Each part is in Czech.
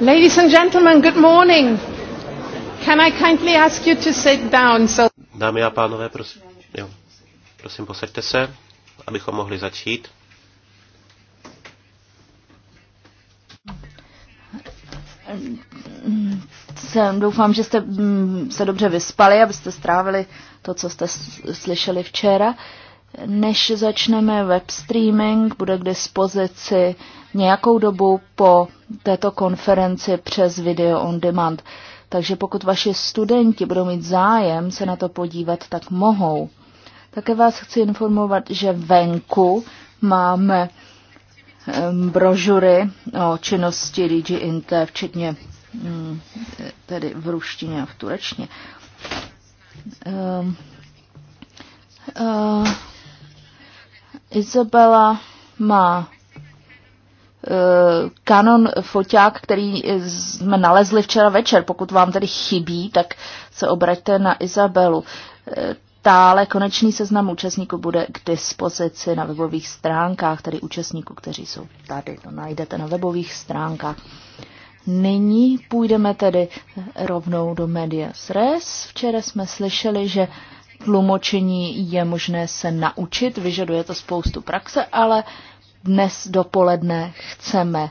Ladies and gentlemen, good morning. Can I kindly ask you to sit down? So... Dámy a pánové, prosím, jo. prosím posaďte se, abychom mohli začít. Doufám, že jste mm, se dobře vyspali, abyste strávili to, co jste slyšeli včera. Uh, než začneme web streaming, bude k dispozici nějakou dobu po této konferenci přes video on demand. Takže pokud vaši studenti budou mít zájem se na to podívat, tak mohou. Také vás chci informovat, že venku máme brožury o činnosti DG Inter, včetně mm, tedy v ruštině a v turečtině. uh, Izabela má e, kanon foťák, který jsme nalezli včera večer. Pokud vám tedy chybí, tak se obraťte na Izabelu. E, Tále konečný seznam účastníků bude k dispozici na webových stránkách, tedy účastníků, kteří jsou tady. To najdete na webových stránkách. Nyní půjdeme tedy rovnou do Medias Res. Včera jsme slyšeli, že tlumočení je možné se naučit, vyžaduje to spoustu praxe, ale dnes dopoledne chceme eh,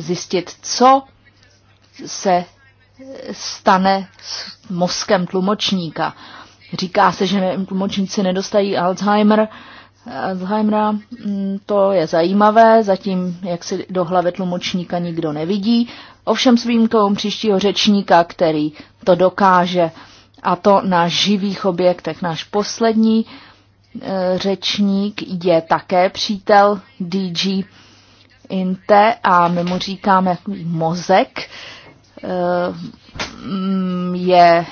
zjistit, co se stane s mozkem tlumočníka. Říká se, že tlumočníci nedostají Alzheimer. Alzheimera, mm, to je zajímavé, zatím jak si do hlavy tlumočníka nikdo nevidí. Ovšem s výjimkou příštího řečníka, který to dokáže a to na živých objektech. Náš poslední e, řečník je také přítel DG Inte a my mu říkáme mozek. E, mm, je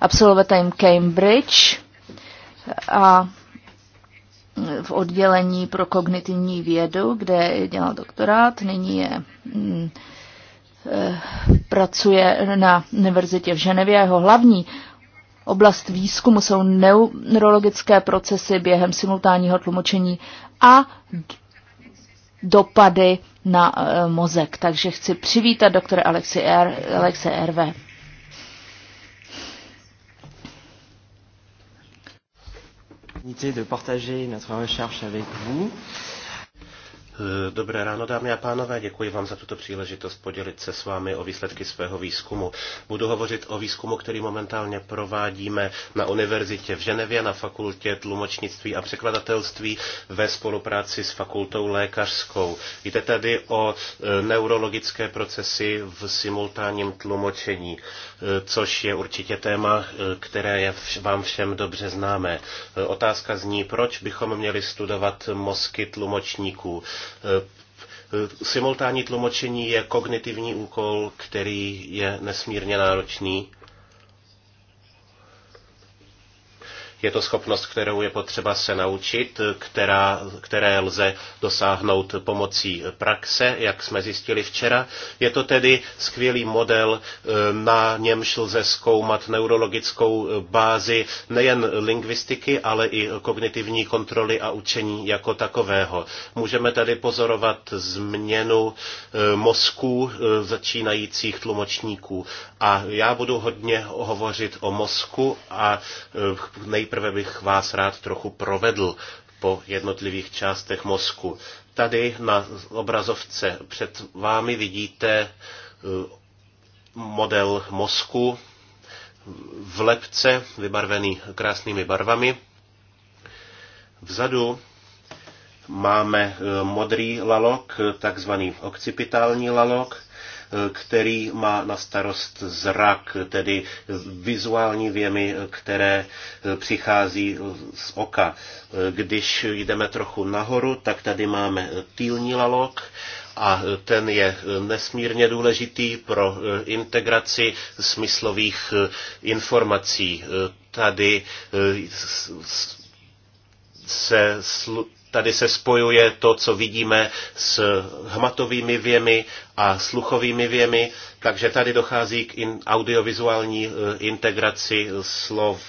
absolventem Cambridge a v oddělení pro kognitivní vědu, kde dělal doktorát, nyní je, mm, e, pracuje na univerzitě v Ženevě. Jeho hlavní oblast výzkumu jsou neurologické procesy během simultánního tlumočení a dopady na eh, mozek. Takže chci přivítat doktora Alexe R, Alexe RV. de partager notre recherche avec vous. Eh, dobré ráno, dámy a pánové, děkuji vám za tuto příležitost podělit se s vámi o výsledky svého výzkumu. Budu hovořit o výzkumu, který momentálně provádíme na univerzitě v Ženevě na fakultě tlumočnictví a překladatelství ve spolupráci s fakultou lékařskou. Jde tady o eh, neurologické procesy v simultánním tlumočení, eh, což je určitě téma, které je vám všem dobře známé. Otázka zní, proč bychom měli studovat mozky tlumočníků. Eh, simultánní tlumočení je kognitivní úkol, který je nesmírně náročný Je to schopnost, kterou je potřeba se naučit, která, které lze dosáhnout pomocí praxe, jak jsme zjistili včera. Je to tedy skvělý model, eh, na němž lze zkoumat neurologickou bázi nejen lingvistiky, ale i kognitivní kontroly a učení jako takového. Můžeme tady pozorovat změnu eh, mozků eh, začínajících tlumočníků. A já budu hodně hovořit o mozku a nejprve nejprve bych vás rád trochu provedl po jednotlivých částech mozku. Tady na obrazovce před vámi vidíte eh, model mozku v lepce, vybarvený krásnými barvami. Vzadu máme eh, modrý lalok, eh, takzvaný okcipitální lalok, který má na starost zrak, tedy vizuální věmy, které eh, přichází z oka. Eh, když jdeme trochu nahoru, tak tady máme týlní lalok a ten je eh, nesmírně důležitý pro integraci smyslových informací. Tady se slu- Tady se spojuje to, co vidíme s hmatovými věmi a sluchovými věmi, takže tady dochází k in, audiovizuální eh, integraci slov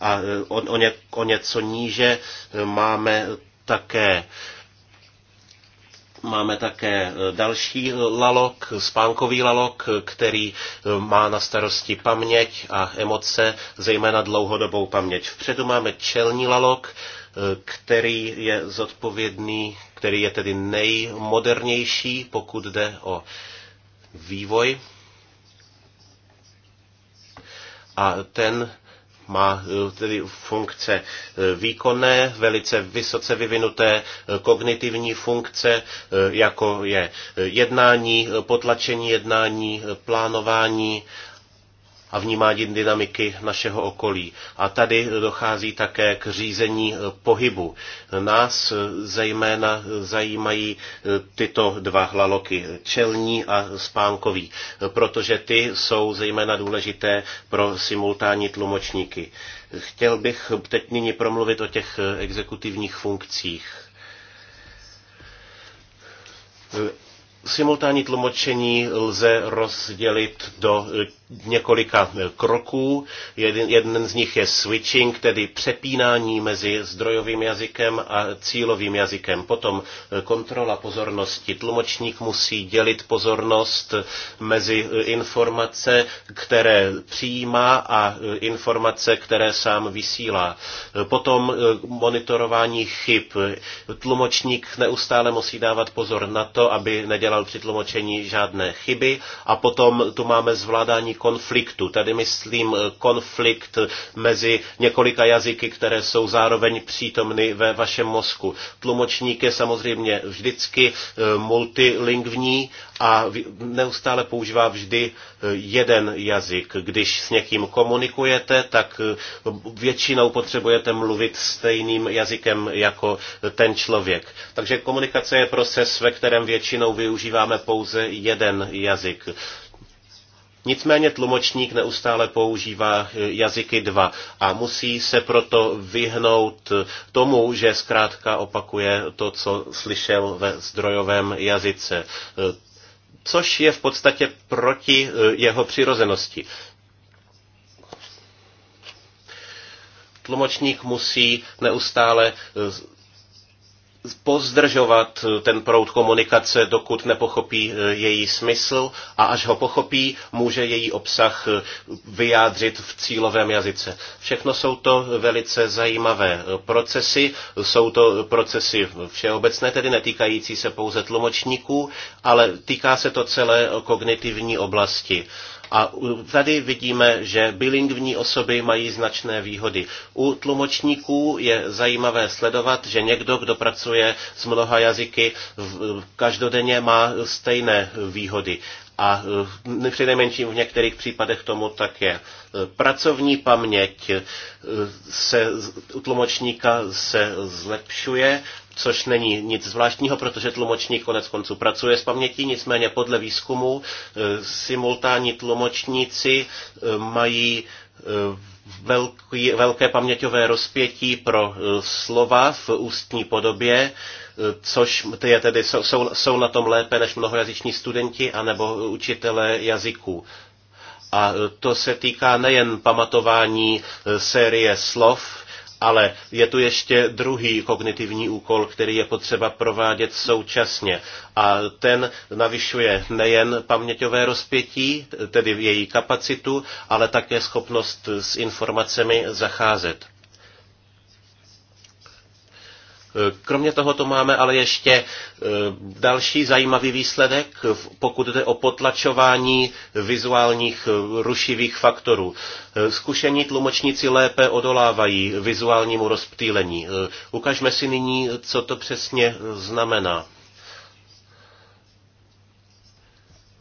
a eh, o, o, ně, o něco níže eh, máme také Máme také další lalok, spánkový lalok, který má na starosti paměť a emoce, zejména dlouhodobou paměť. Vpředu máme čelní lalok, který je zodpovědný, který je tedy nejmodernější, pokud jde o vývoj. A ten má eh, tedy funkce eh, výkonné, velice vysoce vyvinuté eh, kognitivní funkce, jako je jednání, potlačení jednání, plánování a vnímání dynamiky našeho okolí. A tady dochází také k řízení e, pohybu. Nás e, zejména e, zajímají tyto dva hlaloky, čelní a spánkový, protože ty jsou zejména důležité pro simultánní tlumočníky. Chtěl bych teď nyní promluvit o těch exekutivních funkcích. Simultánní tlumočení lze rozdělit do několika eh, kroků. Jeden, jeden z nich je switching, tedy přepínání mezi zdrojovým jazykem a cílovým jazykem. Potom eh, kontrola pozornosti. Tlumočník musí dělit pozornost eh, mezi informace, které přijímá a informace, které sám vysílá. Potom monitorování chyb. Tlumočník neustále musí dávat pozor na to, aby nedělal při tlumočení žádné chyby. A potom tu máme zvládání Konfliktu. Tady myslím eh, konflikt mezi několika jazyky, které jsou zároveň přítomny ve vašem mozku. Tlumočník je samozřejmě vždycky eh, multilingvní a neustále používá vždy eh, jeden jazyk. Když s někým komunikujete, tak většinou potřebujete mluvit stejným jazykem jako ten člověk. Takže komunikace je proces, ve kterém většinou využíváme pouze jeden jazyk. Nicméně tlumočník neustále používá e, jazyky dva a musí se proto vyhnout e, tomu, že zkrátka opakuje to, co slyšel ve zdrojovém jazyce e, což je v podstatě proti jeho přirozenosti. Tlumočník musí neustále pozdržovat ten proud komunikace, dokud nepochopí eh, její smysl a až ho pochopí, může její obsah eh, vyjádřit v cílovém jazyce. Všechno jsou to velice zajímavé eh, procesy, jsou to procesy všeobecné, tedy netýkající se pouze tlumočníků, ale týká se to celé kognitivní oblasti. A tady vidíme, že bilingvní osoby mají značné výhody. U tlumočníků je zajímavé sledovat, že někdo, kdo pracuje s mnoha jazyky, každodenně má stejné výhody a e, přinejmenším v některých případech tomu tak je. E, pracovní paměť e, se, u tlumočníka se zlepšuje což není nic zvláštního, protože tlumočník konec konců pracuje s pamětí, nicméně podle výzkumu e, simultánní tlumočníci e, mají e, velký, velké paměťové rozpětí pro slova v ústní podobě, což je tedy, jsou, jsou na tom lépe než mnohojazyční studenti anebo učitelé jazyků. A to se týká nejen pamatování série slov, ale je tu ještě druhý kognitivní úkol, který je potřeba provádět současně. A ten navyšuje nejen paměťové rozpětí, tedy její kapacitu, ale také schopnost s informacemi zacházet. Kromě toho to máme ale ještě e, další zajímavý výsledek, pokud jde o potlačování vizuálních e, rušivých faktorů. E, zkušení tlumočníci lépe odolávají vizuálnímu rozptýlení. Ukažme si nyní, co to přesně znamená.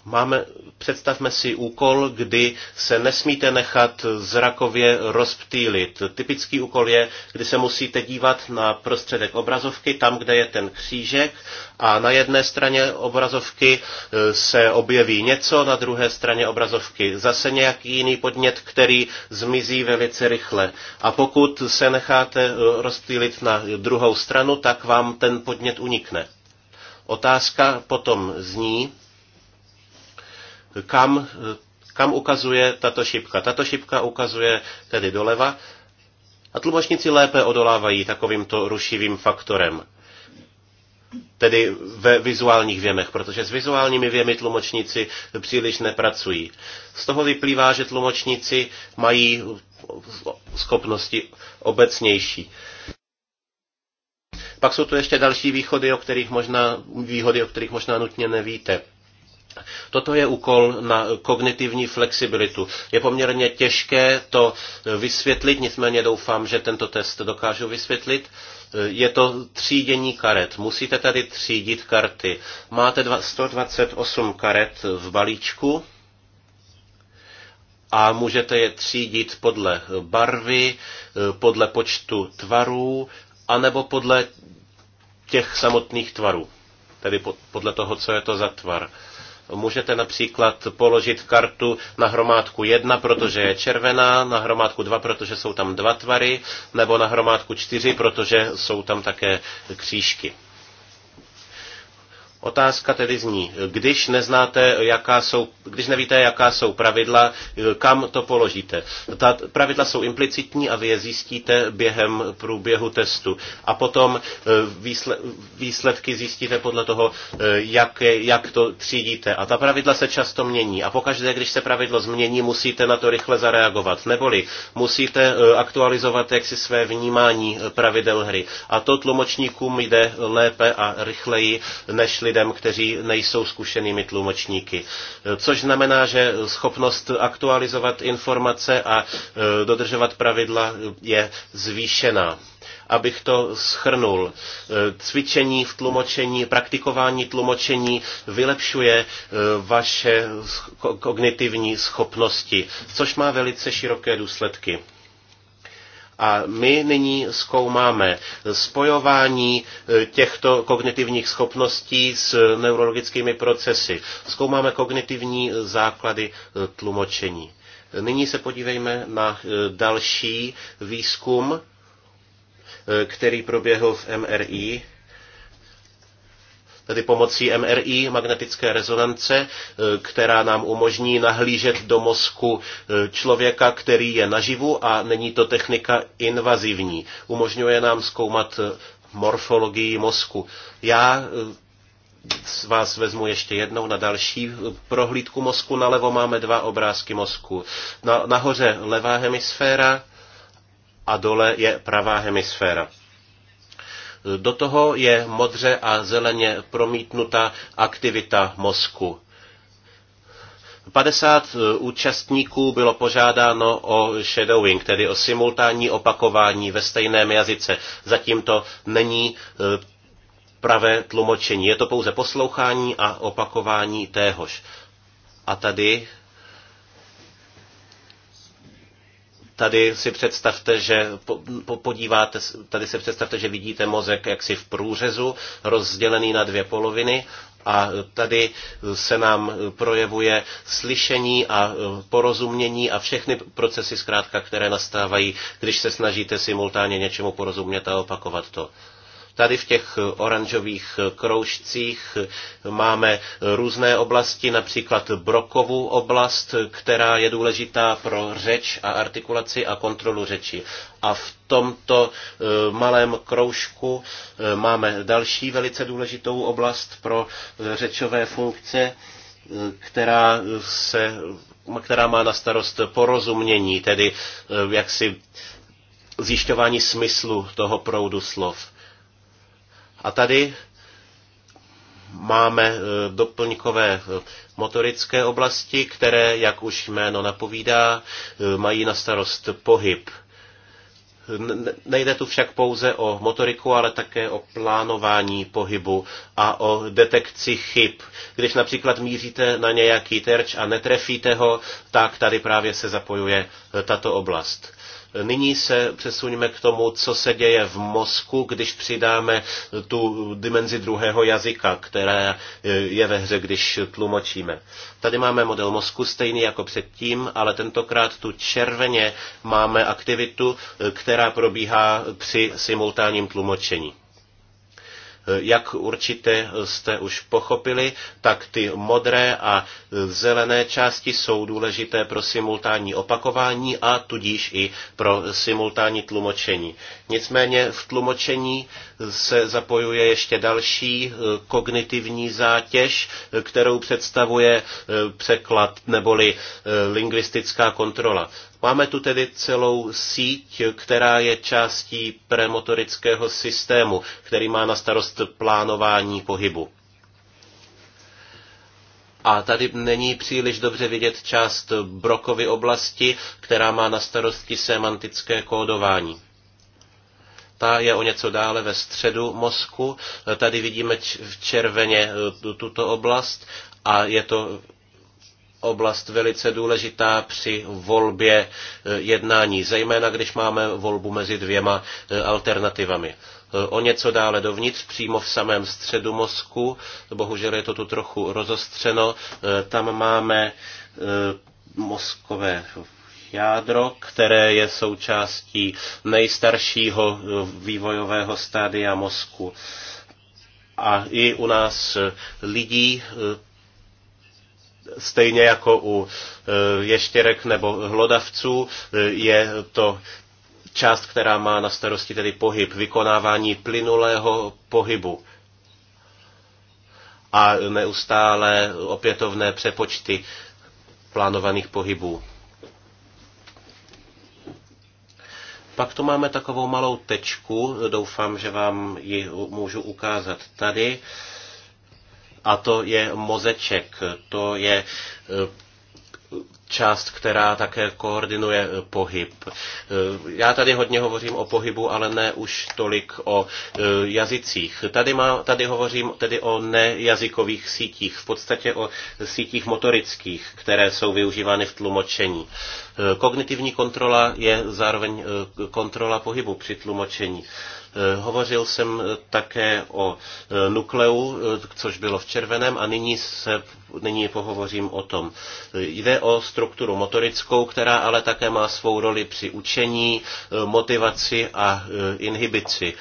Máme, představme si úkol, kdy se nesmíte nechat zrakově rozptýlit. Typický úkol je, kdy se musíte dívat na prostředek obrazovky, tam, kde je ten křížek a na jedné straně obrazovky e, se objeví něco, na druhé straně obrazovky zase nějaký jiný podnět, který zmizí velice rychle. A pokud se necháte e, rozptýlit na druhou stranu, tak vám ten podnět unikne. Otázka potom zní, kam, kam ukazuje tato šipka. Tato šipka ukazuje tedy doleva a tlumočníci lépe odolávají takovýmto rušivým faktorem. Tedy ve vizuálních věmech, protože s vizuálními věmi tlumočníci příliš nepracují. Z toho vyplývá, že tlumočníci mají schopnosti obecnější. Pak jsou tu ještě další východy, o kterých možná, výhody, o kterých možná nutně nevíte. Toto je úkol na kognitivní flexibilitu. Je poměrně těžké to vysvětlit, nicméně doufám, že tento test dokážu vysvětlit. Je to třídění karet. Musíte tady třídit karty. Máte 128 karet v balíčku a můžete je třídit podle barvy, podle počtu tvarů, anebo podle těch samotných tvarů, tedy podle toho, co je to za tvar. Můžete například položit kartu na hromádku 1, protože je červená, na hromádku 2, protože jsou tam dva tvary, nebo na hromádku 4, protože jsou tam také křížky. Otázka tedy zní, když neznáte, jaká jsou, když nevíte, jaká jsou pravidla, kam to položíte. Ta pravidla jsou implicitní a vy je zjistíte během průběhu testu. A potom e, výsledky zjistíte podle toho, e, jak, jak to třídíte. A ta pravidla se často mění. A pokaždé, když se pravidlo změní, musíte na to rychle zareagovat. Neboli musíte e, aktualizovat jaksi své vnímání pravidel hry. A to tlumočníkům jde lépe a rychleji, než lidé lidem, kteří nejsou zkušenými tlumočníky. Což znamená, že schopnost aktualizovat informace a e, dodržovat pravidla je zvýšená abych to schrnul. E, cvičení v tlumočení, praktikování tlumočení vylepšuje e, vaše kognitivní schopnosti, což má velice široké důsledky. A my nyní zkoumáme spojování e, těchto kognitivních schopností s neurologickými procesy. Zkoumáme kognitivní základy e, tlumočení. Nyní se podívejme na e, další výzkum, který proběhl v MRI tedy pomocí MRI, magnetické rezonance, e, která nám umožní nahlížet do mozku e, člověka, který je naživu a není to technika invazivní. Umožňuje nám zkoumat e, morfologii mozku. Já vás vezmu ještě jednou na další prohlídku mozku. Nalevo máme dva obrázky mozku. Na, nahoře levá hemisféra a dole je pravá hemisféra. Do toho je modře a zeleně promítnuta aktivita mozku. 50 e, účastníků bylo požádáno o shadowing, tedy o simultánní opakování ve stejném jazyce. Zatím to není e, pravé tlumočení, je to pouze poslouchání a opakování téhož. A tady Tady si představte, že podíváte, tady si představte, že vidíte mozek jaksi v průřezu, rozdělený na dvě poloviny a tady se nám projevuje slyšení a e, porozumění a všechny procesy zkrátka, které nastávají, když se snažíte simultánně něčemu porozumět a opakovat to. Tady v těch oranžových kroužcích máme různé oblasti, například brokovou oblast, která je důležitá pro řeč a artikulaci a kontrolu řeči. A v tomto eh, malém kroužku eh, máme další velice důležitou oblast pro eh, řečové funkce, která se která má na starost porozumění, tedy jaksi zjišťování smyslu toho proudu slov. A tady máme e, doplňkové e, motorické oblasti, které, jak už jméno napovídá, e, mají na starost pohyb. Nejde tu však pouze o motoriku, ale také o plánování pohybu a o detekci chyb. Když například míříte na nějaký terč a netrefíte ho, tak tady právě se zapojuje tato oblast. Nyní se přesuneme k tomu, co se děje v mozku, když přidáme tu dimenzi druhého jazyka, která je ve hře, když tlumočíme. Tady máme model mozku stejný jako předtím, ale tentokrát tu červeně máme aktivitu, která probíhá při simultánním tlumočení. Jak určitě jste už pochopili, tak ty modré a zelené části jsou důležité pro simultánní opakování a tudíž i pro simultánní tlumočení. Nicméně v tlumočení se zapojuje ještě další eh, kognitivní zátěž, eh, kterou představuje eh, překlad neboli lingvistická kontrola. Máme tu tedy celou síť, která je částí premotorického systému, který má na starost plánování pohybu. A tady není příliš dobře vidět část Brokovy oblasti, která má na starosti semantické kódování. Ta je o něco dále ve středu mozku. Tady vidíme v červeně eh, tuto oblast a je to oblast velice důležitá při volbě e, jednání, zejména když máme volbu mezi dvěma e, alternativami. E, o něco dále dovnitř, přímo v samém středu mozku, bohužel je to tu trochu rozostřeno, tam máme mozkové jádro, které je součástí nejstaršího vývojového stádia mozku. A i u nás lidí stejně jako u eh, ještěrek nebo hlodavců, eh, je to část, která má na starosti tedy pohyb, vykonávání plynulého pohybu a neustále opětovné přepočty plánovaných pohybů. Pak tu máme takovou malou tečku, doufám, že vám ji můžu ukázat tady. E, a to je mozeček. To je eh, část, která také koordinuje eh, pohyb. Eh, já tady hodně hovořím o pohybu, ale ne už tolik o jazycích. Tady, má, tady hovořím tedy o nejazykových sítích, v podstatě o sítích motorických, které jsou využívány v tlumočení. Kognitivní kontrola je zároveň kontrola pohybu při tlumočení. Eh, hovořil jsem eh, také o eh, nukleu, což bylo v červeném, a nyní, se, nyní pohovořím o tom. Jde o strukturu motorickou, která ale také má svou roli při učení, motivaci a inhibici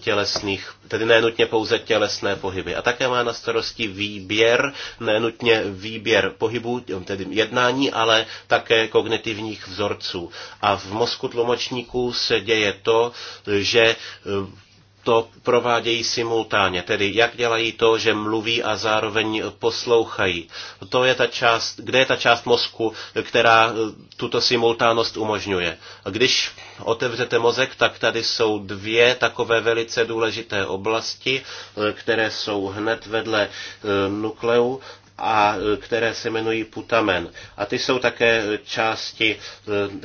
tělesných, tedy nenutně pouze tělesné pohyby. A také má na starosti výběr, nenutně výběr pohybu. tedy jednání, ale také kognitivních vzorců. A v mozku tlumočníků se děje to, že to provádějí simultánně, tedy jak dělají to, že mluví a zároveň poslouchají. To je ta část, kde je ta část mozku, která eh, tuto simultánnost umožňuje. A když otevřete mozek, tak tady jsou dvě takové velice důležité oblasti, eh, které jsou hned vedle eh, nukleu a které se jmenují putamen. A ty jsou také části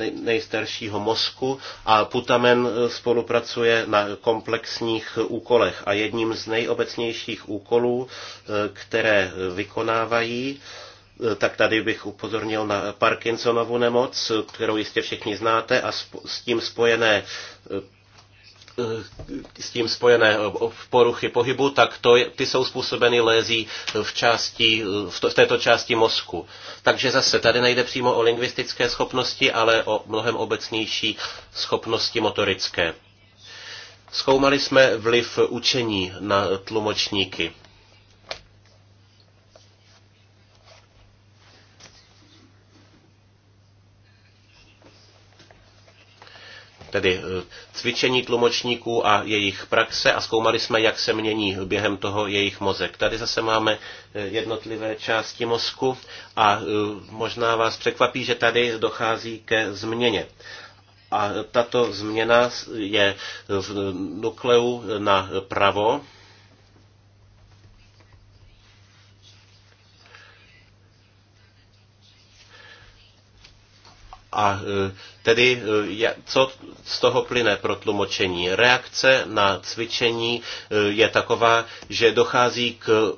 eh, nejstaršího mozku a putamen eh, spolupracuje na komplexních úkolech. A jedním z nejobecnějších úkolů, eh, které vykonávají, tak tady bych upozornil na Parkinsonovu nemoc, kterou jistě všichni znáte, a s tím spojené s tím spojené poruchy pohybu, tak to je, ty jsou způsobeny lézí v, části, v, to, v této části mozku. Takže zase tady nejde přímo o lingvistické schopnosti, ale o mnohem obecnější schopnosti motorické. Zkoumali jsme vliv učení na tlumočníky. tedy eh, cvičení tlumočníků a jejich praxe a zkoumali jsme, jak se mění během toho jejich mozek. Tady zase máme eh, jednotlivé části mozku a eh, možná vás překvapí, že tady dochází ke změně. A tato změna je v nukleu na pravo, A e, tedy e, co z toho plyne pro tlumočení? Reakce na cvičení e, je taková, že dochází k,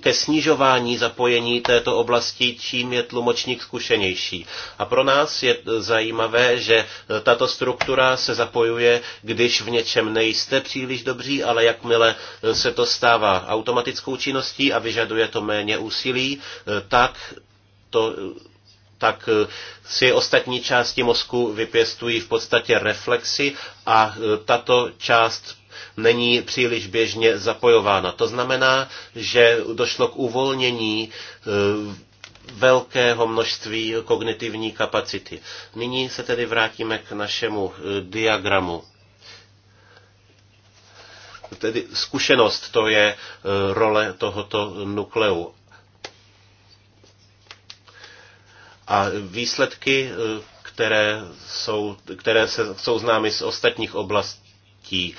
ke snižování zapojení této oblasti, čím je tlumočník zkušenější. A pro nás je zajímavé, že tato struktura se zapojuje, když v něčem nejste příliš dobří, ale jakmile se to stává automatickou činností a vyžaduje to méně úsilí, tak to tak eh, si ostatní části mozku vypěstují v podstatě reflexy a eh, tato část není příliš běžně zapojována. To znamená, že došlo k uvolnění eh, velkého množství kognitivní kapacity. Nyní se tedy vrátíme k našemu diagramu. Tedy zkušenost to je role tohoto nukleu. A výsledky, eh, které jsou, které se, jsou známy z ostatních oblastí, eh,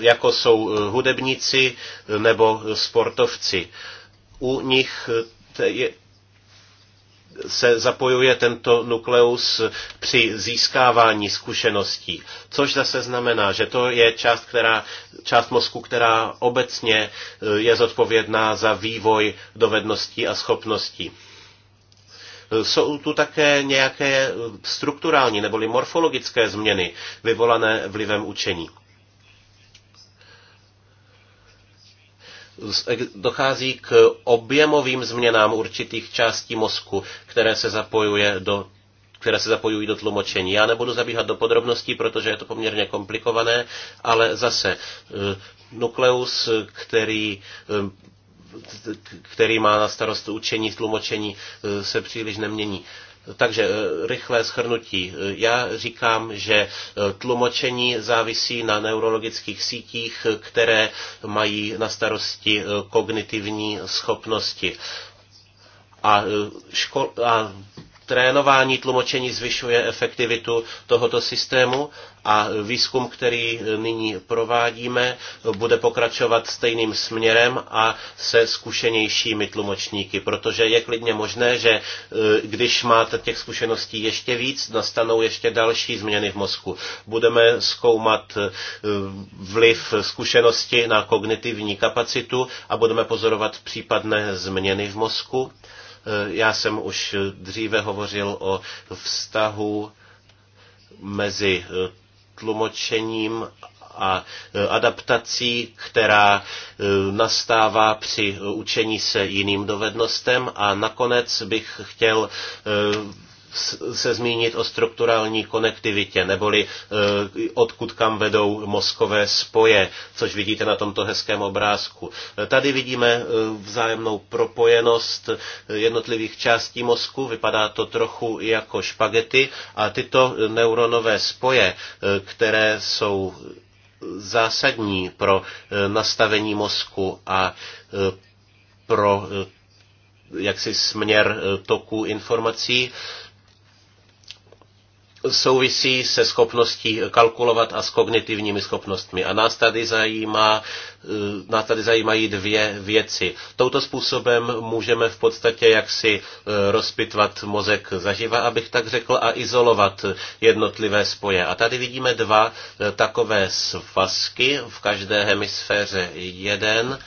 jako jsou eh, hudebníci nebo sportovci. U nich je, se zapojuje tento nukleus při získávání zkušeností, což zase znamená, že to je část, která, část mozku, která obecně je zodpovědná za vývoj dovedností a schopností. Jsou tu také nějaké strukturální neboli morfologické změny vyvolané vlivem učení. E- dochází k objemovým změnám určitých částí mozku, které se zapojuje do které se zapojují do tlumočení. Já nebudu zabíhat do podrobností, protože je to poměrně komplikované, ale zase e, nukleus, který e, který má na starost učení, tlumočení, eh, se příliš nemění. Takže eh, rychlé schrnutí. Eh, já říkám, že tlumočení závisí na neurologických sítích, které mají na starosti kognitivní schopnosti. A, škol- a trénování tlumočení zvyšuje efektivitu tohoto systému a výzkum, který nyní provádíme, bude pokračovat stejným směrem a se zkušenějšími tlumočníky, protože je klidně možné, že e, když máte těch zkušeností ještě víc, nastanou ještě další změny v mozku. Budeme zkoumat e, vliv zkušenosti na kognitivní kapacitu a budeme pozorovat případné změny v mozku. Eh, já jsem už dříve hovořil o vztahu mezi eh, tlumočením a eh, adaptací, která nastává při učení se jiným dovednostem. A nakonec bych chtěl se zmínit o strukturální konektivitě, neboli eh, odkud kam vedou mozkové spoje, což vidíte na tomto hezkém obrázku. Tady vidíme eh, vzájemnou propojenost eh, jednotlivých částí mozku, vypadá to trochu jako špagety a tyto neuronové spoje, které jsou zásadní pro nastavení mozku a pro jaksi směr toku informací, souvisí se schopností kalkulovat a s kognitivními schopnostmi. A nás tady, zajímá, eh, nás tady zajímají dvě věci. Touto způsobem můžeme v podstatě jaksi eh, rozpitvat mozek zaživa, abych tak řekl, a izolovat jednotlivé spoje. A tady vidíme dva eh, takové svazky, v každé hemisféře jeden.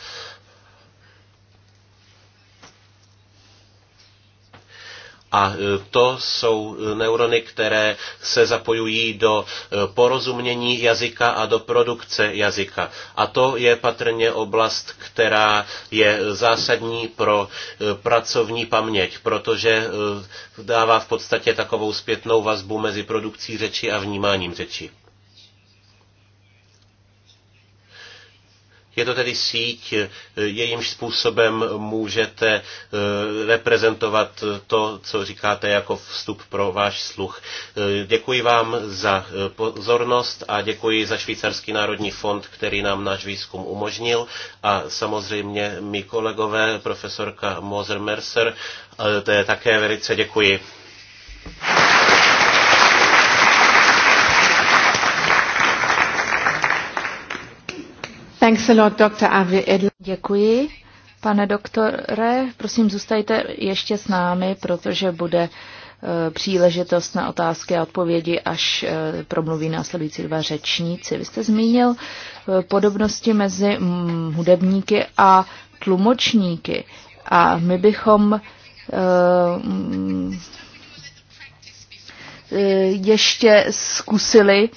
A e, to jsou e, neurony, které se zapojují do e, porozumění jazyka a do produkce jazyka. A to je patrně oblast, která je zásadní pro pracovní paměť, protože dává v podstatě takovou zpětnou vazbu mezi produkcí řeči a vnímáním řeči. Je to tedy síť, jejímž způsobem můžete eh, reprezentovat to, co říkáte jako vstup pro váš sluch. Eh, děkuji vám za eh, pozornost a děkuji za Švýcarský národní fond, který nám náš výzkum umožnil a samozřejmě mý kolegové, profesorka Moser-Mercer, to je také velice děkuji. Thanks a lot, Dr. Avi Děkuji. Pane doktore, prosím, zůstajte ještě s námi, protože bude eh, příležitost na otázky a odpovědi, až eh, promluví následující dva řečníci. Vy jste zmínil eh, podobnosti mezi mm, hudebníky a tlumočníky. A my bychom mm, ještě zkusili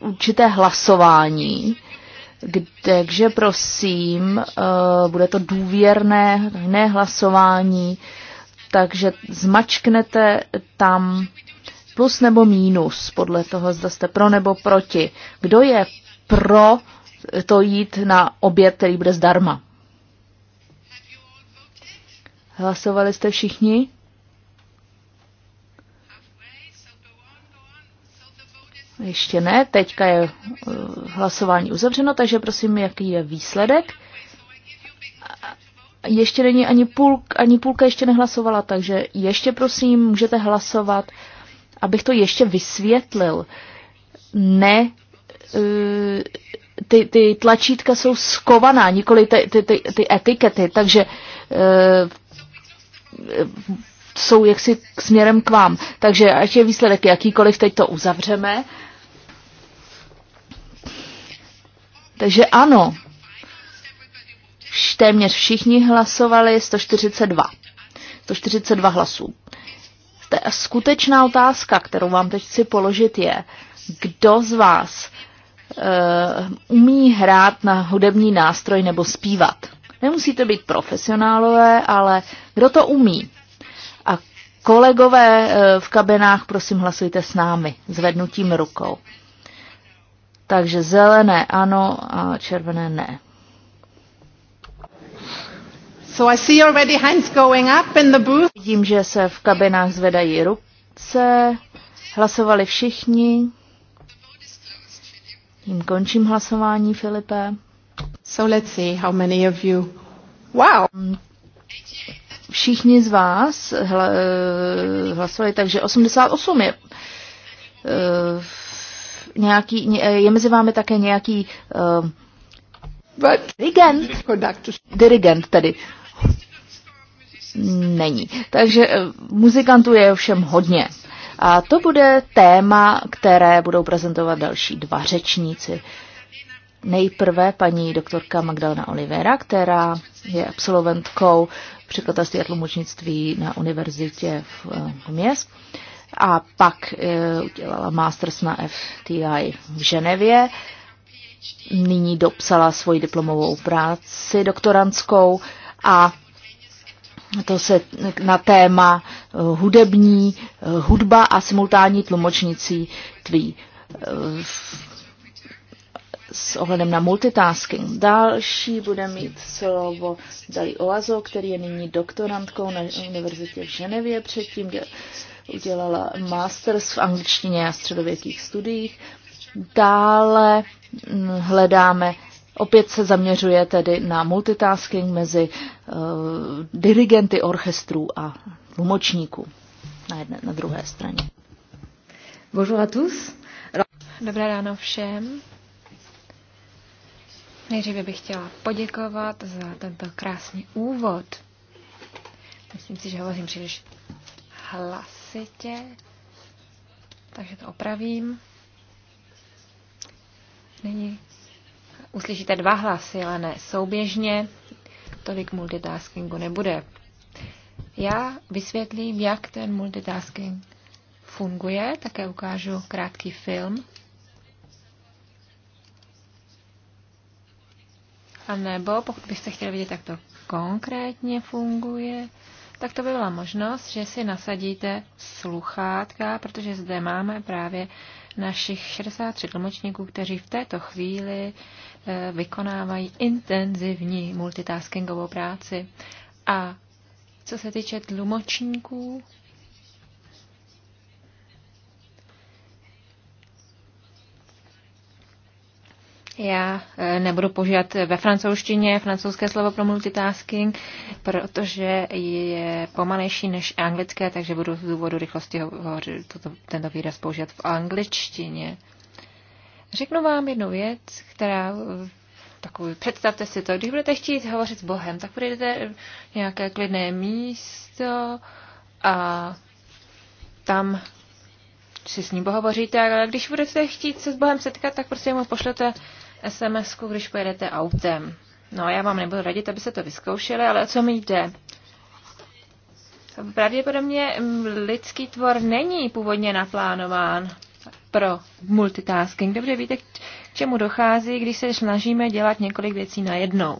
určité hlasování takže prosím, eh, bude to důvěrné, ne hlasování, takže zmačknete tam plus nebo mínus podle toho, zda jste pro nebo proti. Kdo je pro to jít na oběd, který bude zdarma? Hlasovali jste všichni? Ještě ne, teďka je eh, hlasování uzavřeno, takže prosím, jaký je výsledek. Ještě není ani půlka, ani půlka ještě nehlasovala, takže ještě prosím, můžete hlasovat, abych to ještě vysvětlil. Ne, eh, ty, ty tlačítka jsou skovaná, nikoli ty, ty, ty, ty etikety, takže eh, jsou jaksi směrem k vám. Takže ať je výsledek jakýkoliv, teď to uzavřeme Takže ano, téměř všichni hlasovali 142. 142 hlasů. Ta skutečná otázka, kterou vám teď chci položit, je, kdo z vás uh, umí hrát na hudební nástroj nebo zpívat? Nemusíte být profesionálové, ale kdo to umí? A kolegové uh, v kabinách, prosím, hlasujte s námi, zvednutím rukou. Takže zelené ano a červené ne. So I see already hands going up in the booth. Vidím, že se v kabinách zvedají ruce. Hlasovali všichni. Tím končím hlasování, Filipe. So let's see how many of you. Wow. Všichni z vás hla, hlasovali, takže 88 je uh, nějaký, eh, je mezi vámi také nějaký uh, dirigent, dirigent tedy. Není. Takže eh, muzikantů je všem hodně. A to bude téma, které budou prezentovat další dva řečníci. Nejprve paní doktorka Magdalena Olivera, která je absolventkou překladatelství a tlumočnictví na univerzitě v Měst. Uh, a pak eh, udělala masters na FTI v Ženevě. Nyní dopsala svoji diplomovou práci doktorantskou a to se na téma eh, hudební eh, hudba a simultánní tlumočnicí tví s ohledem na multitasking. Další bude mít slovo Dali Oazo, který je nyní doktorantkou na univerzitě v Ženevě, předtím udělala masters v angličtině a středověkých studiích. Dále mm, hledáme, opět se zaměřuje tedy na multitasking mezi uh, dirigenty orchestrů a tlumočníků na, jedné, na druhé straně. Bonjour à tous. Dobré ráno všem. Nejdříve bych chtěla poděkovat za tento krásný úvod. Myslím si, že hovořím příliš hlas světě. takže to opravím. Nyní uslyšíte dva hlasy, ale ne souběžně. Tolik multitaskingu nebude. Já vysvětlím, jak ten multitasking funguje, také ukážu krátký film. A nebo, pokud byste chtěli vidět, jak to konkrétně funguje, tak to by byla možnost, že si nasadíte sluchátka, protože zde máme právě našich 63 tlumočníků, kteří v této chvíli eh, vykonávají intenzivní multitaskingovou práci. A co se týče tlumočníků, Já e, nebudu používat ve francouzštině francouzské slovo pro multitasking, protože je pomalejší než anglické, takže budu z důvodu rychlosti hovořit toto, tento výraz používat v angličtině. Řeknu vám jednu věc, která takový, představte si to, když budete chtít hovořit s Bohem, tak půjdete nějaké klidné místo a tam si s ním pohovoříte, ale když budete chtít se s Bohem setkat, tak prostě mu pošlete sms když pojedete autem. No já vám nebudu radit, aby se to vyzkoušeli, ale o co mi jde? Pravděpodobně mm, lidský tvor není původně naplánován pro multitasking. Dobře víte, k čemu dochází, když se snažíme dělat několik věcí najednou.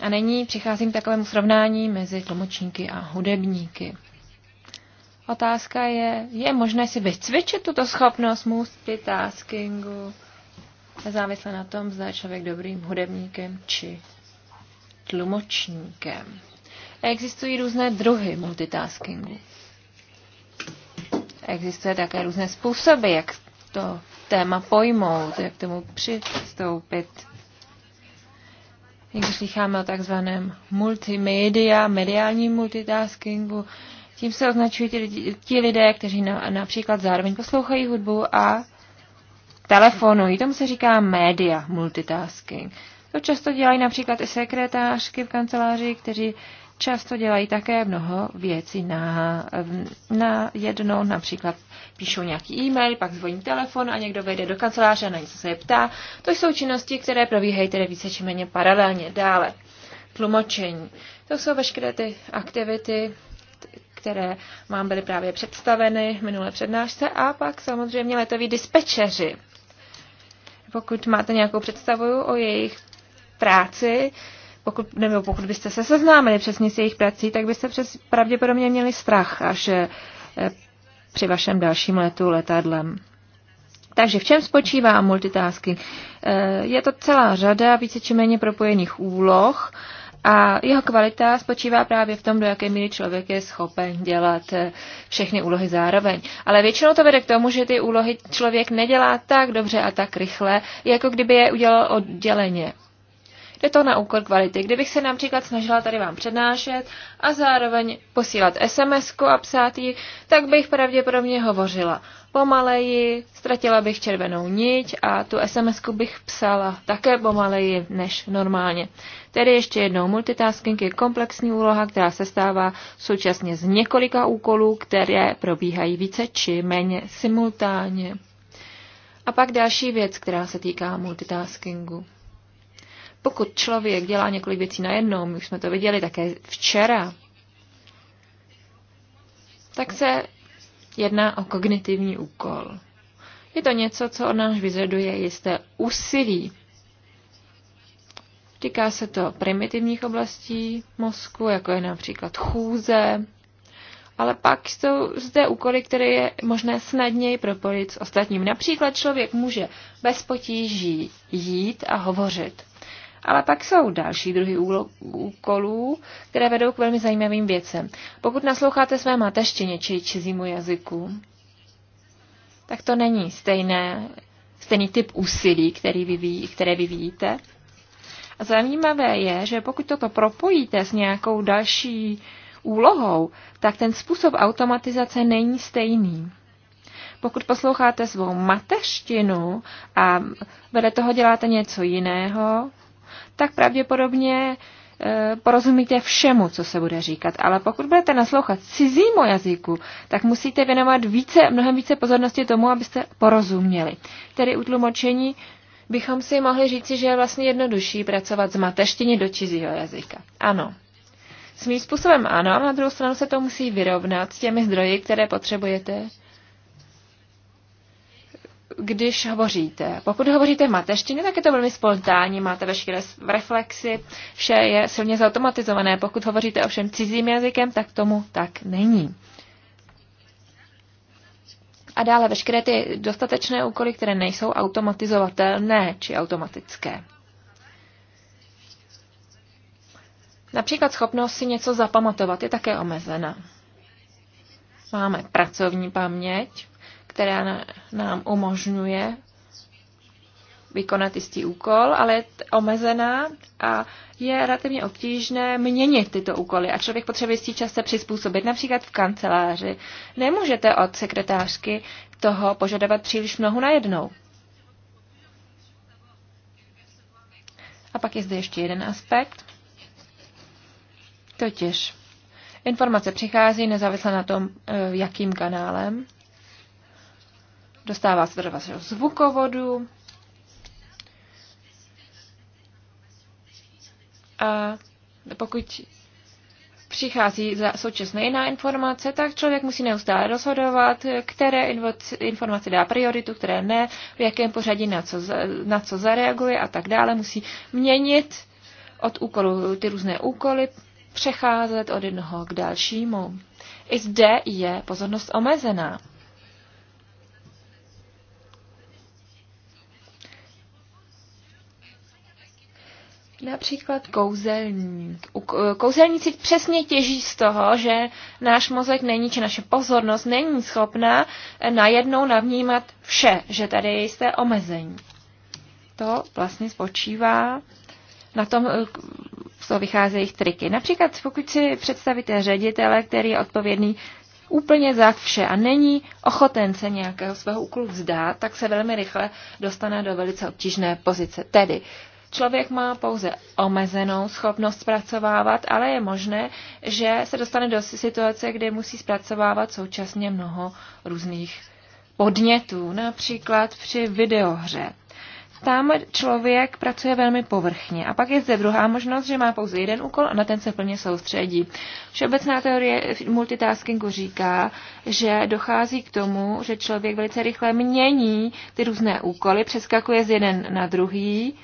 A nyní přicházím k takovému srovnání mezi tlumočníky a hudebníky. Otázka je, je možné si vycvičit tuto schopnost multitaskingu závisle na tom, zda je člověk dobrým hudebníkem či tlumočníkem. Existují různé druhy multitaskingu. Existuje také různé způsoby, jak to téma pojmout, jak tomu přistoupit. Někdy slycháme o takzvaném multimedia, mediálním multitaskingu, tím se označují ti, ti lidé, kteří na, například zároveň poslouchají hudbu a telefonují. Tomu se říká média multitasking. To často dělají například i sekretářky v kanceláři, kteří často dělají také mnoho věcí na, na jedno, například píšou nějaký e-mail, pak zvoní telefon a někdo vejde do kanceláře a na něco se je ptá. To jsou činnosti, které probíhají tedy více či méně paralelně. Dále, tlumočení. To jsou veškeré ty aktivity, které vám byly právě představeny v minulé přednášce a pak samozřejmě letoví dispečeři. Pokud máte nějakou představu o jejich práci, pokud, nebo pokud byste se seznámili přesně s jejich prací, tak byste přes, pravděpodobně měli strach až eh, při vašem dalším letu letadlem. Takže v čem spočívá multitasking? Eh, je to celá řada více či méně propojených úloh a jeho kvalita spočívá právě v tom, do jaké míry člověk je schopen dělat eh, všechny úlohy zároveň. Ale většinou to vede k tomu, že ty úlohy člověk nedělá tak dobře a tak rychle, jako kdyby je udělal odděleně. Jde to na úkor kvality. Kdybych se například snažila tady vám přednášet a zároveň posílat sms a psát ji, tak bych pravděpodobně hovořila pomaleji, ztratila bych červenou niť a tu sms bych psala také pomaleji než normálně. Tedy ještě jednou, multitasking je komplexní úloha, která se stává současně z několika úkolů, které probíhají více či méně simultánně. A pak další věc, která se týká multitaskingu. Pokud člověk dělá několik věcí najednou, my už jsme to viděli také včera, tak se jedná o kognitivní úkol. Je to něco, co od nás vyžaduje jisté úsilí. Týká se to primitivních oblastí mozku, jako je například chůze, ale pak jsou zde úkoly, které je možné snadněji propojit s ostatním. Například člověk může bez potíží jít a hovořit. Ale pak jsou další druhy úkolů, které vedou k velmi zajímavým věcem. Pokud nasloucháte své mateštině či cizímu jazyku, tak to není stejné, stejný typ úsilí, který vyvíjí, které vyvíjíte. A zajímavé je, že pokud toto propojíte s nějakou další úlohou, tak ten způsob automatizace není stejný. Pokud posloucháte svou mateštinu a vedle toho děláte něco jiného, tak pravděpodobně eh, porozumíte všemu, co se bude říkat. Ale pokud budete naslouchat cizímu jazyku, tak musíte věnovat více, mnohem více pozornosti tomu, abyste porozuměli. Tedy u tlumočení bychom si mohli říci, že je vlastně jednodušší pracovat z mateštiny do cizího jazyka. Ano. Svým způsobem ano, a na druhou stranu se to musí vyrovnat s těmi zdroji, které potřebujete když hovoříte. Pokud hovoříte mateřštině, tak je to velmi spontánní, máte veškeré reflexy, vše je silně zautomatizované. Pokud hovoříte ovšem cizím jazykem, tak tomu tak není. A dále veškeré ty dostatečné úkoly, které nejsou automatizovatelné či automatické. Například schopnost si něco zapamatovat je také omezena. Máme pracovní paměť, která nám umožňuje vykonat jistý úkol, ale je omezená a je relativně obtížné měnit tyto úkoly a člověk potřebuje jistý čas se přizpůsobit. Například v kanceláři nemůžete od sekretářky toho požadovat příliš mnoho najednou. A pak je zde ještě jeden aspekt. Totiž informace přichází nezávisle na tom, eh, jakým kanálem dostává se do vašeho zvukovodu. A pokud přichází za současné jiná informace, tak člověk musí neustále rozhodovat, které informace dá prioritu, které ne, v jakém pořadí na co, na co zareaguje a tak dále. Musí měnit od úkolu ty různé úkoly, přecházet od jednoho k dalšímu. I zde je pozornost omezená. Například kouzelník. Kouzelníci přesně těží z toho, že náš mozek není, či naše pozornost není schopná najednou navnímat vše, že tady je jisté omezení. To vlastně spočívá na tom, co eh, vycházejí jejich triky. Například pokud si představíte ředitele, který je odpovědný úplně za vše a není ochoten se nějakého svého úkolu vzdát, tak se velmi rychle dostane do velice obtížné pozice. Tedy Člověk má pouze omezenou schopnost zpracovávat, ale je možné, že se dostane do situace, kde musí zpracovávat současně mnoho různých podnětů, například při videohře. Tam člověk pracuje velmi povrchně. A pak je zde druhá možnost, že má pouze jeden úkol a na ten se plně soustředí. Všeobecná teorie multitaskingu říká, že dochází k tomu, že člověk velice rychle mění ty různé úkoly, přeskakuje z jeden na druhý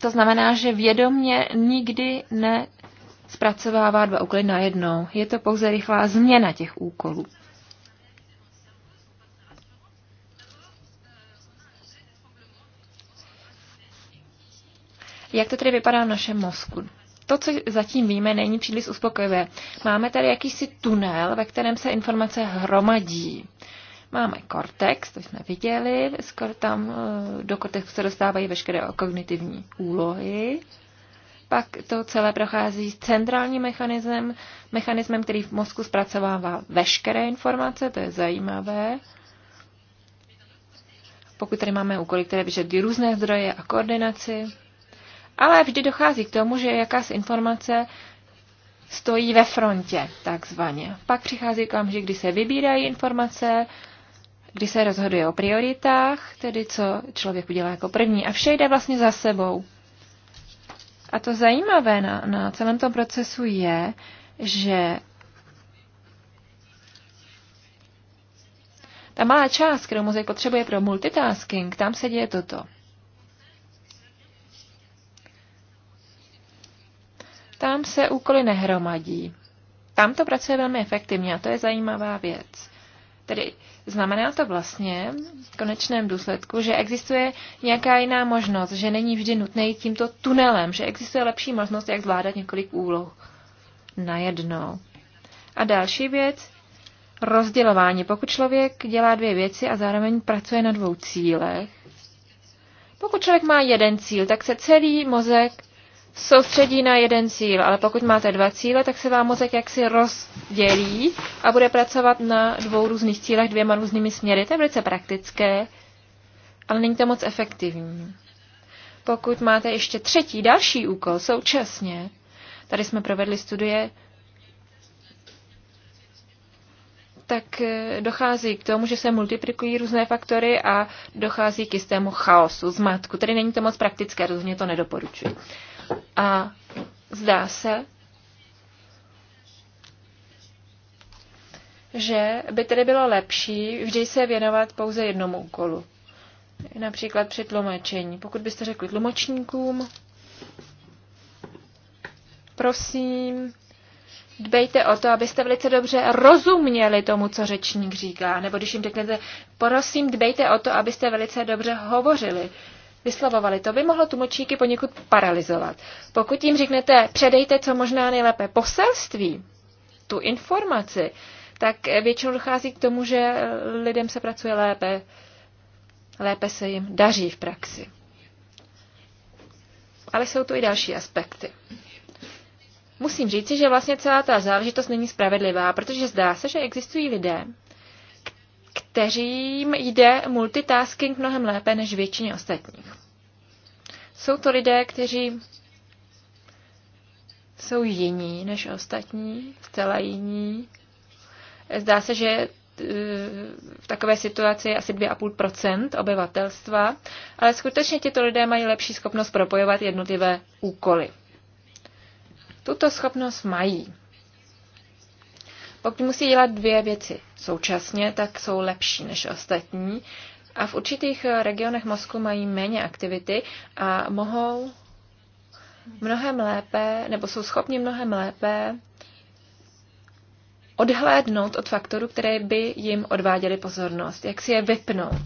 To znamená, že vědomně nikdy nespracovává dva úkoly najednou. Je to pouze rychlá změna těch úkolů. Jak to tedy vypadá v našem mozku? To, co zatím víme, není příliš uspokojivé. Máme tady jakýsi tunel, ve kterém se informace hromadí. Máme kortex, to jsme viděli, skoro tam eh, do kortexu se dostávají veškeré kognitivní úlohy. Pak to celé prochází centrálním mechanismem, mechanismem, který v mozku zpracovává veškeré informace, to je zajímavé. Pokud tady máme úkoly, které vyžadují různé zdroje a koordinaci, ale vždy dochází k tomu, že jakási informace stojí ve frontě, takzvaně. Pak přichází okamžik, kdy se vybírají informace, kdy se rozhoduje o prioritách, tedy co člověk udělá jako první. A vše jde vlastně za sebou. A to zajímavé na, na celém tom procesu je, že ta malá část, kterou mozek potřebuje pro multitasking, tam se děje toto. Tam se úkoly nehromadí. Tam to pracuje velmi efektivně a to je zajímavá věc. Tedy Znamená to vlastně v konečném důsledku, že existuje nějaká jiná možnost, že není vždy nutné jít tímto tunelem, že existuje lepší možnost, jak zvládat několik úloh najednou. A další věc, rozdělování. Pokud člověk dělá dvě věci a zároveň pracuje na dvou cílech, pokud člověk má jeden cíl, tak se celý mozek soustředí na jeden cíl, ale pokud máte dva cíle, tak se vám mozek jaksi rozdělí a bude pracovat na dvou různých cílech dvěma různými směry. To je velice praktické, ale není to moc efektivní. Pokud máte ještě třetí, další úkol současně, tady jsme provedli studie, tak eh, dochází k tomu, že se multiplikují různé faktory a dochází k jistému chaosu, zmatku. Tedy není to moc praktické, rozhodně to nedoporučuji. A zdá se, že by tedy bylo lepší vždy se věnovat pouze jednomu úkolu. Například při tlumočení. Pokud byste řekli tlumočníkům, prosím, dbejte o to, abyste velice dobře rozuměli tomu, co řečník říká. Nebo když jim řeknete, prosím, dbejte o to, abyste velice dobře hovořili vyslovovali. To by mohlo tlumočníky poněkud paralizovat. Pokud jim řeknete, předejte co možná nejlépe poselství, tu informaci, tak eh, většinou dochází k tomu, že eh, lidem se pracuje lépe, lépe se jim daří v praxi. Ale jsou tu i další aspekty. Musím říci, že vlastně celá ta záležitost není spravedlivá, protože zdá se, že existují lidé, kterým jde multitasking mnohem lépe než většině ostatních. Jsou to lidé, kteří jsou jiní než ostatní, zcela jiní. Zdá se, že e, v takové situaci je asi 2,5 obyvatelstva, ale skutečně tyto lidé mají lepší schopnost propojovat jednotlivé úkoly. Tuto schopnost mají. Pokud musí dělat dvě věci současně, tak jsou lepší než ostatní. A v určitých eh, regionech mozku mají méně aktivity a mohou mnohem lépe, nebo jsou schopni mnohem lépe odhlédnout od faktorů, které by jim odváděly pozornost, jak si je vypnout.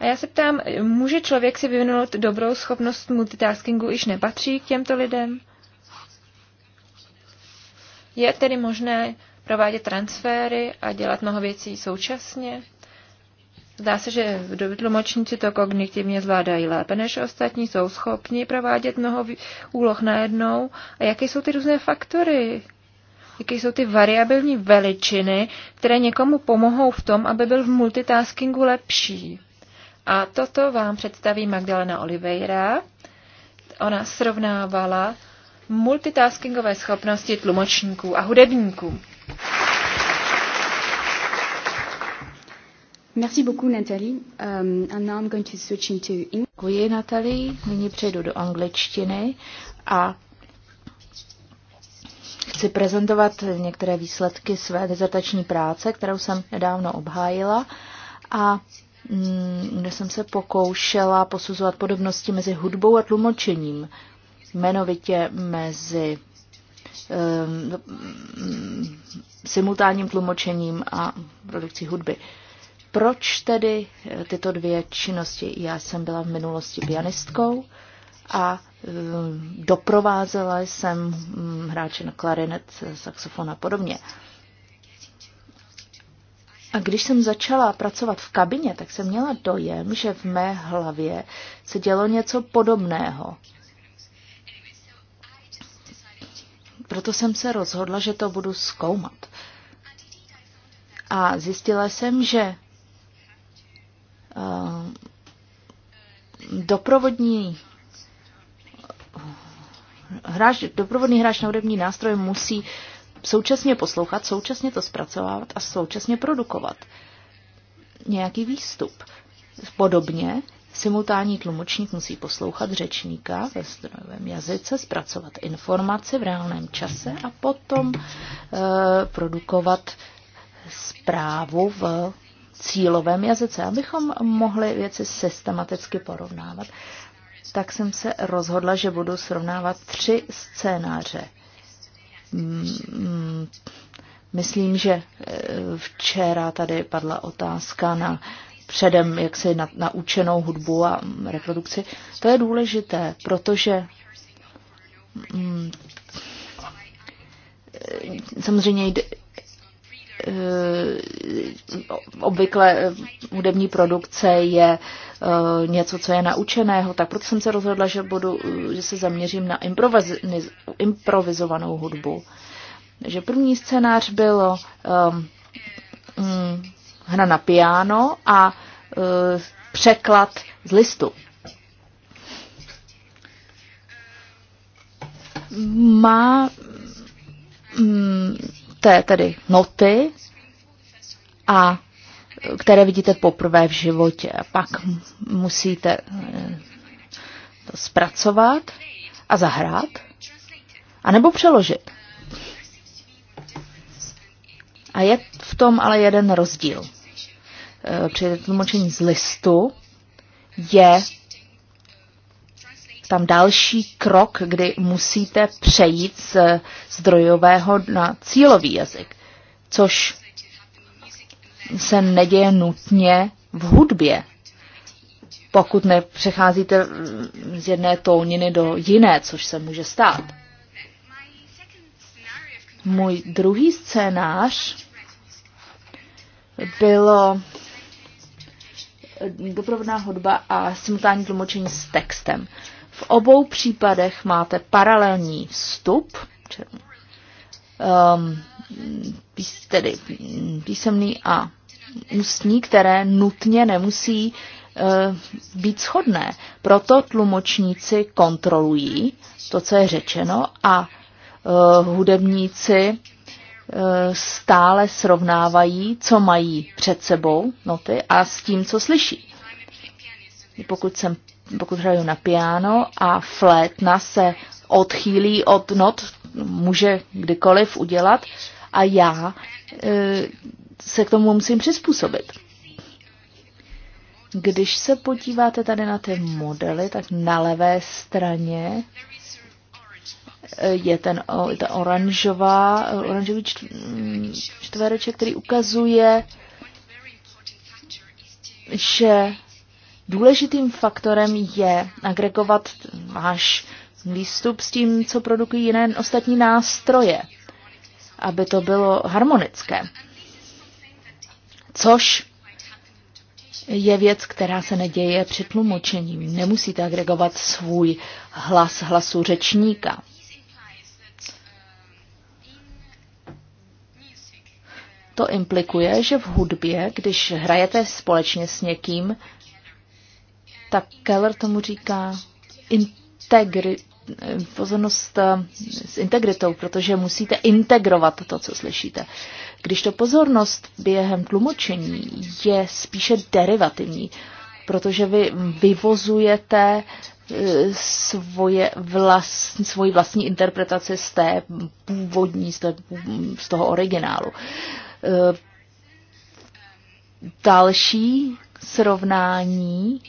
A já se ptám, může člověk si vyvinout dobrou schopnost multitaskingu, iž nepatří k těmto lidem? Je tedy možné provádět transfery a dělat mnoho věcí současně? Zdá se, že tlumočníci to kognitivně zvládají lépe než ostatní, jsou schopni provádět mnoho úloh najednou. A jaké jsou ty různé faktory? Jaké jsou ty variabilní veličiny, které někomu pomohou v tom, aby byl v multitaskingu lepší? A toto vám představí Magdalena Oliveira. Ona srovnávala multitaskingové schopnosti tlumočníků a hudebníků. Merci beaucoup, Nathalie. Um, and now I'm going to switch into English. Děkuji, Nathalie. Nyní přejdu do angličtiny a chci prezentovat některé výsledky své dezertační práce, kterou jsem nedávno obhájila a mm, kde jsem se pokoušela posuzovat podobnosti mezi hudbou a tlumočením jmenovitě mezi um, simultánním tlumočením a produkcí hudby. Proč tedy eh, tyto dvě činnosti? Já jsem byla v minulosti pianistkou a um, doprovázela jsem um, hráče na klarinet, saxofon a podobně. A když jsem začala pracovat v kabině, tak jsem měla dojem, že v mé hlavě se dělo něco podobného. Proto jsem se rozhodla, že to budu zkoumat. A zjistila jsem, že uh, doprovodní hráč, doprovodný hráč na hudební nástroj musí současně poslouchat, současně to zpracovávat a současně produkovat nějaký výstup. Podobně Simultánní tlumočník musí poslouchat řečníka ve strojovém jazyce, zpracovat informaci v reálném čase a potom e, produkovat zprávu v cílovém jazyce. Abychom mohli věci systematicky porovnávat, tak jsem se rozhodla, že budu srovnávat tři scénáře. Mm, mm, myslím, že eh, včera tady padla otázka na předem jaksi na, naučenou hudbu a reprodukci. To je důležité, protože mm, eh, samozřejmě jde, eh, obvykle eh, hudební produkce je něco, co je naučeného, tak proto jsem se rozhodla, že, budu, že se zaměřím na improvizovanou hudbu. Že první scénář bylo um, hra na piano a e, překlad z listu. Má mm, té tedy noty, a které vidíte poprvé v životě. A pak musíte e, to zpracovat a zahrát, anebo přeložit. A je v tom ale jeden rozdíl. Eh, přijde tlumočení z listu, je tam další krok, kdy musíte přejít z zdrojového na cílový jazyk, což se neděje nutně v hudbě. Pokud nepřecházíte mm, z jedné tóniny do jiné, což se může stát. Můj druhý scénář bylo doprovodná hudba a simultánní tlumočení s textem. V obou případech máte paralelní vstup, um, tedy písemný a ústní, které nutně nemusí uh, být shodné. Proto tlumočníci kontrolují to, co je řečeno a uh, hudebníci Eh, stále srovnávají, co mají před sebou noty a s tím, co slyší. Pokud, jsem, pokud hraju na piano a flétna se odchýlí od not, může kdykoliv udělat a já e, se k tomu musím přizpůsobit. Když se podíváte tady na ty modely, tak na levé straně je ten ta oranžová, oranžový čtvereček, který ukazuje, že důležitým faktorem je agregovat váš výstup s tím, co produkují jiné ostatní nástroje, aby to bylo harmonické. Což je věc, která se neděje před tlumočením. Nemusíte agregovat svůj hlas hlasu řečníka. To implikuje, že v hudbě, když hrajete společně s někým, tak Keller tomu říká integri, pozornost eh, s integritou, protože musíte integrovat to, co slyšíte. Když to pozornost během tlumočení je spíše derivativní, protože vy vyvozujete eh, svoje vlast, svoji vlastní interpretaci z té původní, z, té, z toho originálu. Eh, další srovnání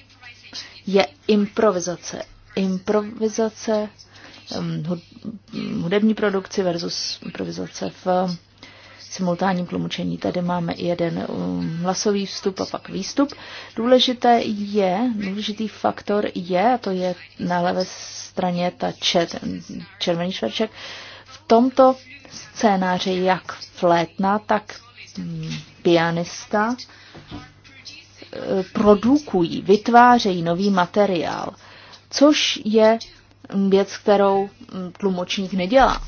je improvizace. Improvizace hudební produkci versus improvizace v simultánním tlumočení. Tady máme i jeden um, hlasový vstup a pak výstup. Důležité je, důležitý faktor je, a to je na levé straně ta čet, červený čverček, tomto scénáři jak flétna, tak mm, pianista e, produkují, vytvářejí nový materiál, což je věc, kterou mm, tlumočník nedělá.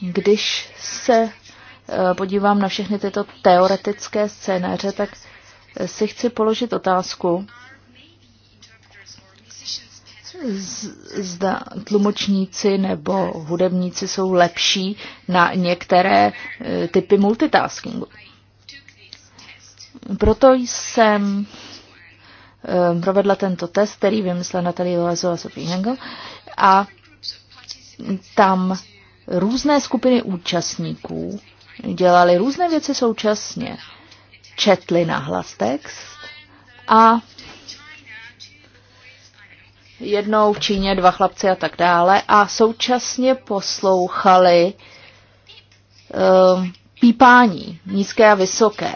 Když se e, podívám na všechny tyto teoretické scénáře, tak si chci položit otázku, zda tlumočníci nebo hudebníci jsou lepší na některé e, typy multitaskingu. Proto jsem e, provedla tento test, který vymyslela Natalie Loazo a Sophie Hengel a tam různé skupiny účastníků dělali různé věci současně. Četli nahlas text a jednou v Číně dva chlapci a tak dále a současně poslouchali um, pípání, nízké a vysoké.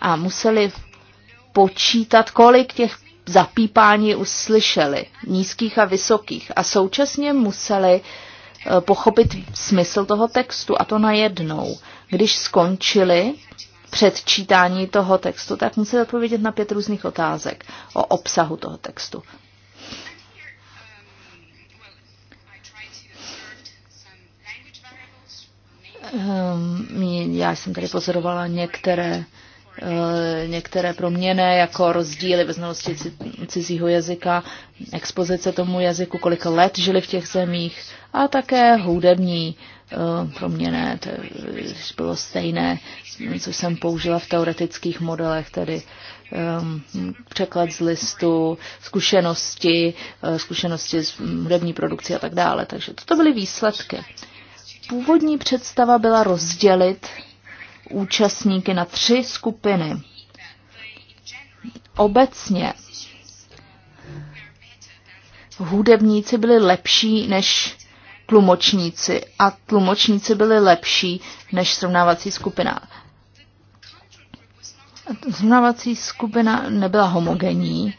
A museli počítat, kolik těch zapípání uslyšeli, nízkých a vysokých. A současně museli eh, pochopit smysl toho textu, a to najednou. Když skončili předčítání toho textu, tak museli odpovědět na pět různých otázek o obsahu toho textu. Ehm, já jsem tady pozorovala některé, eh, některé proměny, jako rozdíly ve znalosti cizího jazyka, expozice tomu jazyku, kolik let žili v těch zemích a také hudební eh, proměny. To bylo stejné, co jsem použila v teoretických modelech, tedy ehm, překlad z listu, zkušenosti, eh, zkušenosti z hudební produkci a tak dále. Takže toto byly výsledky. Původní představa byla rozdělit účastníky na tři skupiny. Obecně hudebníci byli lepší než tlumočníci a tlumočníci byli lepší než srovnávací skupina. Srovnávací skupina nebyla homogenní.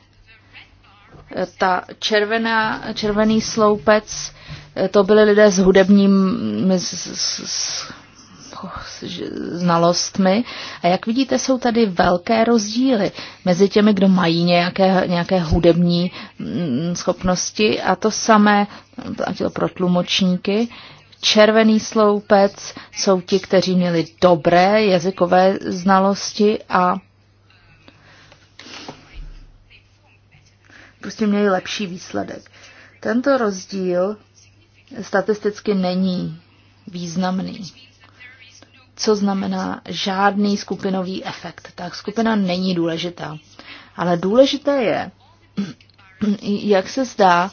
Ta červená, červený sloupec to byli lidé s hudebními znalostmi. A jak vidíte, jsou tady velké rozdíly mezi těmi, kdo mají nějaké, nějaké hudební mm, schopnosti a to samé platilo pro tlumočníky. Červený sloupec jsou ti, kteří měli dobré jazykové znalosti a prostě měli lepší výsledek. Tento rozdíl statisticky není významný. Co znamená žádný skupinový efekt? Tak skupina není důležitá. Ale důležité je, jak se zdá,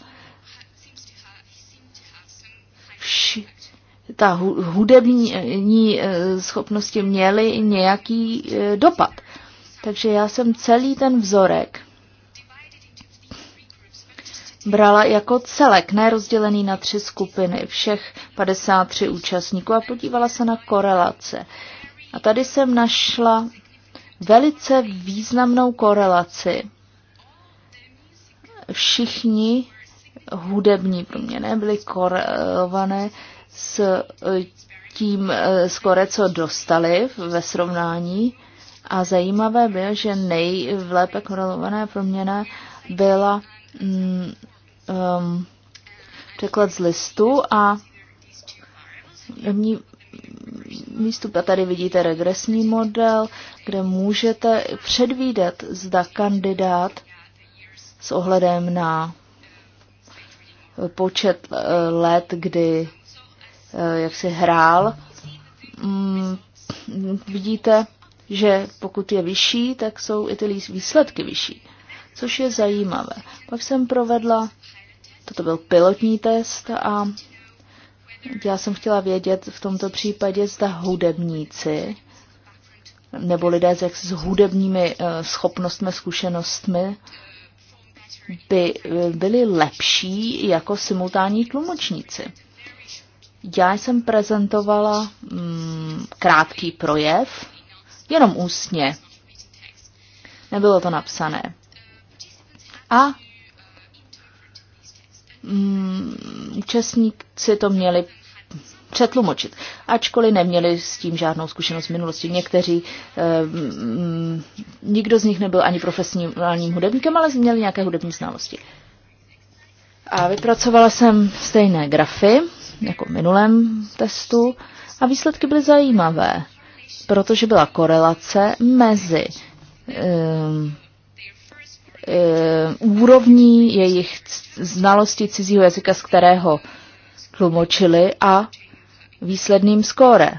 vši, ta hudební eh, eh, schopnosti měly nějaký eh, dopad. Takže já jsem celý ten vzorek brala jako celek, ne rozdělený na tři skupiny všech 53 účastníků a podívala se na korelace. A tady jsem našla velice významnou korelaci. Všichni hudební proměny byly korelované s eh, tím, eh, skore, co dostali ve srovnání. A zajímavé bylo, že nejlépe korelovaná proměna byla mm, um, překlad z listu a výstup. A tady vidíte regresní model, kde můžete předvídat, zda kandidát s ohledem na počet eh, let, kdy eh, jak si hrál, mm, vidíte, že pokud je vyšší, tak jsou i ty výsledky vyšší, což je zajímavé. Pak jsem provedla Toto byl pilotní test a já jsem chtěla vědět v tomto případě, zda hudebníci nebo lidé s, s hudebními eh, schopnostmi, zkušenostmi by eh, byli lepší jako simultánní tlumočníci. Já jsem prezentovala mm, krátký projev, jenom ústně. Nebylo to napsané. A Mm, účastníci to měli přetlumočit. Ačkoliv neměli s tím žádnou zkušenost v minulosti. Někteří, eh, mm, nikdo z nich nebyl ani profesionálním hudebníkem, ale měli nějaké hudební znalosti. A vypracovala jsem stejné grafy, jako v minulém testu, a výsledky byly zajímavé, protože byla korelace mezi um, Eh, úrovní jejich znalosti cizího jazyka, z kterého tlumočili a výsledným skóre.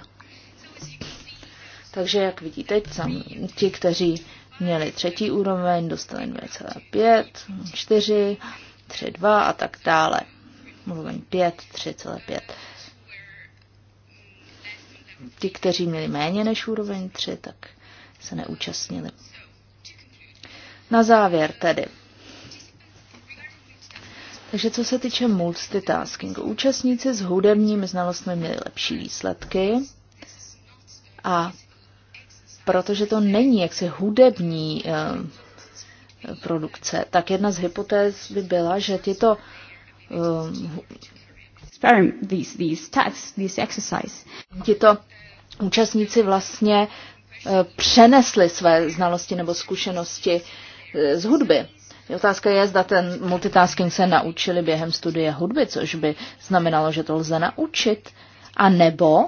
Takže jak vidíte, tam ti, kteří měli třetí úroveň, dostali 2,5, 4, 3, 2 a tak dále. Úroveň 5, 3,5. Ti, kteří měli méně než úroveň 3, tak se neúčastnili na závěr tedy. Takže co se týče multitaskingu, účastníci s hudebními znalostmi měli lepší výsledky a protože to není jaksi hudební eh, produkce, tak jedna z hypotéz by byla, že tyto eh, these, these tasks, these exercise. tyto účastníci vlastně eh, přenesli své znalosti nebo zkušenosti eh, z hudby. Otázka je, zda ten multitasking se naučili během studie hudby, což by znamenalo, že to lze naučit, a nebo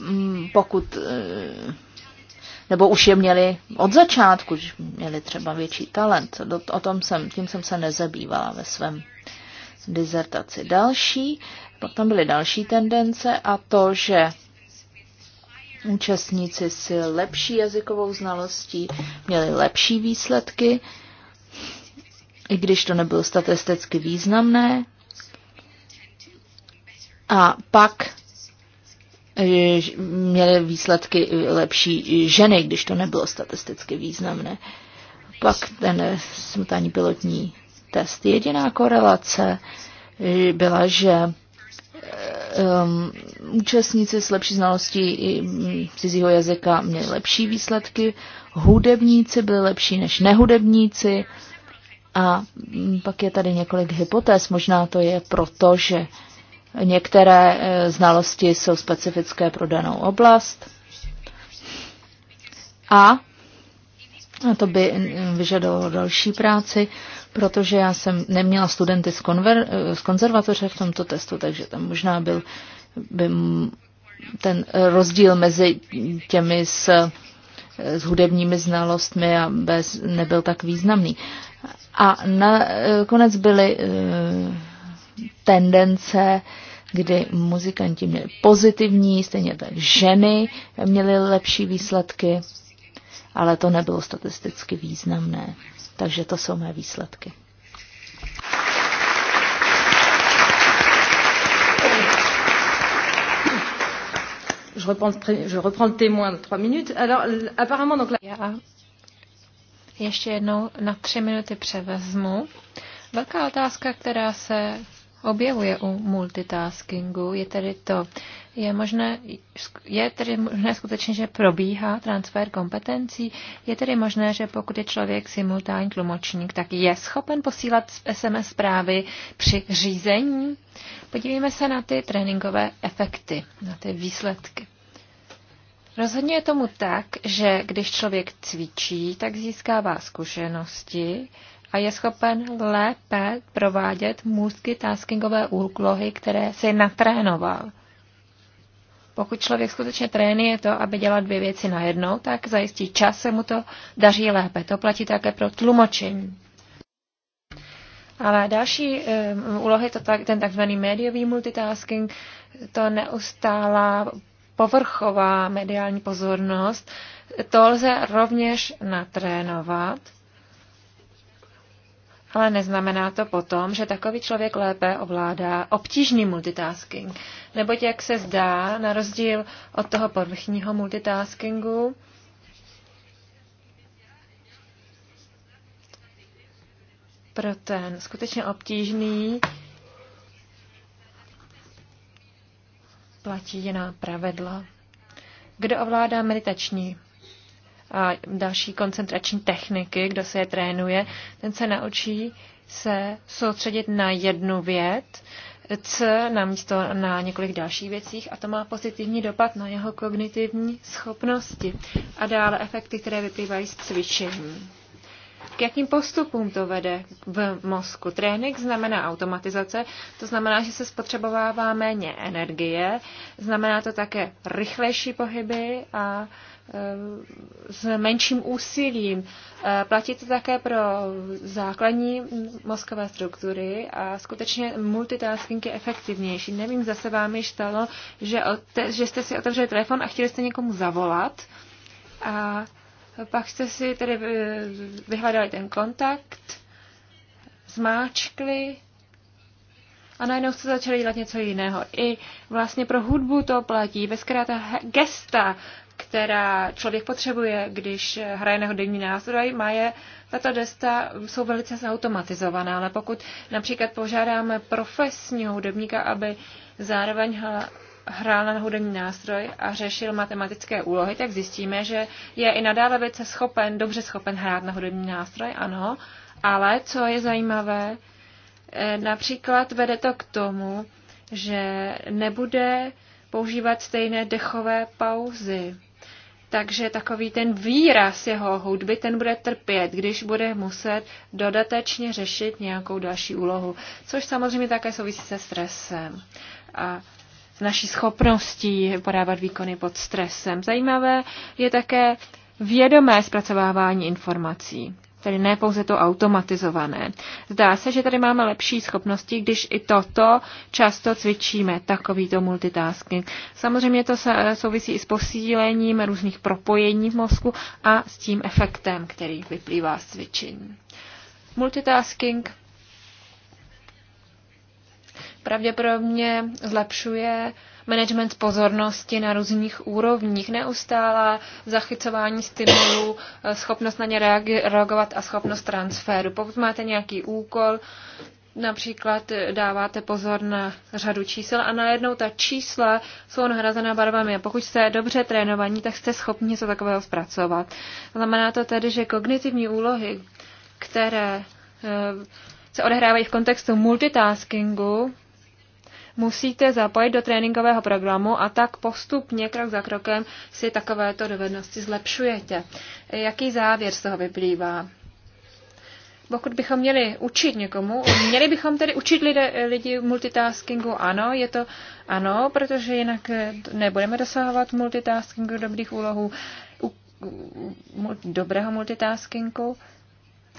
mm, pokud eh, nebo už je měli od začátku, že měli třeba větší talent. O tom jsem, tím jsem se nezabývala ve svém dizertaci. Další, pak tam byly další tendence a to, že účastníci s lepší jazykovou znalostí měli lepší výsledky, i když to nebylo statisticky významné. A pak e, měly výsledky lepší ženy, když to nebylo statisticky významné. Pak ten smutání pilotní test. Jediná korelace e, byla, že um, účastníci s lepší znalostí i mm, cizího jazyka měli lepší výsledky, hudebníci byli lepší než nehudebníci a mm, pak je tady několik hypotéz. Možná to je proto, že některé eh, znalosti jsou specifické pro danou oblast a a to by mm, vyžadovalo další práci protože já jsem neměla studenty z, konver, z konzervatoře v tomto testu, takže tam možná byl by ten rozdíl mezi těmi s, s hudebními znalostmi a bez, nebyl tak významný. A nakonec byly eh, tendence, kdy muzikanti měli pozitivní, stejně tak ženy měly lepší výsledky, ale to nebylo statisticky významné. Takže to jsou mé výsledky. Je reprends, je reprends le témoin de trois minutes. Alors, apparemment, donc Já ještě jednou na tři minuty převezmu. Velká otázka, která se objevuje u multitaskingu, je tedy to, je, možné, je tedy možné skutečně, že probíhá transfer kompetencí, je tedy možné, že pokud je člověk simultánní tlumočník, tak je schopen posílat SMS zprávy při řízení. Podívejme se na ty tréninkové efekty, na ty výsledky. Rozhodně je tomu tak, že když člověk cvičí, tak získává zkušenosti, a je schopen lépe provádět multitaskingové úklohy, které si natrénoval. Pokud člověk skutečně trénuje to, aby dělal dvě věci najednou, tak zajistí čas, se mu to daří lépe. To platí také pro tlumočení. Ale další um, úlohy, to tak, ten takzvaný médiový multitasking, to neustálá povrchová mediální pozornost, to lze rovněž natrénovat ale neznamená to potom, že takový člověk lépe ovládá obtížný multitasking. Neboť jak se zdá, na rozdíl od toho povrchního multitaskingu, pro ten skutečně obtížný platí jiná pravidla. Kdo ovládá meditační a další koncentrační techniky, kdo se je trénuje, ten se naučí se soustředit na jednu věc, C namísto na několik dalších věcích a to má pozitivní dopad na jeho kognitivní schopnosti a dále efekty, které vyplývají z cvičení. K jakým postupům to vede v mozku? Trénink znamená automatizace, to znamená, že se spotřebovává méně energie, znamená to také rychlejší pohyby a s menším úsilím. E, platí to také pro základní mozkové struktury a skutečně multitasking je efektivnější. Nevím, zase vám již stalo, že, že jste si otevřeli telefon a chtěli jste někomu zavolat a pak jste si tedy e, vyhledali ten kontakt, zmáčkli a najednou jste začali dělat něco jiného. I vlastně pro hudbu to platí, veškerá ta gesta, která člověk potřebuje, když hraje na hudební nástroj, má je, tato desta jsou velice zautomatizovaná, ale pokud například požádáme profesního hudebníka, aby zároveň hrál na hudební nástroj a řešil matematické úlohy, tak zjistíme, že je i nadále velice schopen, dobře schopen hrát na hudební nástroj, ano, ale co je zajímavé, eh, například vede to k tomu, že nebude používat stejné dechové pauzy takže takový ten výraz jeho hudby, ten bude trpět, když bude muset dodatečně řešit nějakou další úlohu, což samozřejmě také souvisí se stresem a s naší schopností podávat výkony pod stresem. Zajímavé je také vědomé zpracovávání informací tedy ne pouze to automatizované. Zdá se, že tady máme lepší schopnosti, když i toto často cvičíme, takovýto multitasking. Samozřejmě to souvisí i s posílením různých propojení v mozku a s tím efektem, který vyplývá z cvičení. Multitasking pravděpodobně zlepšuje management pozornosti na různých úrovních, neustálá zachycování stimulů, eh, schopnost na ně reagovat a schopnost transferu. Pokud máte nějaký úkol, například eh, dáváte pozor na řadu čísel a najednou ta čísla jsou nahrazená barvami a pokud jste dobře trénovaní, tak jste schopni něco takového zpracovat. Znamená to tedy, že kognitivní úlohy, které eh, se odehrávají v kontextu multitaskingu, musíte zapojit do tréninkového programu a tak postupně, krok za krokem, si takovéto dovednosti zlepšujete. Jaký závěr z toho vyplývá? pokud bychom měli učit někomu, měli bychom tedy učit lidi, lidi multitaskingu, ano, je to ano, protože jinak nebudeme dosahovat multitaskingu dobrých úlohů, u, u, dobrého multitaskingu.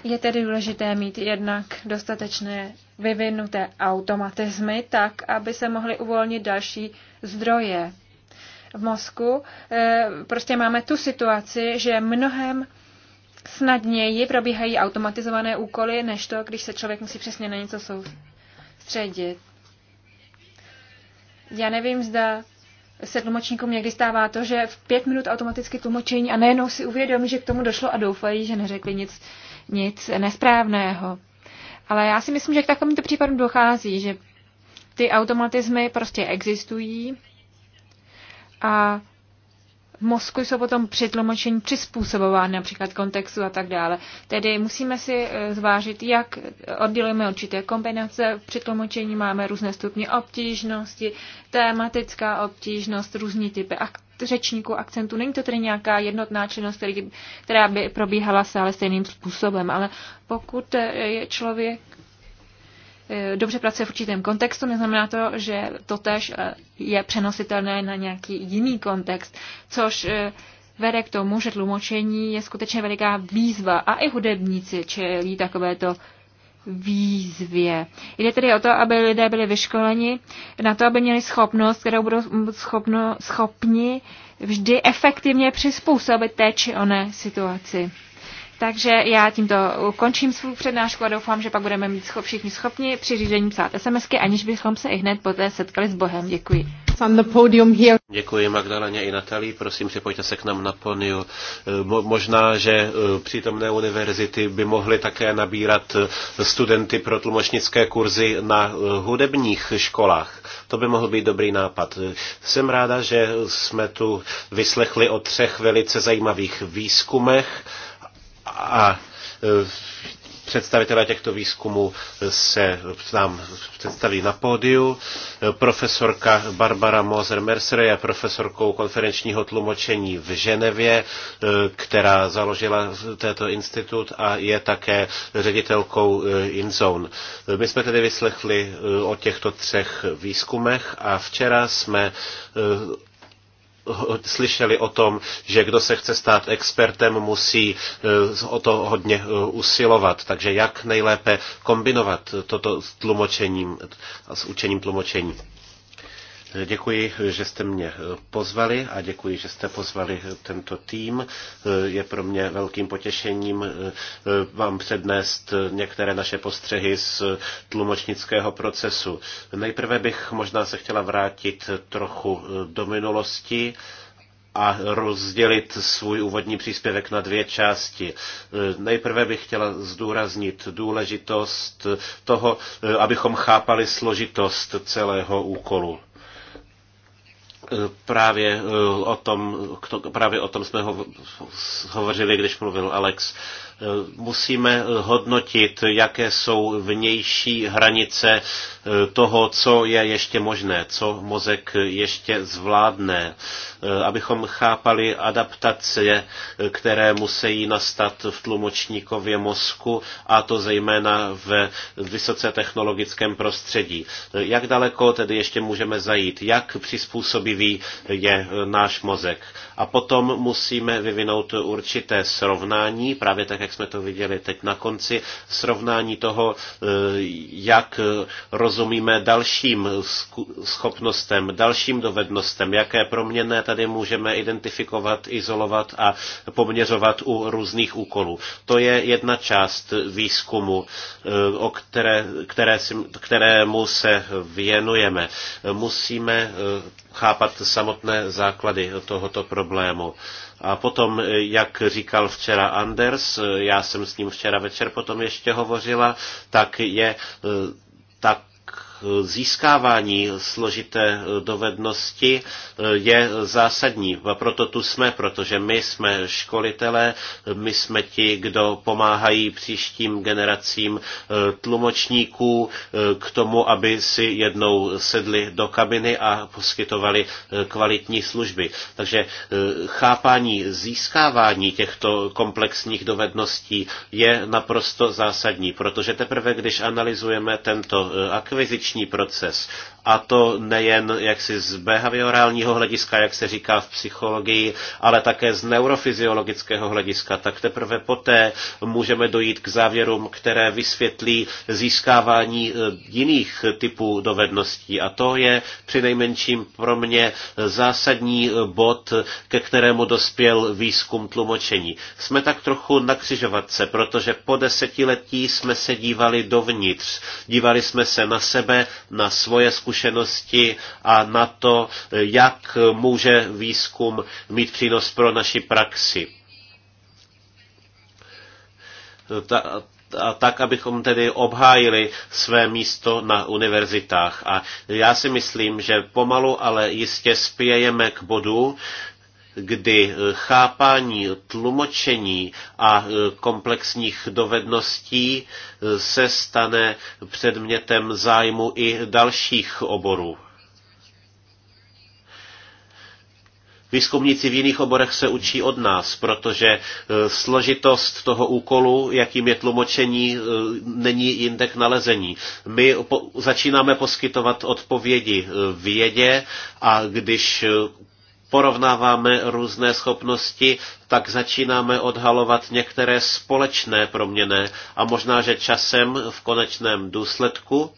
Je tedy důležité mít jednak dostatečné vyvinuté automatizmy tak, aby se mohly uvolnit další zdroje. V mozku eh, prostě máme tu situaci, že mnohem snadněji probíhají automatizované úkoly, než to, když se člověk musí přesně na něco soustředit. Já nevím, zda se tlumočníkům někdy stává to, že v pět minut automaticky tlumočení a nejenom si uvědomí, že k tomu došlo a doufají, že neřekli nic, nic nesprávného. Ale já si myslím, že k takovýmto případům dochází, že ty automatizmy prostě existují a v mozku jsou potom při tlumočení přizpůsobovány například kontextu a tak dále. Tedy musíme si eh, zvážit, jak oddělujeme určité kombinace. Při tlumočení máme různé stupně obtížnosti, tématická obtížnost, různí typy ak- řečníků, akcentů. Není to tedy nějaká jednotná činnost, která by probíhala ale stejným způsobem, ale pokud eh, je člověk Eh, dobře pracuje v určitém kontextu, neznamená to, že to tež eh, je přenositelné na nějaký jiný kontext, což eh, vede k tomu, že tlumočení je skutečně veliká výzva a i hudebníci čelí takovéto výzvě. Jde tedy o to, aby lidé byli vyškoleni na to, aby měli schopnost, kterou budou schopno, schopni vždy efektivně přizpůsobit té či oné situaci. Takže já tímto končím svou přednášku a doufám, že pak budeme mít scho- všichni schopni při řízení psát SMSky, aniž bychom se i hned poté setkali s Bohem. Děkuji. Děkuji Magdaleně i Natalii, prosím připojte se k nám na poniu. Eh, možná, že eh, přítomné univerzity by mohly také nabírat eh, studenty pro tlumočnické kurzy na hudebních školách. To by mohl být dobrý nápad. Jsem ráda, že jsme tu vyslechli o třech velice zajímavých výzkumech a e, představitelé těchto výzkumů se nám představí na pódiu. E, profesorka Barbara Moser-Mercer je profesorkou konferenčního tlumočení v Ženevě, e, která založila tento institut a je také ředitelkou InZone. My jsme tedy vyslechli o těchto třech výzkumech a včera jsme slyšeli o tom, že kdo se chce stát expertem, musí eh, o to hodně eh, usilovat. Takže jak nejlépe kombinovat toto s tlumočením, s učením tlumočení. Děkuji, že jste mě eh, pozvali a děkuji, že jste pozvali eh, tento tým. Eh, je pro mě velkým potěšením vám přednést některé naše postřehy z tlumočnického procesu. Nejprve bych možná se chtěla vrátit trochu do minulosti a rozdělit svůj úvodní příspěvek na dvě části. Nejprve bych chtěla zdůraznit důležitost toho, abychom chápali složitost celého úkolu. Eh, právě eh, o, tom, právě o tom jsme hovořili, když mluvil Alex. Eh, musíme hodnotit, jaké jsou vnější hranice toho, co je ještě možné, co mozek ještě zvládne. Eh, abychom chápali adaptace, které musí nastat v tlumočníkově mozku, a to zejména v vysoce technologickém prostředí. Eh, jak daleko tedy ještě můžeme zajít? Jak přizpůsobivý je eh, náš mozek? A potom musíme vyvinout určité srovnání, právě tak, jak jsme to viděli teď na konci, srovnání toho, jak rozumíme dalším schopnostem, dalším dovednostem, jaké proměnné tady můžeme identifikovat, izolovat a poměřovat u různých úkolů. To je jedna část výzkumu, eh, o které, které, kterému se věnujeme. Musíme eh, chápat samotné základy tohoto problému. A potom, eh, jak říkal včera Anders, já jsem s ním včera večer potom ještě hovořila, tak je tak získávání složité eh, dovednosti eh, je zásadní. A proto tu jsme, protože my jsme školitelé, eh, my jsme ti, kdo pomáhají příštím generacím tlumočníků k tomu, aby si jednou sedli do kabiny a poskytovali kvalitní služby. Takže chápání získávání těchto komplexních dovedností je naprosto zásadní, protože teprve, když analyzujeme tento akviziční akreditační proces a to nejen jaksi z behaviorálního hlediska, jak se říká v psychologii, ale také z neurofyziologického hlediska, tak teprve poté můžeme dojít k závěrům, které vysvětlí získávání e, jiných typů dovedností. A to je přinejmenším pro mě zásadní bod, ke kterému dospěl výzkum tlumočení. Jsme tak trochu na křižovatce, protože po desetiletí jsme se dívali dovnitř. Dívali jsme se na sebe, na svoje zkušenosti, zkušenosti a na to, jak může výzkum mít přínos pro naši praxi. Ta, a tak, abychom tedy obhájili své místo na univerzitách. A já si myslím, že pomalu, ale jistě spějeme k bodu, kdy eh, chápání tlumočení a eh, komplexních dovedností eh, se stane předmětem zájmu i dalších oborů. Výzkumníci v jiných oborech se učí od nás, protože složitost toho úkolu, jakým je tlumočení, není jinde k nalezení. My začínáme poskytovat odpovědi vědě a když porovnáváme různé schopnosti, tak začínáme odhalovat některé společné proměny a možná, že časem v konečném důsledku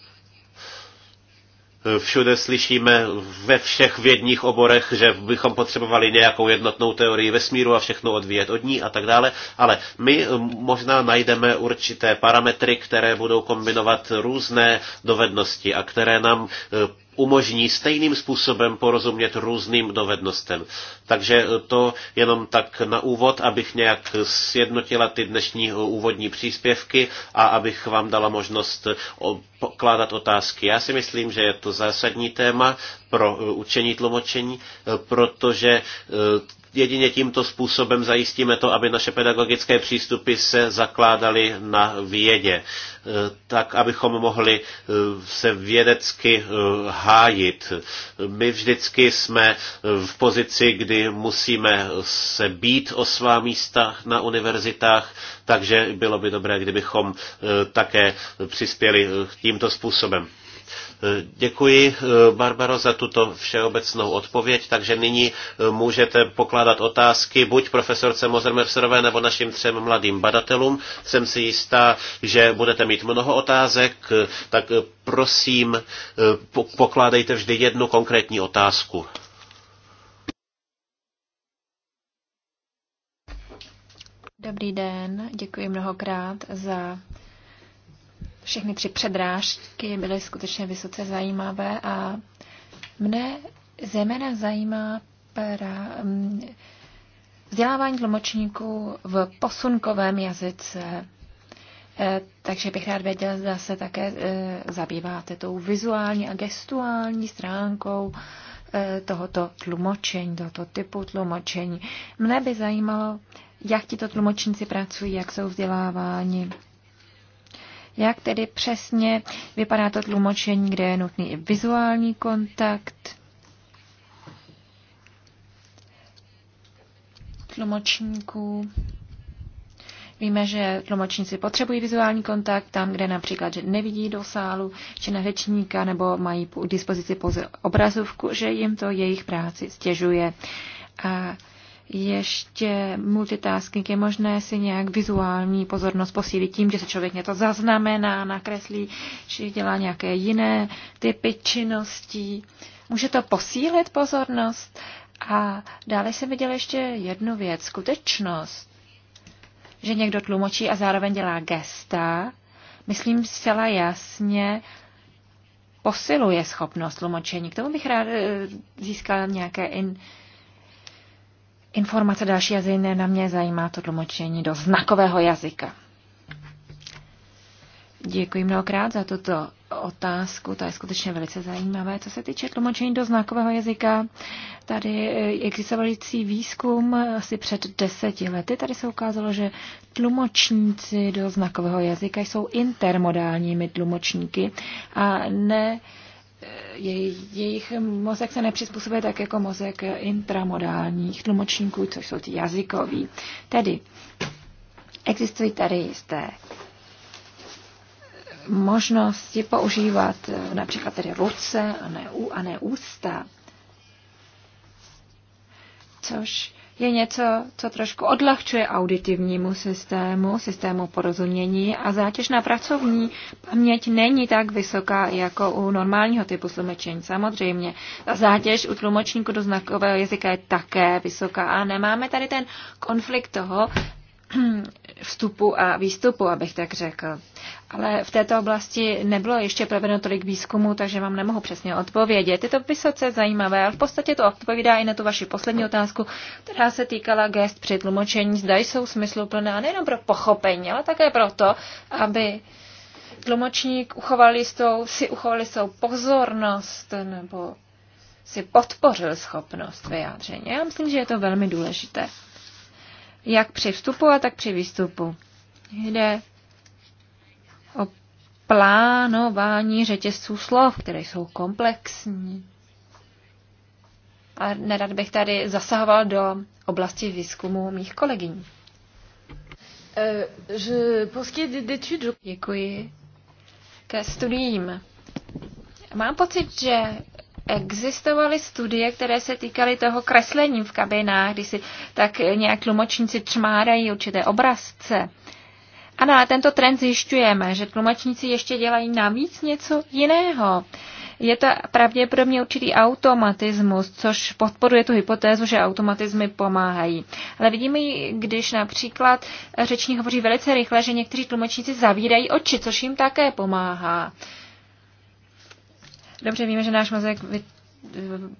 Všude slyšíme ve všech vědních oborech, že bychom potřebovali nějakou jednotnou teorii vesmíru a všechno odvíjet od ní a tak dále, ale my možná najdeme určité parametry, které budou kombinovat různé dovednosti a které nám umožní stejným způsobem porozumět různým dovednostem. Takže to jenom tak na úvod, abych nějak sjednotila ty dnešní úvodní příspěvky a abych vám dala možnost pokládat otázky. Já si myslím, že je to zásadní téma pro uh, učení tlumočení, uh, protože uh, Jedině tímto způsobem zajistíme to, aby naše pedagogické přístupy se zakládaly na vědě, e, tak abychom mohli e, se vědecky e, hájit. My vždycky jsme v pozici, kdy musíme se být o svá místa na univerzitách, takže bylo by dobré, kdybychom také přispěli tímto způsobem. Děkuji, eh, Barbaro, za tuto všeobecnou odpověď, takže nyní eh, můžete pokládat otázky buď profesorce Mozermerserové nebo našim třem mladým badatelům. Jsem si jistá, že budete mít mnoho otázek, eh, tak prosím, pokládejte vždy jednu konkrétní otázku. Dobrý den, děkuji mnohokrát za všechny tři předrážky byly skutečně vysoce zajímavé a mne zejména zajímá pra, mm, vzdělávání tlumočníků v posunkovém jazyce. E, takže bych rád věděl, zda se také e, zabýváte tou vizuální a gestuální stránkou e, tohoto tlumočení, tohoto typu tlumočení. Mne by zajímalo, jak tito tlumočníci pracují, jak jsou vzděláváni. Jak tedy přesně vypadá to tlumočení, kde je nutný i vizuální kontakt? Tlumočníků. Víme, že tlumočníci potřebují vizuální kontakt tam, kde například že nevidí do sálu či na řečníka nebo mají k dispozici pouze obrazovku, že jim to jejich práci stěžuje. A ještě multitasking je možné si nějak vizuální pozornost posílit tím, že se člověk něco zaznamená, nakreslí, či dělá nějaké jiné typy činností. Může to posílit pozornost. A dále jsem viděla ještě jednu věc, skutečnost, že někdo tlumočí a zároveň dělá gesta, myslím zcela jasně, posiluje schopnost tlumočení. K tomu bych rád eh, získala nějaké in, informace další jazyky, na mě zajímá to tlumočení do znakového jazyka. Děkuji mnohokrát za tuto otázku, to je skutečně velice zajímavé. Co se týče tlumočení do znakového jazyka, tady eh, existovalící výzkum asi před deseti lety, tady se ukázalo, že tlumočníci do znakového jazyka jsou intermodálními tlumočníky a ne Eh, jejich mozek se nepřizpůsobuje tak jako mozek intramodálních tlumočníků, což jsou ty jazykový. Tedy existují tady jisté možnosti používat eh, například tedy ruce a ne, a ne ústa, což je něco, co trošku odlehčuje auditivnímu systému, systému porozumění a zátěž na pracovní paměť není tak vysoká jako u normálního typu slumečení. Samozřejmě, ta zátěž u tlumočníku do znakového jazyka je také vysoká a nemáme tady ten konflikt toho, vstupu a výstupu, abych tak řekl. Ale v této oblasti nebylo ještě provedeno tolik výzkumu, takže vám nemohu přesně odpovědět. Je to vysoce zajímavé, ale v podstatě to odpovídá i na tu vaši poslední otázku, která se týkala gest při tlumočení. Zda jsou smysluplná nejenom pro pochopení, ale také proto, aby tlumočník uchoval jistou, si uchoval jistou pozornost nebo si podpořil schopnost vyjádření. Já myslím, že je to velmi důležité jak při vstupu a tak při výstupu. Jde o plánování řetězců slov, které jsou komplexní. A nerad bych tady zasahoval do oblasti výzkumu mých kolegyní. Eh, Děkuji. Ke studiím. Mám pocit, že existovaly studie, které se týkaly toho kreslení v kabinách, kdy si tak nějak tlumočníci třmárají určité obrazce. Ano, na tento trend zjišťujeme, že tlumočníci ještě dělají navíc něco jiného. Je to pravděpodobně určitý automatismus, což podporuje tu hypotézu, že automatizmy pomáhají. Ale vidíme, když například řečník hovoří velice rychle, že někteří tlumočníci zavírají oči, což jim také pomáhá. Uh, Dobře víme, že náš mozek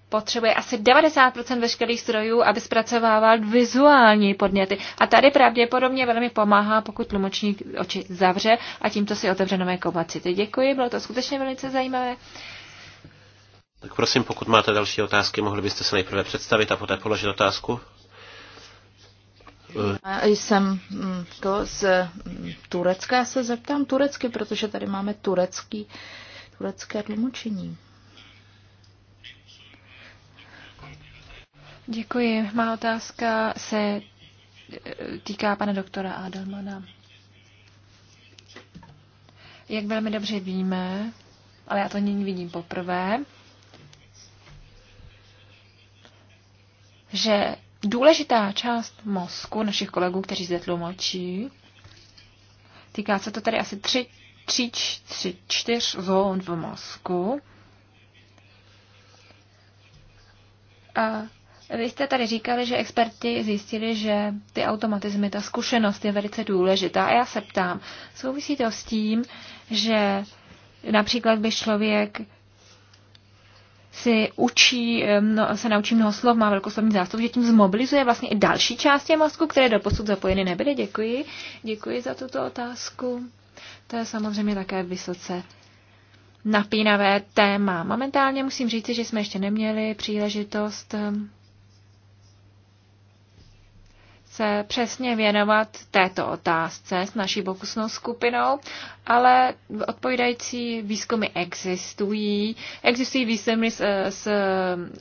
potřebuje asi 90% veškerých strojů, aby zpracovával vizuální podněty. A tady pravděpodobně velmi pomáhá, pokud tlumočník oči zavře a tímto si otevře nové kapacity. Děkuji, bylo to skutečně velice zajímavé. Tak prosím, pokud máte další otázky, mohli byste se nejprve představit a poté položit otázku. Jsem mm, to z mm, Turecka, já se zeptám turecky, protože tady máme turecký uh, turecké tlumočení. Děkuji. Má otázka se e, týká pana doktora Adelmana. Jak velmi dobře víme, ale já to nyní vidím poprvé, že důležitá část mozku našich kolegů, kteří zde tlumočí, týká se to tady asi tři tří, tři, čtyř zón v mozku. A vy jste tady říkali, že experti zjistili, že ty automatizmy, ta zkušenost je velice důležitá. A já se ptám, souvisí to s tím, že například by člověk si učí, no, se naučí mnoho slov, má velkoslovní zástup, že tím zmobilizuje vlastně i další části mozku, které doposud zapojeny nebyly. Děkuji. Děkuji za tuto otázku. To je samozřejmě také vysoce napínavé téma. Momentálně musím říct, že jsme ještě neměli příležitost ehm, se přesně věnovat této otázce s naší pokusnou skupinou, ale odpovídající výzkumy existují. Existují výzkumy s, s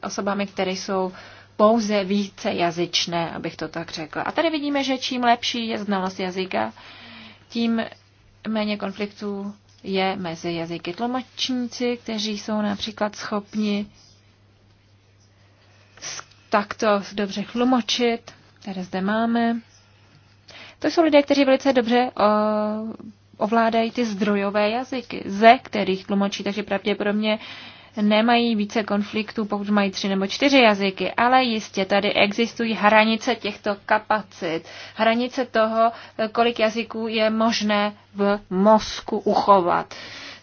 osobami, které jsou pouze více jazyčné, abych to tak řekla. A tady vidíme, že čím lepší je znalost jazyka, tím méně konfliktů je mezi jazyky tlumočníci, kteří jsou například schopni takto dobře tlumočit, které zde máme. To jsou lidé, kteří velice dobře ovládají ty zdrojové jazyky, ze kterých tlumočí, takže pravděpodobně nemají více konfliktů, pokud mají tři nebo čtyři jazyky, ale jistě tady existují hranice těchto kapacit, hranice toho, kolik jazyků je možné v mozku uchovat.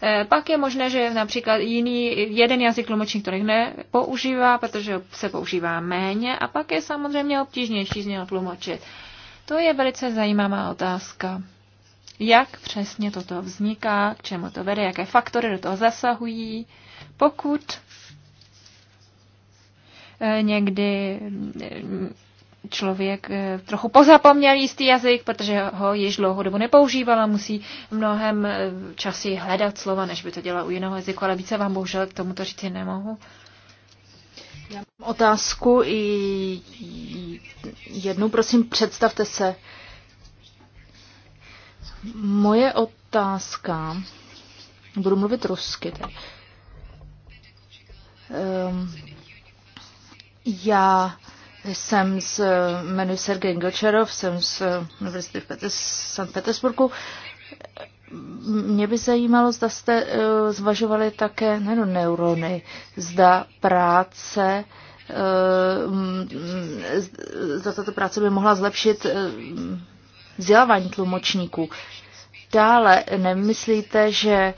Eh, pak je možné, že například jiný, jeden jazyk tlumočník tolik nepoužívá, protože se používá méně a pak je samozřejmě obtížnější z něho tlumočit. To je velice zajímavá otázka. Jak přesně toto vzniká, k čemu to vede, jaké faktory do toho zasahují, pokud eh, někdy eh, člověk eh, trochu pozapomněl jistý jazyk, protože ho již dlouho dobu nepoužíval a musí mnohem časy hledat slova, než by to dělal u jiného jazyku, ale více vám bohužel k tomuto říci nemohu. Já mám otázku i jednu, prosím, představte se. Moje otázka, budu mluvit rusky, tak. Um, já jsem z, eh, jmenuji Sergej Gočarov, jsem z eh, Univerzity v Peters, St. Petersburgu. Mě by zajímalo, zda jste uh, zvažovali také nejen neurony, zda práce za tato práce by mohla zlepšit vzdělávání tlumočníků. Dále nemyslíte, že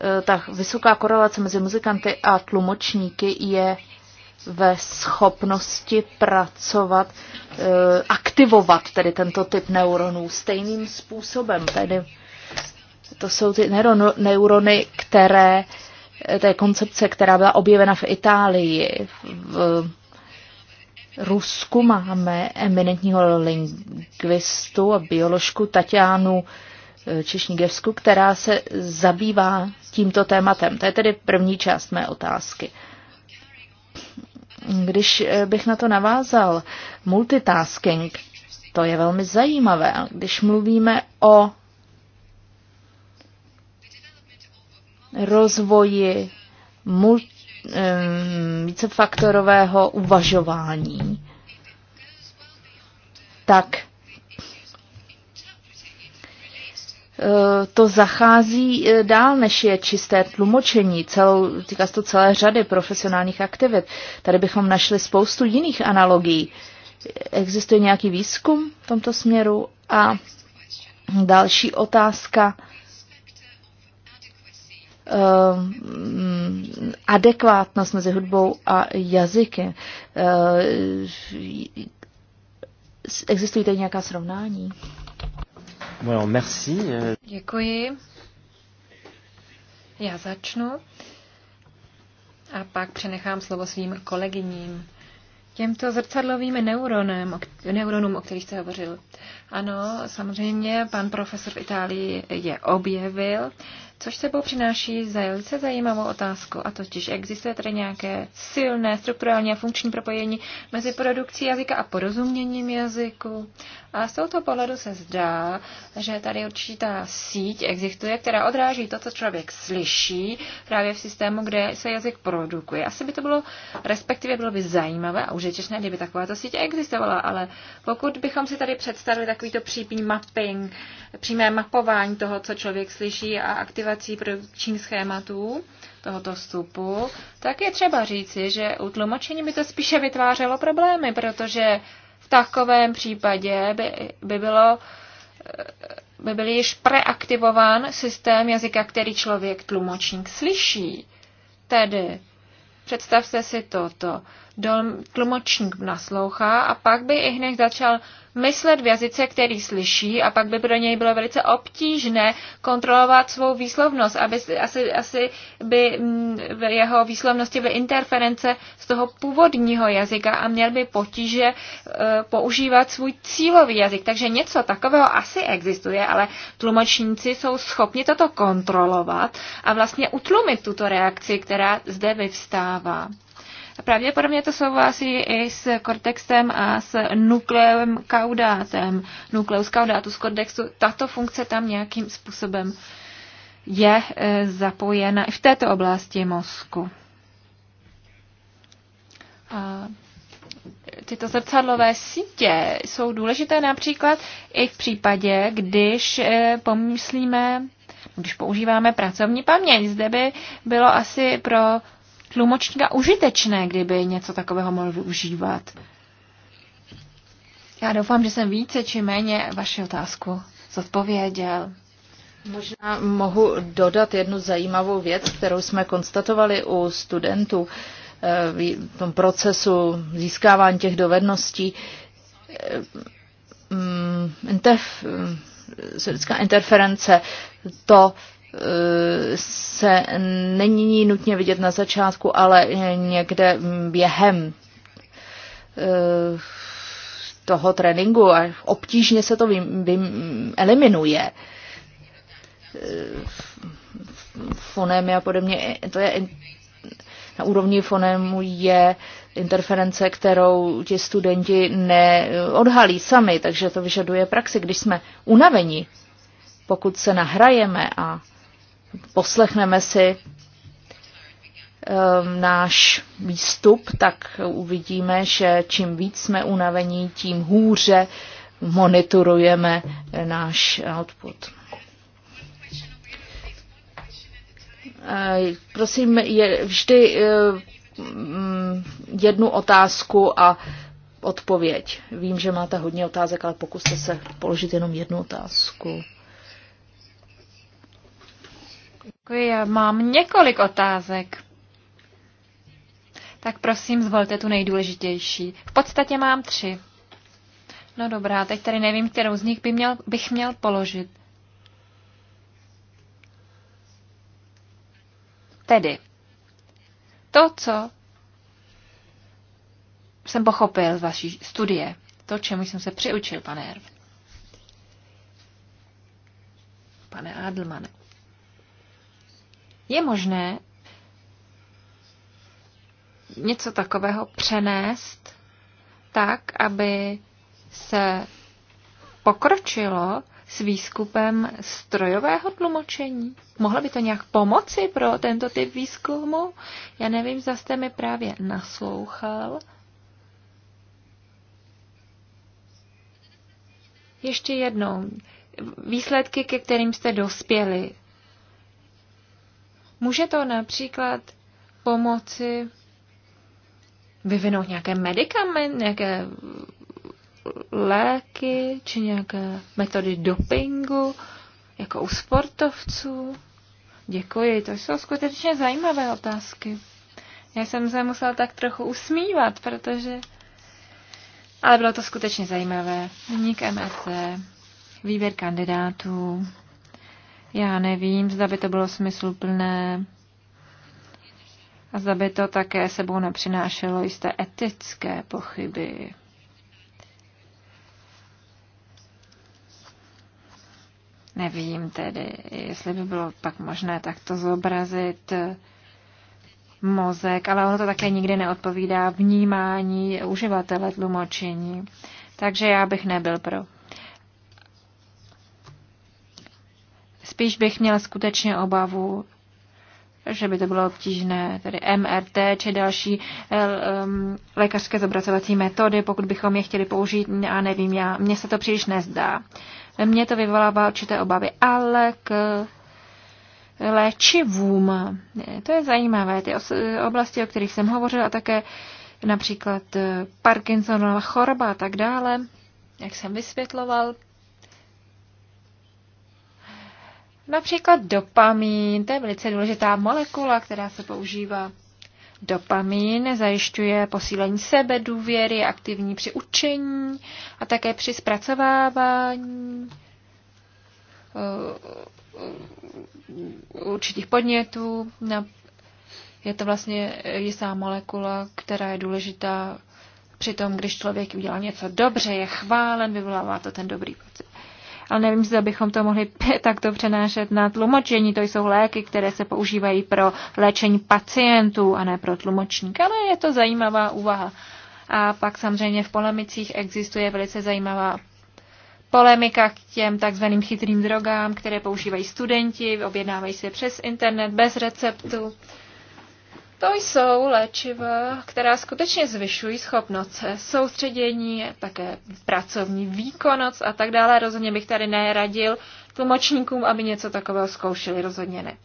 Eh, ta vysoká korelace mezi muzikanty a tlumočníky je ve schopnosti pracovat, eh, aktivovat tedy tento typ neuronů stejným způsobem. Tedy to jsou ty neurony, které, eh, to je koncepce, která byla objevena v Itálii. V Rusku máme eminentního lingvistu a bioložku Tatianu Eh, Češnígevsku, která se zabývá tímto tématem. To je tedy první část mé otázky. Když eh, bych na to navázal, multitasking, to je velmi zajímavé. Když mluvíme o rozvoji vícefaktorového uvažování, tak Eh, to zachází eh, dál, než je čisté tlumočení. Celou, týká se to celé řady profesionálních aktivit. Tady bychom našli spoustu jiných analogií. Existuje nějaký výzkum v tomto směru? A další otázka. Eh, mm, adekvátnost mezi hudbou a jazyky. Existují tady nějaká srovnání? Well, merci. Děkuji. Já začnu a pak přenechám slovo svým kolegyním. Těmto zrcadlovým neuronem, neuronům, o kterých jste hovořil. Ano, samozřejmě, pan profesor v Itálii je objevil což sebou přináší velice zajímavou otázku, a totiž existuje tady nějaké silné strukturální a funkční propojení mezi produkcí jazyka a porozuměním jazyku. A z tohoto pohledu se zdá, že tady určitá síť existuje, která odráží to, co člověk slyší právě v systému, kde se jazyk produkuje. Asi by to bylo, respektive bylo by zajímavé a užitečné, kdyby takováto síť existovala, ale pokud bychom si tady představili takovýto přípný mapping, přímé mapování toho, co člověk slyší a aktivace alokací produkční schématů tohoto vstupu, tak je třeba říci, že u tlumočení by to spíše vytvářelo problémy, protože v takovém případě by, by bylo by byl již preaktivován systém jazyka, který člověk tlumočník slyší. Tedy představte si toto tlumočník naslouchá a pak by i hned začal myslet v jazyce, který slyší a pak by pro něj bylo velice obtížné kontrolovat svou výslovnost, aby asi, asi by mm, v jeho výslovnosti byly interference z toho původního jazyka a měl by potíže e, používat svůj cílový jazyk. Takže něco takového asi existuje, ale tlumočníci jsou schopni toto kontrolovat a vlastně utlumit tuto reakci, která zde vyvstává. Pravděpodobně to souvisí i s kortextem a s nukleovým kaudátem. Nukleus kaudátu z tato funkce tam nějakým způsobem je e, zapojena i v této oblasti mozku. A tyto zrcadlové sítě jsou důležité například i v případě, když e, pomyslíme, když používáme pracovní paměť. Zde by bylo asi pro tlumočníka užitečné, kdyby něco takového mohl využívat. Já doufám, že jsem více či méně vaši otázku zodpověděl. Možná mohu dodat jednu zajímavou věc, kterou jsme konstatovali u studentů eh, v tom procesu získávání těch dovedností. Eh, mm, Interf, eh, interference, to Eh, se není nutně vidět na začátku, ale někde během eh, toho tréninku a obtížně se to vym, vym, eliminuje. Eh, Fonémy a podobně, to je na úrovni fonému je interference, kterou ti studenti neodhalí sami, takže to vyžaduje praxi. Když jsme unavení, pokud se nahrajeme a poslechneme si um, náš výstup, tak uvidíme, že čím víc jsme unavení, tím hůře monitorujeme náš output. Eh, prosím, je vždy eh, mm, jednu otázku a odpověď. Vím, že máte hodně otázek, ale pokuste se položit jenom jednu otázku. Děkuji, já mám několik otázek. Tak prosím, zvolte tu nejdůležitější. V podstatě mám tři. No dobrá, teď tady nevím, kterou z nich by měl, bych měl položit. Tedy, to, co jsem pochopil z vaší studie, to, čemu jsem se přiučil, pane Erv. Pane Adelmane. Je možné něco takového přenést tak, aby se pokročilo s výzkupem strojového tlumočení? Mohlo by to nějak pomoci pro tento typ výzkumu? Já nevím, zda jste mi právě naslouchal. Ještě jednou, výsledky, ke kterým jste dospěli Může to například pomoci vyvinout nějaké medicament, nějaké léky či nějaké metody dopingu, jako u sportovců? Děkuji, to jsou skutečně zajímavé otázky. Já jsem se musela tak trochu usmívat, protože... Ale bylo to skutečně zajímavé. Vník MSC, výběr kandidátů. Já nevím, zda by to bylo smysluplné a zda by to také sebou nepřinášelo jisté etické pochyby. Nevím tedy, jestli by bylo pak možné takto zobrazit mozek, ale ono to také nikdy neodpovídá vnímání uživatele tlumočení. Takže já bych nebyl pro. Spíš bych měl skutečně obavu, že by to bylo obtížné, tedy MRT či další um, lékařské zobrazovací metody, pokud bychom je chtěli použít, a nevím, já, mně se to příliš nezdá. Mně to vyvolává určité obavy, ale k léčivům. To je zajímavé, ty oblasti, o kterých jsem hovořila, také například eh, Parkinsonova choroba a tak dále, jak jsem vysvětloval, Například dopamin, to je velice důležitá molekula, která se používá. Dopamin zajišťuje posílení sebe, důvěry, je aktivní při učení a také při zpracovávání eh, určitých podnětů. Je to vlastně jistá molekula, která je důležitá při tom, když člověk udělá něco dobře, je chválen, vyvolává to ten dobrý pocit ale nevím, zda bychom to mohli takto přenášet na tlumočení. To jsou léky, které se používají pro léčení pacientů a ne pro tlumočníka, ale je to zajímavá úvaha. A pak samozřejmě v polemicích existuje velice zajímavá polemika k těm takzvaným chytrým drogám, které používají studenti, objednávají se přes internet bez receptu. To jsou léčiva, která skutečně zvyšují schopnost soustředění, také pracovní výkonnost a tak dále. Rozhodně bych tady neradil tlumočníkům, aby něco takového zkoušeli, rozhodně ne.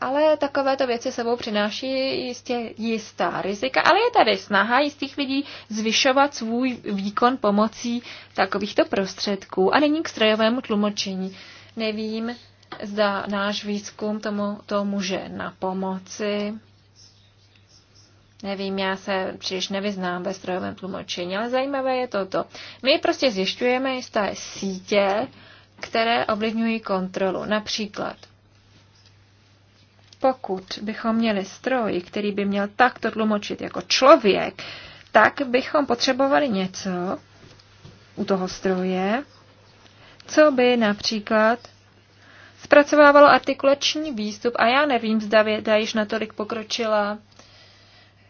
Ale takovéto věci sebou přináší jistě jistá rizika, ale je tady snaha jistých lidí zvyšovat svůj výkon pomocí takovýchto prostředků. A není k strojovému tlumočení. Nevím, zda náš výzkum tomu to může pomoci. Nevím, já se příliš nevyznám ve strojovém tlumočení, ale zajímavé je toto. My prostě zjišťujeme jisté sítě, které ovlivňují kontrolu. Například, pokud bychom měli stroj, který by měl takto tlumočit jako člověk, tak bychom potřebovali něco u toho stroje, co by například zpracovávalo artikulační výstup a já nevím, zda věda již natolik pokročila,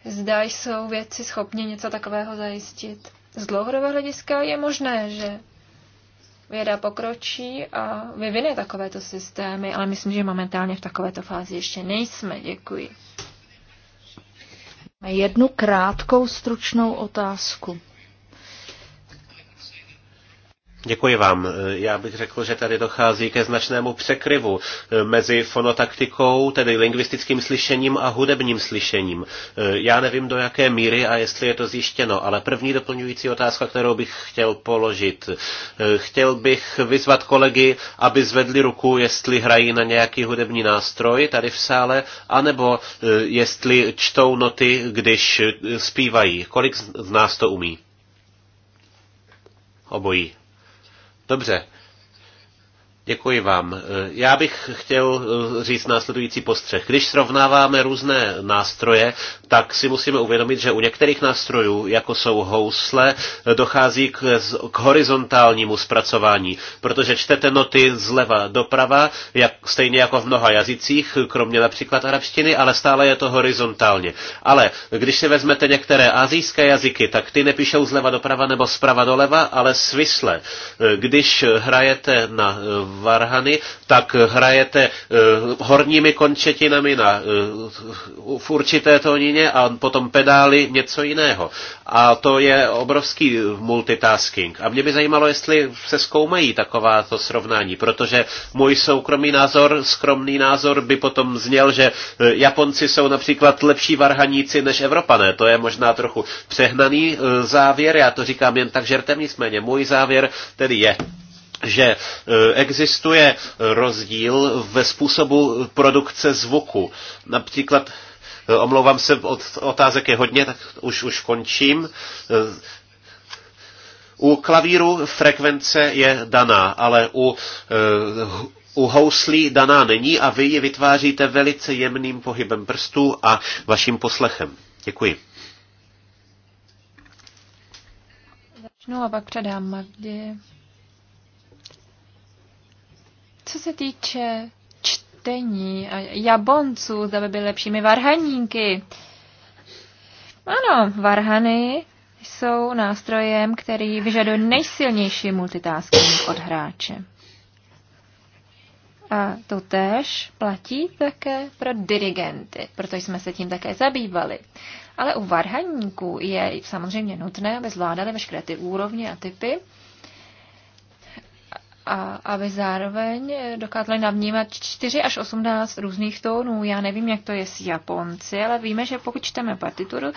zda jsou věci schopni něco takového zajistit. Z dlouhodobého hlediska je možné, že věda pokročí a vyvine takovéto systémy, ale myslím, že momentálně v takovéto fázi ještě nejsme. Děkuji. Jednu krátkou stručnou otázku. Děkuji vám. Já bych řekl, že tady dochází ke značnému překryvu mezi fonotaktikou, tedy lingvistickým slyšením a hudebním slyšením. Já nevím, do jaké míry a jestli je to zjištěno, ale první doplňující otázka, kterou bych chtěl položit. Chtěl bych vyzvat kolegy, aby zvedli ruku, jestli hrají na nějaký hudební nástroj tady v sále, anebo eh, jestli čtou noty, když zpívají. Kolik z nás to umí? Obojí. Dobře, Děkuji vám. E, já bych chtěl e, říct následující postřeh. Když srovnáváme různé nástroje, tak si musíme uvědomit, že u některých nástrojů, jako jsou housle, e, dochází k, k horizontálnímu zpracování, protože čtete noty zleva doprava, jak, stejně jako v mnoha jazycích, kromě například arabštiny, ale stále je to horizontálně. Ale když si vezmete některé azijské jazyky, tak ty nepíšou zleva doprava nebo zprava doleva, ale svisle. Když hrajete na varhany, tak hrajete eh, horními končetinami na, eh, v určité tónině a potom pedály něco jiného. A to je obrovský multitasking. A mě by zajímalo, jestli se zkoumají takováto srovnání, protože můj soukromý názor, skromný názor by potom zněl, že eh, Japonci jsou například lepší varhaníci než Evropané. To je možná trochu přehnaný závěr, já to říkám jen tak žertem, nicméně můj závěr tedy je, že e, existuje rozdíl ve způsobu produkce zvuku. Například, e, omlouvám se, otázek je hodně, tak už, už končím. E, u klavíru frekvence je daná, ale u, u houslí daná není a vy ji vytváříte velice jemným pohybem prstů a vaším poslechem. Děkuji. Začnu a pak předám Magdě. Co se týče čtení jabonců, zda by byly lepšími varhaníky. Ano, varhany jsou nástrojem, který vyžaduje nejsilnější multitasking od hráče. A to tež platí také pro dirigenty, proto jsme se tím také zabývali. Ale u varhaníků je samozřejmě nutné, aby zvládali veškeré ty úrovně a typy, a aby zároveň dokázali navnímat 4 až 18 různých tónů. Já nevím, jak to je s Japonci, ale víme, že pokud čteme partituru,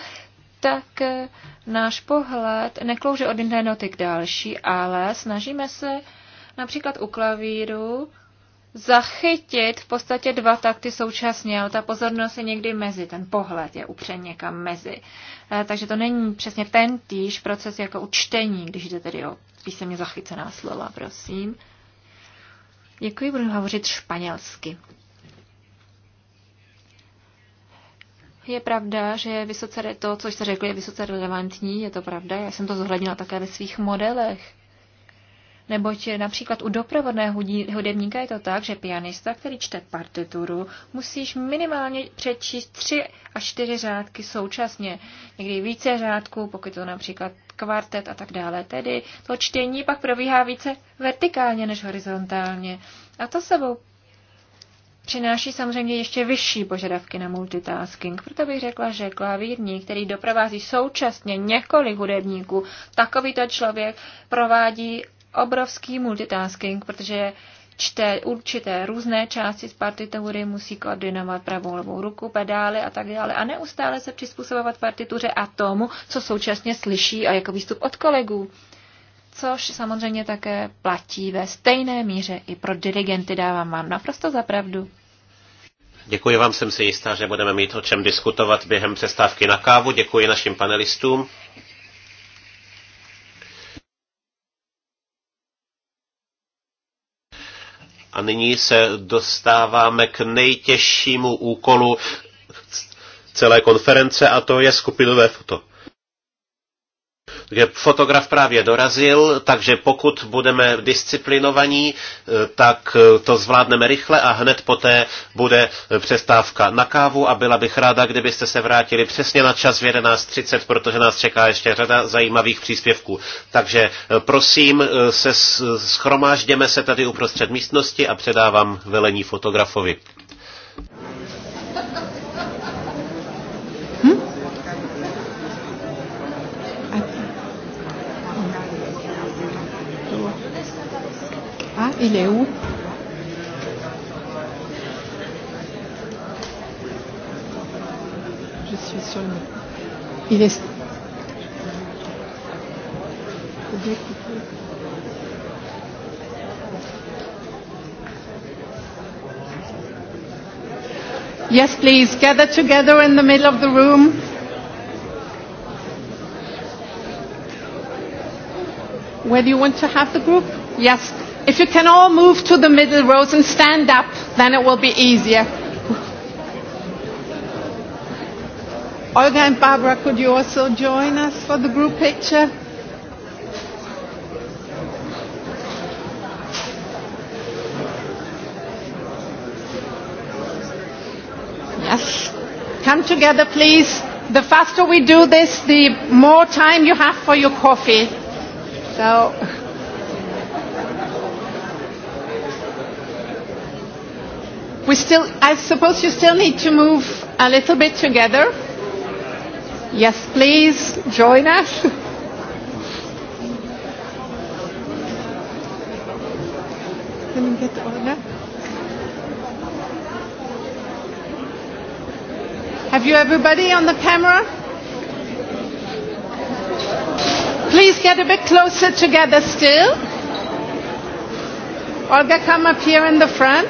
tak eh, náš pohled neklouže od jedné noty k další, ale snažíme se například u klavíru zachytit v podstatě dva takty současně. Ta pozornost je někdy mezi, ten pohled je upřen někam mezi. Eh, takže to není přesně ten týž proces jako učtení, když jde tedy o písemně zachycená slova, prosím. Děkuji, budu hovořit španělsky. Je pravda, že je vysoce, to, co jste řekli, je vysoce relevantní, je to pravda. Já jsem to zohlednila také ve svých modelech neboť například u doprovodného hudebníka je to tak, že pianista, který čte partituru, musíš minimálně přečíst tři a čtyři řádky současně, někdy více řádků, pokud to například kvartet a tak dále. Tedy to čtení pak probíhá více vertikálně než horizontálně. A to sebou přináší samozřejmě ještě vyšší požadavky na multitasking. Proto bych řekla, že klavírník, který doprovází současně několik hudebníků, takovýto člověk provádí obrovský multitasking, protože čte určité různé části z partitury, musí koordinovat pravou levou ruku, pedály a tak dále a neustále se přizpůsobovat partituře a tomu, co současně slyší a jako výstup od kolegů. Což samozřejmě také platí ve stejné míře i pro dirigenty, dávám vám naprosto za pravdu. Děkuji vám, jsem si jistá, že budeme mít o čem diskutovat během přestávky na kávu. Děkuji našim panelistům. A nyní se dostáváme k nejtěžšímu úkolu celé konference a to je skupinové foto že fotograf právě dorazil, takže pokud budeme disciplinovaní, e, tak e, to zvládneme rychle a hned poté bude e, přestávka na kávu a byla bych ráda, kdybyste se vrátili přesně na čas v 11.30, protože nás čeká ještě řada zajímavých příspěvků. Takže prosím, se schromážděme se tady uprostřed místnosti a předávám velení fotografovi. Hm? Ah, il est où Je suis sur le. Il est. Yes, please gather together in the middle of the room. Where do you want to have the group? Yes, If you can all move to the middle rows and stand up, then it will be easier. Olga and Barbara, could you also join us for the group picture? Yes. Come together, please. The faster we do this, the more time you have for your coffee. So. We still, I suppose you still need to move a little bit together. Yes, please join us. Let me get order. Have you everybody on the camera? Please get a bit closer together still. Olga, come up here in the front.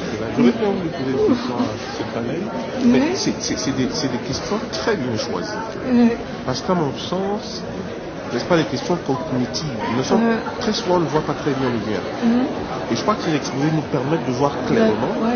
Je voudrais bien vous poser ce soir ce panel. Mais c'est, c'est, des, des questions très bien choisies. Euh, Parce qu'à mon sens, n'est-ce pas, des questions cognitives, ne sommes, euh, très souvent on ne voit pas très bien le lien. Euh, Et je crois que ces exposés nous permettent de voir euh, clairement. Euh,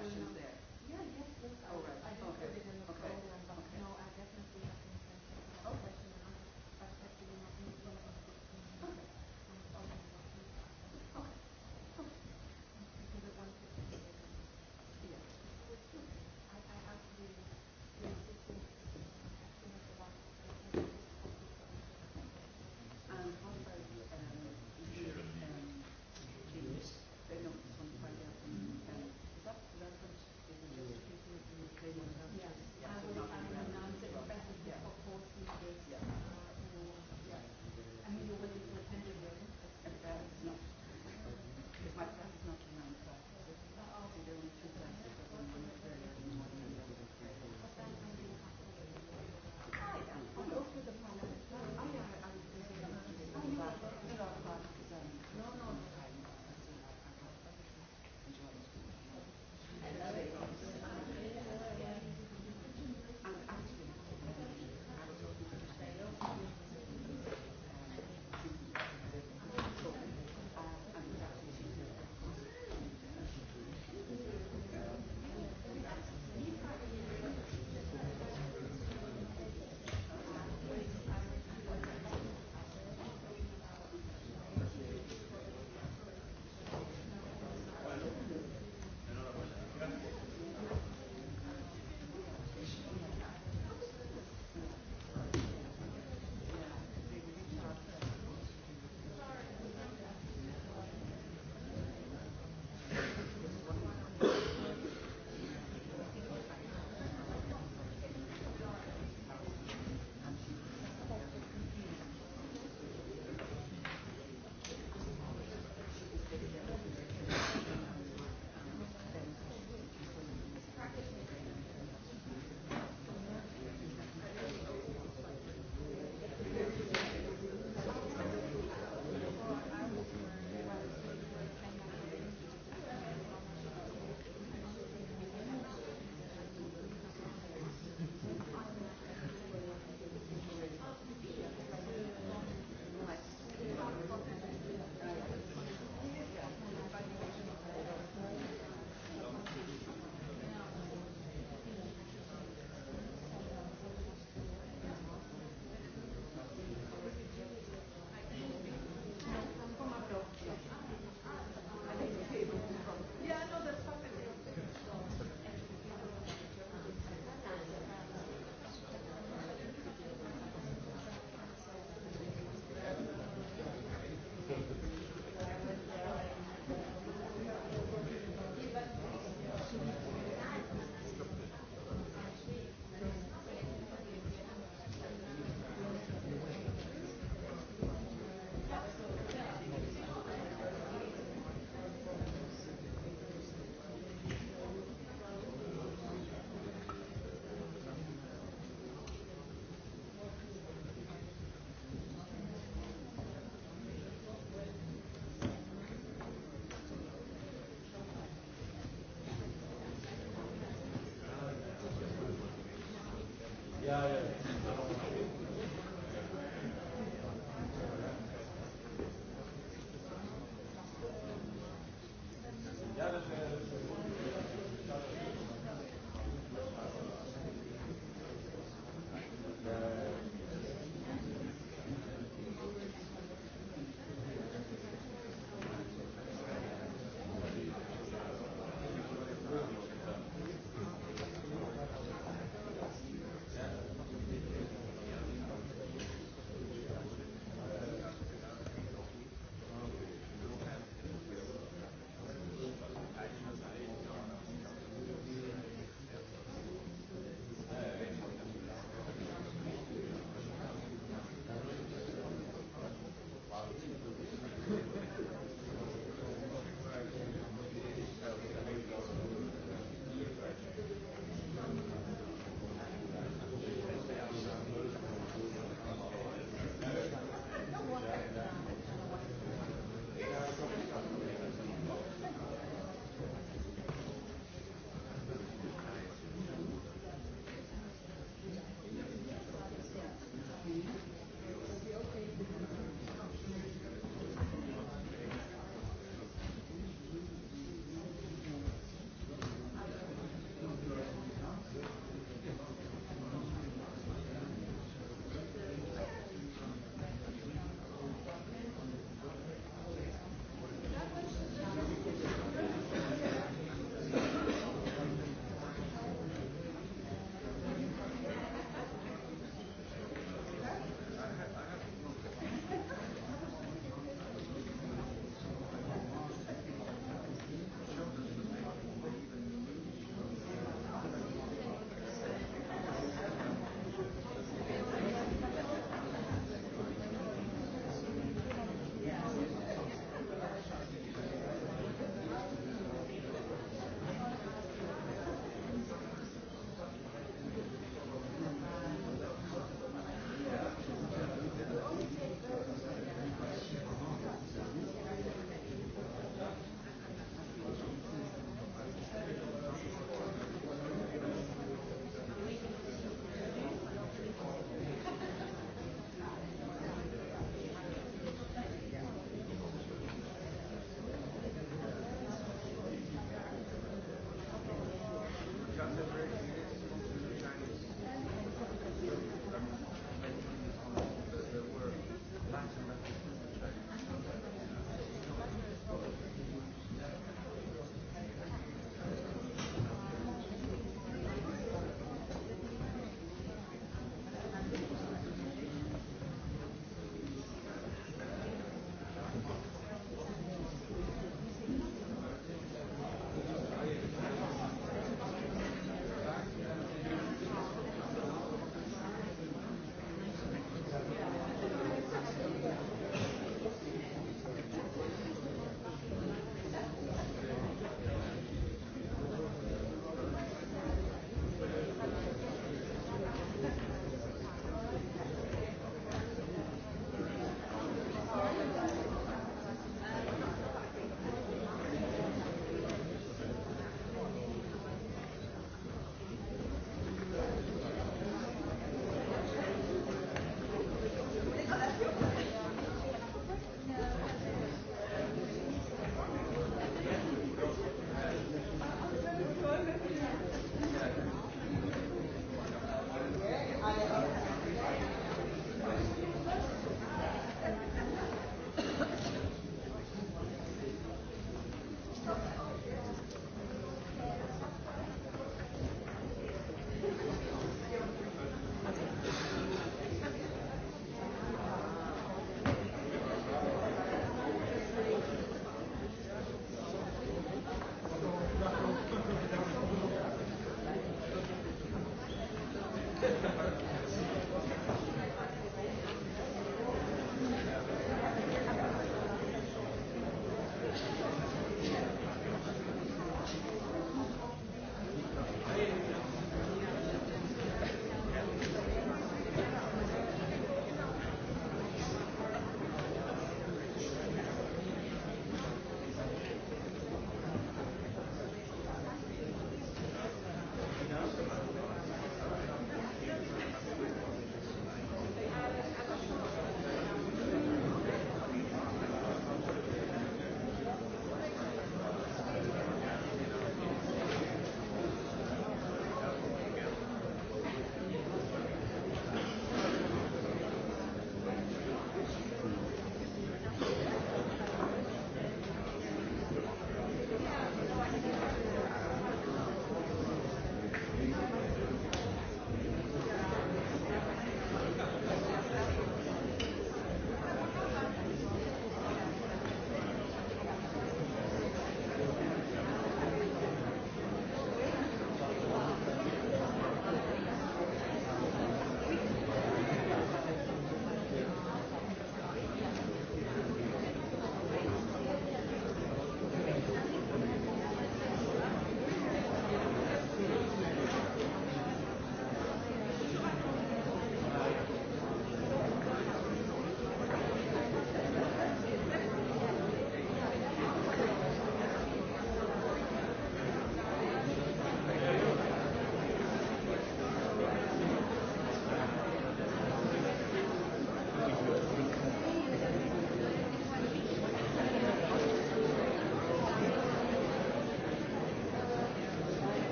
questions.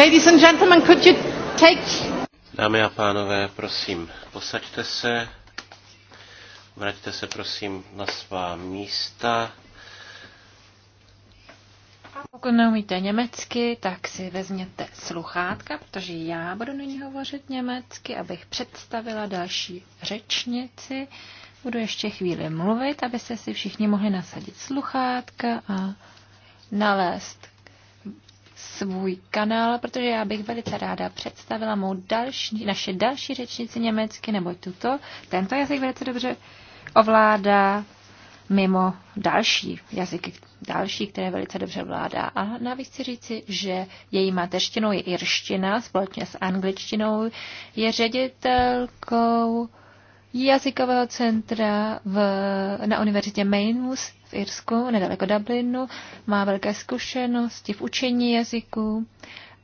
Ladies and gentlemen, could you take... Dámy a pánové, prosím, posaďte se. Vraťte se, prosím, na svá místa. A pokud neumíte německy, tak si vezměte sluchátka, protože já budu nyní hovořit německy, abych představila další řečnici. Budu ještě chvíli mluvit, abyste si všichni mohli nasadit sluchátka a nalézt svůj kanál, protože já bych velice ráda představila mou další, naše další řečnici německy, nebo tuto. Tento jazyk velice dobře ovládá mimo další jazyky, další, které velice dobře vládá. A navíc chci říci, že její mateřštinou je irština, společně s angličtinou je ředitelkou jazykového centra v, na univerzitě Mainus v Irsku, nedaleko Dublinu, má velké zkušenosti v učení jazyku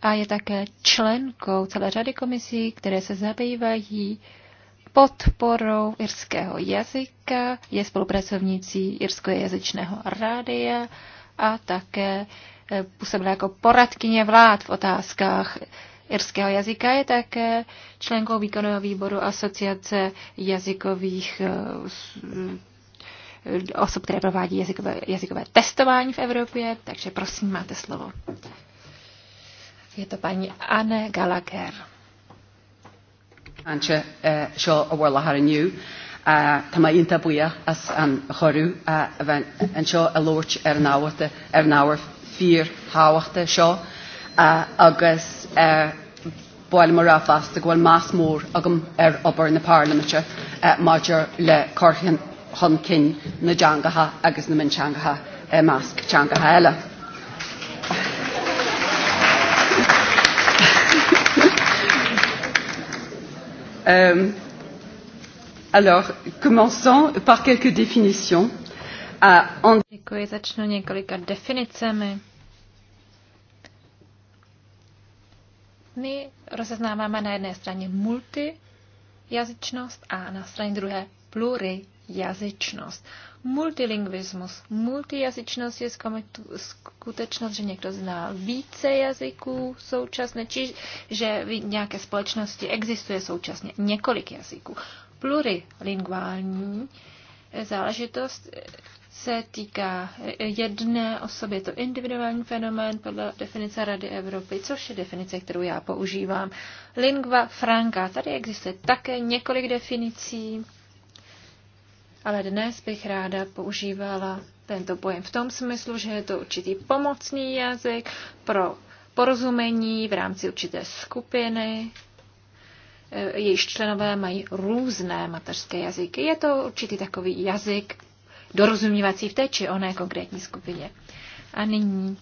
a je také členkou celé řady komisí, které se zabývají podporou irského jazyka, je spolupracovnicí irskojazyčného rádia a také eh, působila jako poradkyně vlád v otázkách irského jazyka. Je také členkou výkonného výboru Asociace jazykových eh, osob, které provádí jazykové, jazykové testování v Evropě, takže prosím, máte slovo. Je to paní Anne Gallagher. Anče, eh, šo ovola harniu, eh, tama inta buja as an choru, eh, en šo a lorč ernáwarte, ernáwar fyr háwarte šo, agus báil mar rafasta gwael mas mor agam er obar na parlamentre, Major le corchin chum cin na deangatha agus na minseangatha e eh, measc teangatha eile. Um, alors, commençons par quelques définitions. A on... Děkuji, začnu několika definicemi. My rozeznáváme na jedné straně multijazyčnost a na straně druhé pluri jazyčnost. Multilingvismus. Multijazyčnost je skutečnost, že někdo zná více jazyků současně, či že v nějaké společnosti existuje současně několik jazyků. Plurilinguální eh, záležitost eh, se týká eh, jedné osoby, je to individuální fenomén podle definice Rady Evropy, což je definice, kterou já používám. Lingva franca, tady existuje také několik definicí ale dnes bych ráda používala tento pojem v tom smyslu, že je to určitý pomocný jazyk pro porozumění v rámci určité skupiny, e, jejíž členové mají různé mateřské jazyky. Je to určitý takový jazyk dorozumívací v té či oné konkrétní skupině. A nyní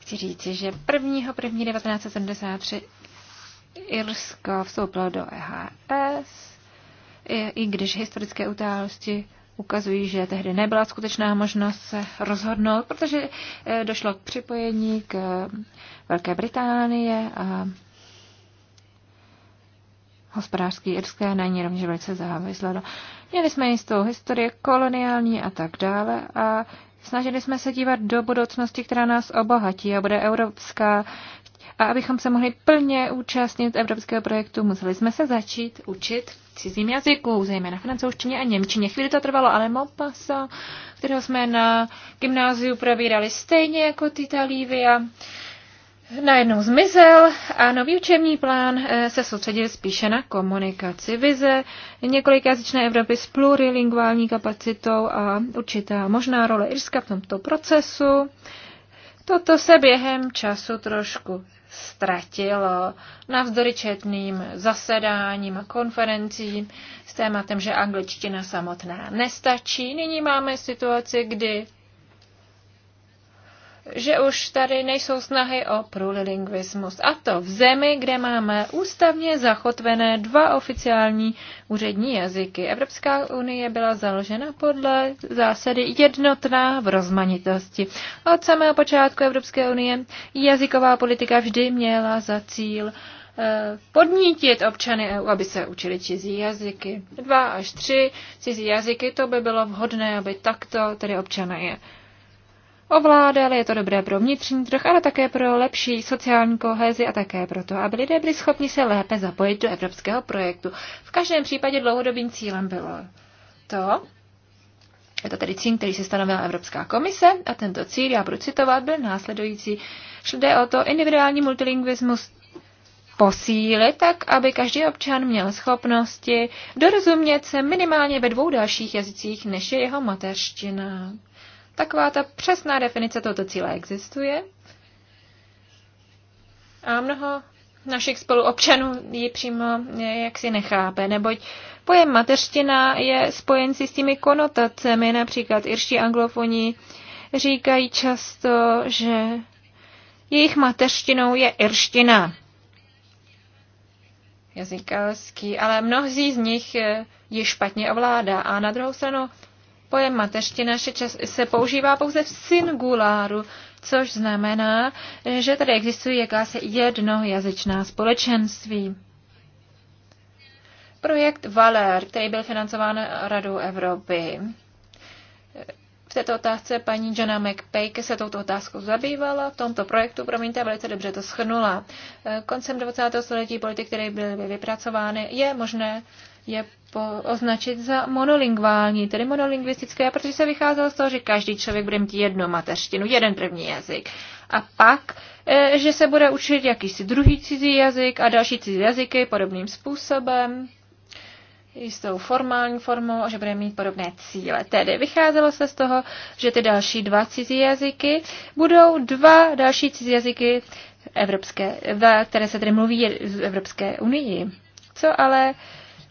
chci říci, že 1.1.1973 Irsko vstoupilo do EHS, i, i když historické události ukazují, že tehdy nebyla skutečná možnost se rozhodnout, protože e, došlo k připojení k e, Velké Británie a hospodářské irské na ní rovněž velice závislé. No, měli jsme jistou historii koloniální a tak dále a snažili jsme se dívat do budoucnosti, která nás obohatí a bude evropská. A abychom se mohli plně účastnit evropského projektu, museli jsme se začít učit cizím jazyků, zejména francouzštině a němčině. Chvíli to trvalo, ale Mopasa, kterého jsme na gymnáziu probírali stejně jako Tita Lívia, najednou zmizel a nový učební plán eh, se soustředil spíše na komunikaci. Vize jazyčné Evropy s plurilinguální kapacitou a určitá možná role Irska v tomto procesu. Toto se během času trošku ztratil Navzdory četným zasedáním a konferencím s tématem, že angličtina samotná nestačí, nyní máme situaci, kdy že už tady nejsou snahy o plurilingvismus. A to v zemi, kde máme ústavně zachotvené dva oficiální úřední jazyky. Evropská unie byla založena podle zásady jednotná v rozmanitosti. Od samého počátku Evropské unie jazyková politika vždy měla za cíl eh, podnítit občany EU, aby se učili cizí jazyky. Dva až tři cizí jazyky, to by bylo vhodné, aby takto tedy občané je ovládal, je to dobré pro vnitřní trh, ale také pro lepší sociální kohezi a také pro to, aby lidé byli schopni se lépe zapojit do evropského projektu. V každém případě dlouhodobým cílem bylo to, je to tedy cíl, který se stanovila Evropská komise a tento cíl, já budu citovat, byl následující. Jde o to individuální multilingvismus posílit tak, aby každý občan měl schopnosti dorozumět se minimálně ve dvou dalších jazycích, než je jeho mateřština. Taková ta přesná definice tohoto cíle existuje a mnoho našich spoluobčanů ji přímo eh, jaksi nechápe, neboť pojem mateřština je spojen si s těmi konotacemi, například irští anglofoni říkají často, že jejich mateřštinou je irština. Jazykalský, ale mnozí z nich eh, ji špatně ovládá. A na druhou stranu Pojem mateřština se používá pouze v singuláru, což znamená, že tady existují jakási jednojazyčná společenství. Projekt Valer, který byl financován Radou Evropy. V této otázce paní Jana McPake se touto otázkou zabývala. V tomto projektu, promiňte, velice dobře to schrnula. Koncem 20. století politik, které byly vypracovány, je možné je po, označit za monolingvální, tedy monolingvistické, protože se vycházelo z toho, že každý člověk bude mít jednu mateřštinu, jeden první jazyk. A pak, e, že se bude učit jakýsi druhý cizí jazyk a další cizí jazyky podobným způsobem jistou formální formou a že bude mít podobné cíle. Tedy vycházelo se z toho, že ty další dva cizí jazyky budou dva další cizí jazyky evropské, které se tedy mluví v Evropské unii. Co ale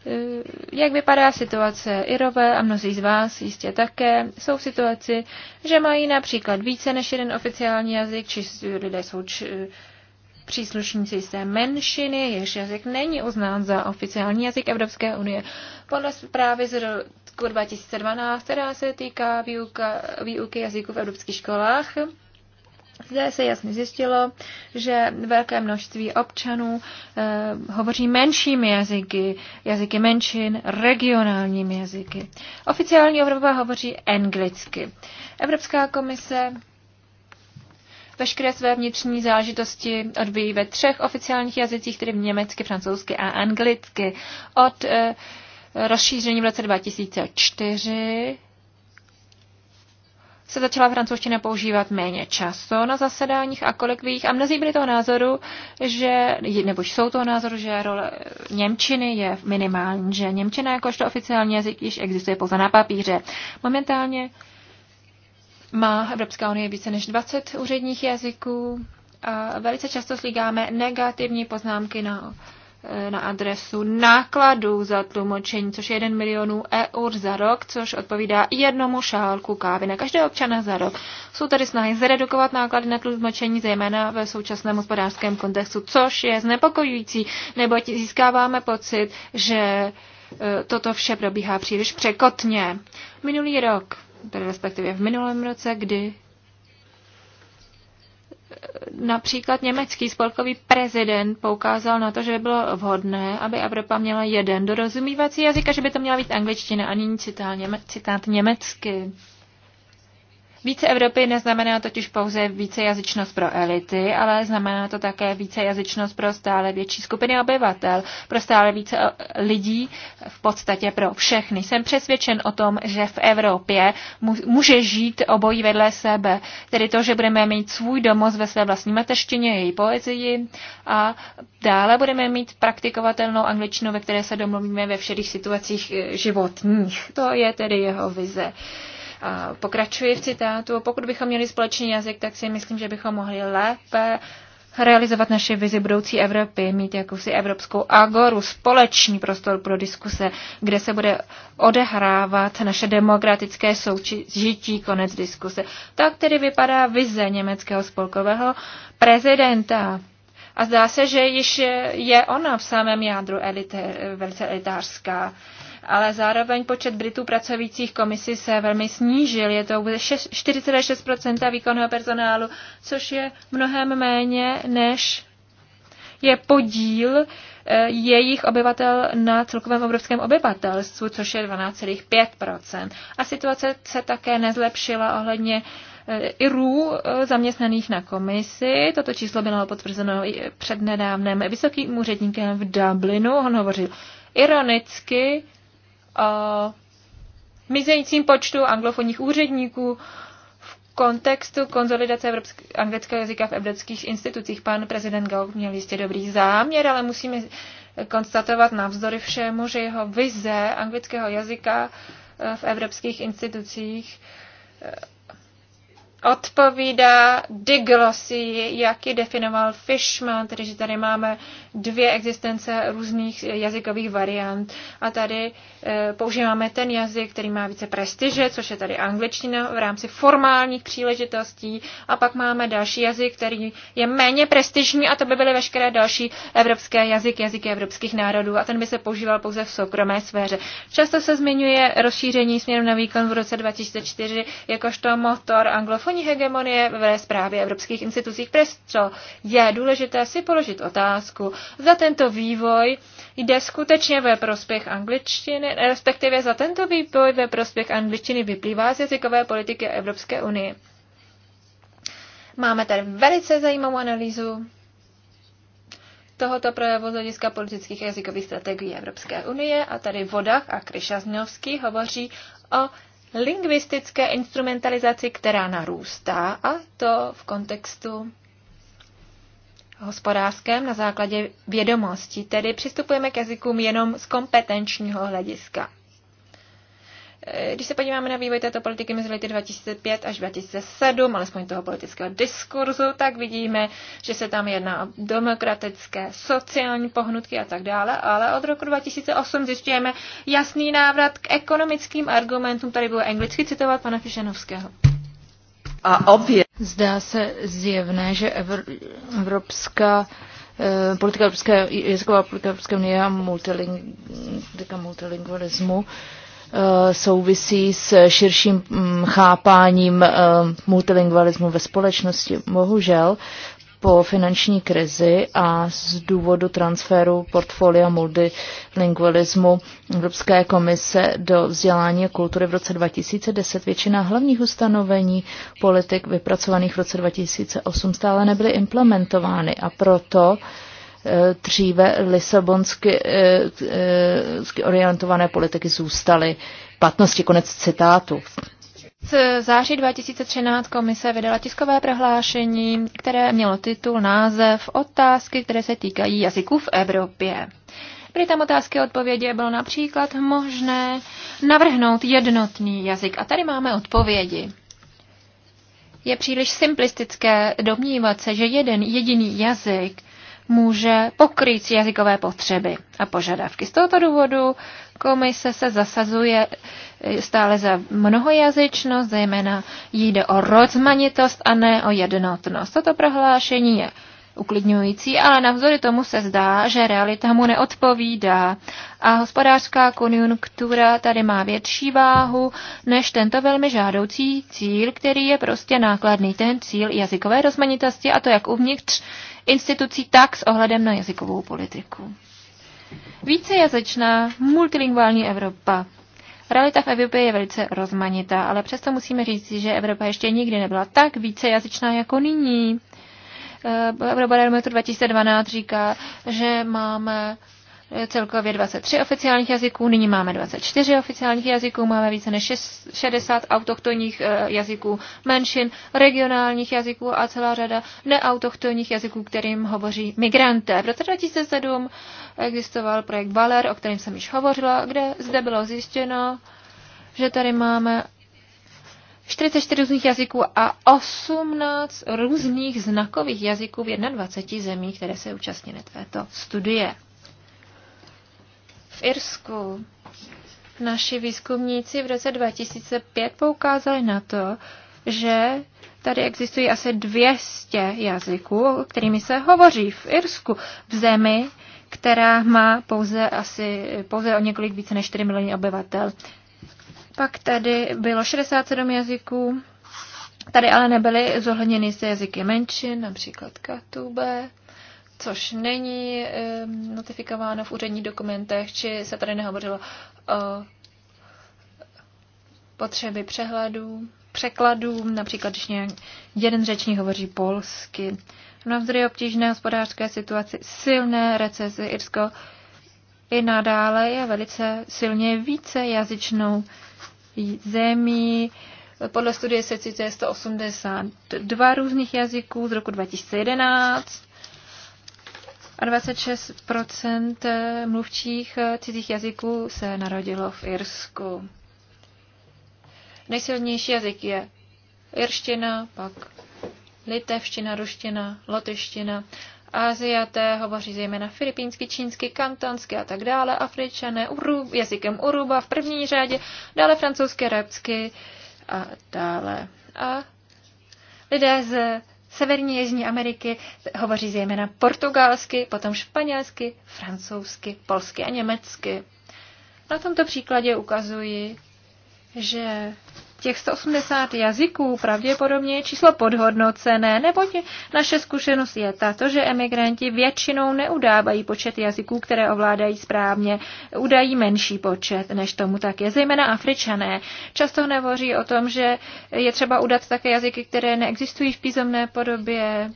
Eh, jak vypadá situace Irové a mnozí z vás jistě také, jsou v situaci, že mají například více než jeden oficiální jazyk, či lidé jsou č- příslušníci jisté menšiny, jejichž jazyk není uznán za oficiální jazyk Evropské unie. Podle zprávy z roku 2012, která se týká výuka, výuky jazyků v evropských školách, zde se jasně zjistilo, že velké množství občanů e, hovoří menšími jazyky, jazyky menšin, regionálními jazyky. Oficiální Evropa hovoří anglicky. Evropská komise veškeré své vnitřní záležitosti odvíjí ve třech oficiálních jazycích, tedy v německy, francouzsky a anglicky. Od e, rozšíření v roce 2004 se začala francouzština používat méně často na zasedáních a kolekvích a mnozí byli toho názoru, že, nebo jsou toho názoru, že role Němčiny je minimální, že Němčina jakožto oficiální jazyk již existuje pouze na papíře. Momentálně má Evropská unie více než 20 úředních jazyků a velice často slíkáme negativní poznámky na Eh, na adresu nákladů za tlumočení, což je 1 milionů eur za rok, což odpovídá jednomu šálku kávy na každého občana za rok. Jsou tady snahy zredukovat náklady na tlumočení, zejména ve současném hospodářském kontextu, což je znepokojující, neboť získáváme pocit, že eh, toto vše probíhá příliš překotně. Minulý rok, tedy respektive v minulém roce, kdy například německý spolkový prezident poukázal na to, že by bylo vhodné, aby Evropa měla jeden dorozumívací jazyk a že by to měla být angličtina a není citát, něme, citát německy. Více Evropy neznamená totiž pouze více jazyčnost pro elity, ale znamená to také více jazyčnost pro stále větší skupiny obyvatel, pro stále více lidí, v podstatě pro všechny. Jsem přesvědčen o tom, že v Evropě může žít obojí vedle sebe. Tedy to, že budeme mít svůj domov ve své vlastní mateštině, její poezii a dále budeme mít praktikovatelnou angličtinu, ve které se domluvíme ve všech situacích e, životních. To je tedy jeho vize pokračuji v citátu. Pokud bychom měli společný jazyk, tak si myslím, že bychom mohli lépe realizovat naše vizi budoucí Evropy, mít jakousi evropskou agoru, společný prostor pro diskuse, kde se bude odehrávat naše demokratické soužití, konec diskuse. Tak tedy vypadá vize německého spolkového prezidenta. A zdá se, že již je ona v samém jádru elite, velice elitářská ale zároveň počet Britů pracujících komisi se velmi snížil. Je to 46% výkonného personálu, což je mnohem méně, než je podíl eh, jejich obyvatel na celkovém obrovském obyvatelstvu, což je 12,5%. A situace se také nezlepšila ohledně eh, Irů eh, zaměstnaných na komisi. Toto číslo bylo potvrzeno i přednedávném vysokým úředníkem v Dublinu. On hovořil ironicky uh, mizejícím počtu anglofonních úředníků v kontextu konzolidace evropské, anglického jazyka v evropských institucích. Pan prezident Gauk měl jistě dobrý záměr, ale musíme konstatovat navzdory všemu, že jeho vize anglického jazyka eh, v evropských institucích eh, odpovídá diglosii, jak ji definoval Fishman, tedy že tady máme dvě existence různých jazykových variant a tady e, používáme ten jazyk, který má více prestiže, což je tady angličtina v rámci formálních příležitostí a pak máme další jazyk, který je méně prestižní a to by byly veškeré další evropské jazyky, jazyky evropských národů a ten by se používal pouze v soukromé sféře. Často se zmiňuje rozšíření směrem na výkon v roce 2004 jakožto motor anglofonii obchodní hegemonie ve zprávě evropských institucí. Přesto je důležité si položit otázku, za tento vývoj jde skutečně ve prospěch angličtiny, respektive za tento vývoj ve prospěch angličtiny vyplývá z jazykové politiky Evropské unie. Máme tady velice zajímavou analýzu tohoto projevu z hlediska politických jazykových strategií Evropské unie a tady Vodach a Kryšazňovský hovoří o lingvistické instrumentalizaci, která narůstá, a to v kontextu hospodářském na základě vědomostí, tedy přistupujeme k jazykům jenom z kompetenčního hlediska. Když se podíváme na vývoj této politiky mezi lety 2005 až 2007, alespoň toho politického diskurzu, tak vidíme, že se tam jedná o demokratické, sociální pohnutky a tak dále, ale od roku 2008 zjišťujeme jasný návrat k ekonomickým argumentům. Tady bylo anglicky citovat pana Fišenovského. A obě. Zdá se zjevné, že evropská eh, politika Evropské, jazyková politika Evropské unie a multilingualismu multiling, Eh, souvisí s širším mm, chápáním eh, multilingualismu ve společnosti. Bohužel po finanční krizi a z důvodu transferu portfolia multilingualismu Evropské komise do vzdělání a kultury v roce 2010 většina hlavních ustanovení politik vypracovaných v roce 2008 stále nebyly implementovány a proto uh, Eh, dříve lisabonsky eh, eh, orientované politiky zůstaly platnosti. Konec citátu. Z září 2013 komise vydala tiskové prohlášení, které mělo titul název Otázky, které se týkají jazyků v Evropě. Při tam otázky a odpovědi bylo například možné navrhnout jednotný jazyk. A tady máme odpovědi. Je příliš simplistické domnívat se, že jeden jediný jazyk může pokrýt jazykové potřeby a požadavky. Z tohoto důvodu komise se zasazuje eh, stále za mnohojazyčnost, zejména jde o rozmanitost a ne o jednotnost. Toto prohlášení je uklidňující, ale navzory tomu se zdá, že realita mu neodpovídá a hospodářská konjunktura tady má větší váhu než tento velmi žádoucí cíl, který je prostě nákladný, ten cíl jazykové rozmanitosti a to jak uvnitř institucí, tak s ohledem na jazykovou politiku. Vícejazyčná multilingvální Evropa. Realita v Evropě je velice rozmanitá, ale přesto musíme říct, že Evropa ještě nikdy nebyla tak vícejazyčná jako nyní. Eurobarometr eh, 2012 říká, že máme celkově 23 oficiálních jazyků, nyní máme 24 oficiálních jazyků, máme více než 60 autochtonních eh, jazyků menšin, regionálních jazyků a celá řada neautochtonních jazyků, kterým hovoří migranté. V roce 2007 existoval projekt Valer, o kterém jsem již hovořila, kde zde bylo zjištěno, že tady máme 44 různých jazyků a 18 různých znakových jazyků v 21 zemích, které se účastnily této studie. Irsku. Naši výzkumníci v roce 2005 poukázali na to, že tady existují asi 200 jazyků, kterými se hovoří v Irsku, v zemi, která má pouze, asi, pouze o několik více než 4 miliony obyvatel. Pak tady bylo 67 jazyků, tady ale nebyly zohledněny se jazyky menšin, například Katubek což není notifikováno v úředních dokumentech, či se tady nehovořilo o potřeby přehledů, překladů, například když jeden řečník hovoří polsky. Navzdory obtížné hospodářské situaci, silné recesi Irsko i nadále je velice silně více jazyčnou zemí. Podle studie se cituje 182 různých jazyků z roku 2011 a 26 eh, mluvčích eh, cizích jazyků se narodilo v Irsku. Nejsilnější jazyk je irština, pak litevština, ruština, lotyština. Aziaté hovoří zejména filipínsky, čínsky, kantonsky a tak dále, afričané uru, jazykem uruba v první řadě, dále francouzsky, arabsky a dále. A lidé z Severní a Jižní Ameriky hovoří zejména portugalsky, potom španělsky, francouzsky, polsky a německy. Na tomto příkladě ukazuji, že těch 180 jazyků pravděpodobně je číslo podhodnocené, neboť naše zkušenost je tato, že emigranti většinou neudávají počet jazyků, které ovládají správně, udají menší počet, než tomu tak je, zejména Afričané. Často nevoří o tom, že je třeba udat také jazyky, které neexistují v písemné podobě,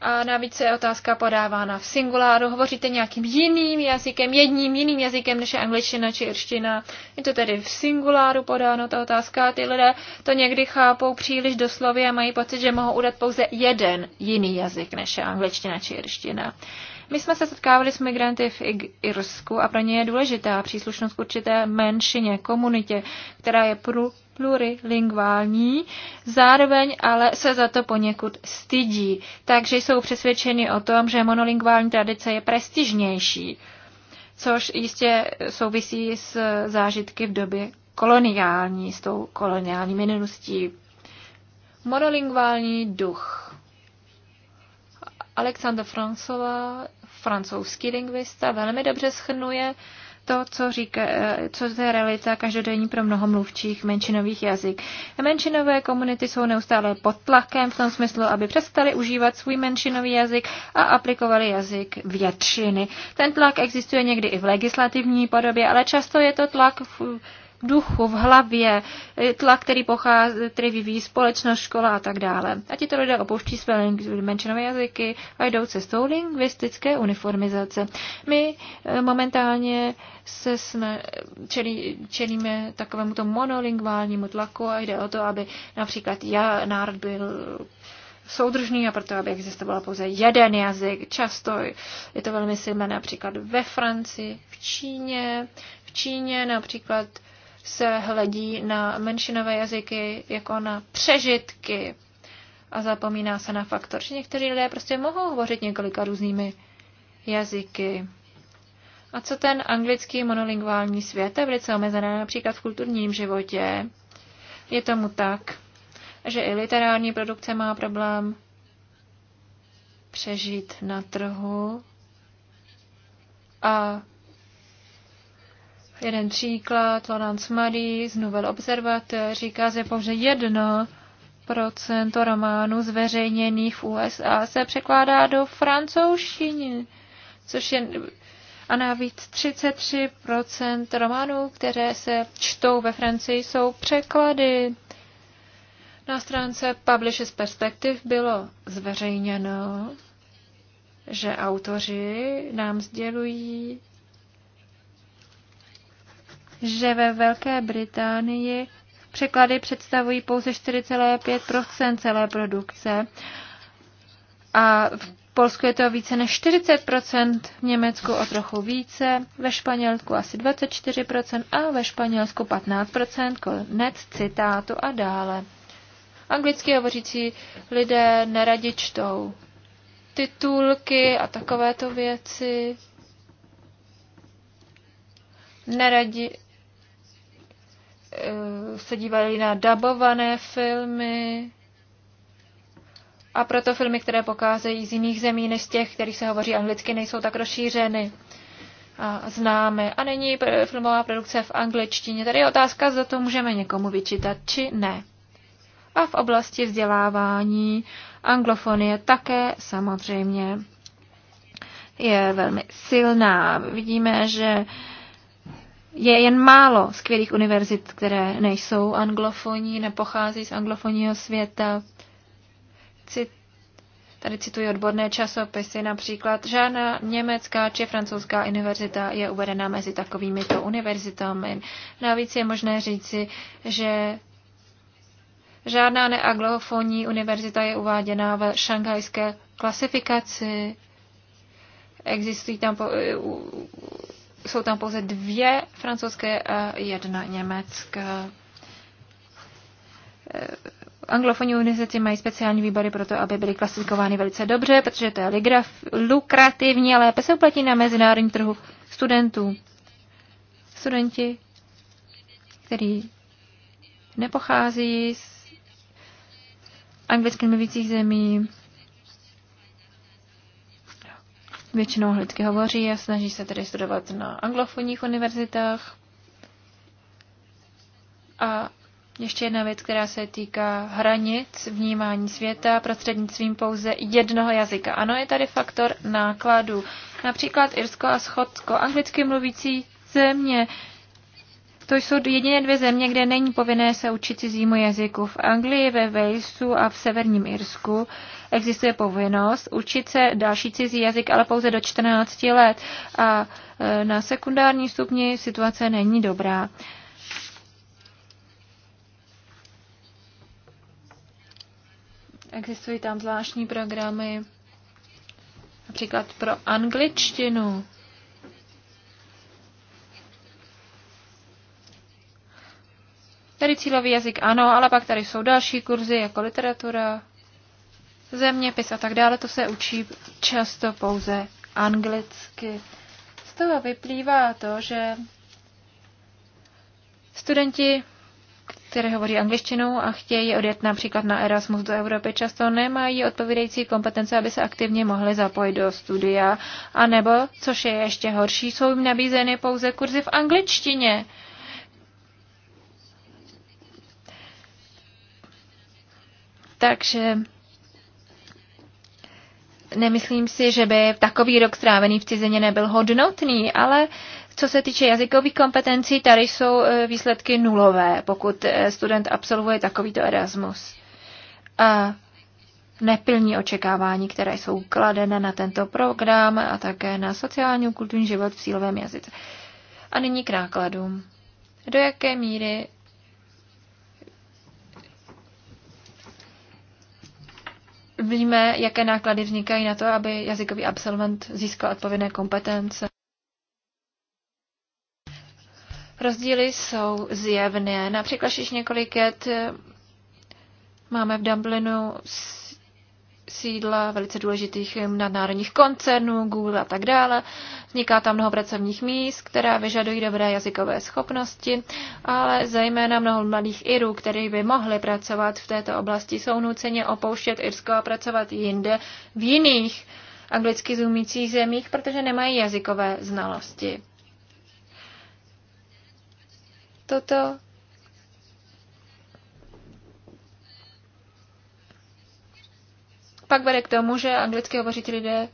a navíc je otázka podávána v singuláru. Hovoříte nějakým jiným jazykem, jedním jiným jazykem než je angličtina či irština. Je to tedy v singuláru podáno ta otázka a ty lidé to někdy chápou příliš doslově a mají pocit, že mohou udat pouze jeden jiný jazyk než je angličtina či irština. My jsme se setkávali s migranty v Irsku a pro ně je důležitá příslušnost k určité menšině, komunitě, která je plurilingvální, zároveň ale se za to poněkud stydí. Takže jsou přesvědčeni o tom, že monolingvální tradice je prestižnější, což jistě souvisí s zážitky v době koloniální, s tou koloniální minulostí. Monolingvální duch. Alexandra Francová francouzský lingvista, velmi dobře schrnuje to, co, říká, co je realita každodenní pro mnoho mluvčích menšinových jazyk. Menšinové komunity jsou neustále pod tlakem v tom smyslu, aby přestali užívat svůj menšinový jazyk a aplikovali jazyk většiny. Ten tlak existuje někdy i v legislativní podobě, ale často je to tlak v duchu, v hlavě, e, tlak, který, pochází, který vyvíjí společnost, škola a tak dále. A tito lidé opouští své menšinové jazyky a jdou cestou lingvistické uniformizace. My e, momentálně se jsme, čelí, čelíme takovému tomu monolingválnímu tlaku a jde o to, aby například já, národ byl soudržný a proto, aby existovala pouze jeden jazyk. Často je to velmi silné například ve Francii, v Číně. V Číně například se hledí na menšinové jazyky jako na přežitky a zapomíná se na faktor, že někteří lidé prostě mohou hovořit několika různými jazyky. A co ten anglický monolingvální svět je velice omezené například v kulturním životě? Je tomu tak, že i literární produkce má problém přežít na trhu a Jeden příklad, Laurence Marie z Nouvel Observateur říká, že pouze jedno procento románů zveřejněných v USA se překládá do francouzštiny, což je a navíc 33% románů, které se čtou ve Francii, jsou překlady. Na stránce Publishers Perspective bylo zveřejněno, že autoři nám sdělují, že ve Velké Británii překlady představují pouze 4,5 celé produkce a v Polsku je to více než 40%, v Německu o trochu více, ve Španělsku asi 24% a ve Španělsku 15%, konec citátu a dále. Anglicky hovořící lidé neradi čtou titulky a takovéto věci. Neradi Eh, se dívali na dabované filmy a proto filmy, které pokázejí z jiných zemí než z těch, kterých se hovoří anglicky, nejsou tak rozšířeny a známe. A není filmová produkce v angličtině. Tady je otázka, zda to můžeme někomu vyčítat, či ne. A v oblasti vzdělávání anglofonie také samozřejmě je velmi silná. Vidíme, že uh, je jen málo skvělých univerzit, které nejsou anglofonní, nepochází z anglofonního světa. Cit, tady cituji odborné časopisy, například žádná německá či francouzská univerzita je uvedena mezi takovými to univerzitami. Navíc je možné říci, že žádná neanglofonní univerzita je uváděna ve šanghajské klasifikaci. Existují tam po, jsou tam pouze dvě francouzské a eh, jedna německá. Eh, anglofonní univerzity mají speciální výbory pro to, aby byly klasifikovány velice dobře, protože to je ligraf, lukrativní, ale se uplatí na mezinárodním trhu studentů. Studenti, kteří nepochází z anglicky mluvících zemí, většinou anglicky hovoří a snaží se tedy studovat na anglofonních univerzitách. A ještě jedna věc, která se týká hranic vnímání světa prostřednictvím pouze jednoho jazyka. Ano, je tady faktor nákladu. Například Irsko a Schotsko, anglicky mluvící země. To jsou jedině dvě země, kde není povinné se učit cizímu jazyku. V Anglii, ve Walesu a v severním Irsku existuje povinnost učit se další cizí jazyk, ale pouze do 14 let. A e, na sekundární stupni situace není dobrá. Existují tam zvláštní programy, například pro angličtinu. Tady cílový jazyk ano, ale pak tady jsou další kurzy jako literatura, zeměpis a tak dále, to se učí často pouze anglicky. Z toho vyplývá to, že studenti, kteří hovoří angličtinou a chtějí odjet například na Erasmus do Evropy, často nemají odpovídající kompetence, aby se aktivně mohli zapojit do studia, a nebo což je ještě horší, jsou jim nabízeny pouze kurzy v angličtině. Takže nemyslím si, že by takový rok strávený v cizině nebyl hodnotný, ale co se týče jazykových kompetencí, tady jsou e, výsledky nulové, pokud e, student absolvuje takovýto Erasmus. A neplní očekávání, které jsou kladené na tento program a také na sociální kulturní život v sílovém jazyce. A nyní k nákladům. Do jaké míry Víme, jaké náklady vznikají na to, aby jazykový absolvent získal odpovědné kompetence. Rozdíly jsou zjevné. Například když několik let eh, máme v Dublinu sídla velice důležitých eh, nadnárodních koncernů, Google a tak dále. Vzniká tam mnoho pracovních míst, která vyžadují dobré jazykové schopnosti, ale zejména mnoho mladých Irů, kteří by mohli pracovat v této oblasti, jsou nuceně opouštět Irsko a pracovat jinde v jiných anglicky zumících zemích, protože nemají jazykové znalosti. Toto pak vede k tomu, že anglicky hovořící lidé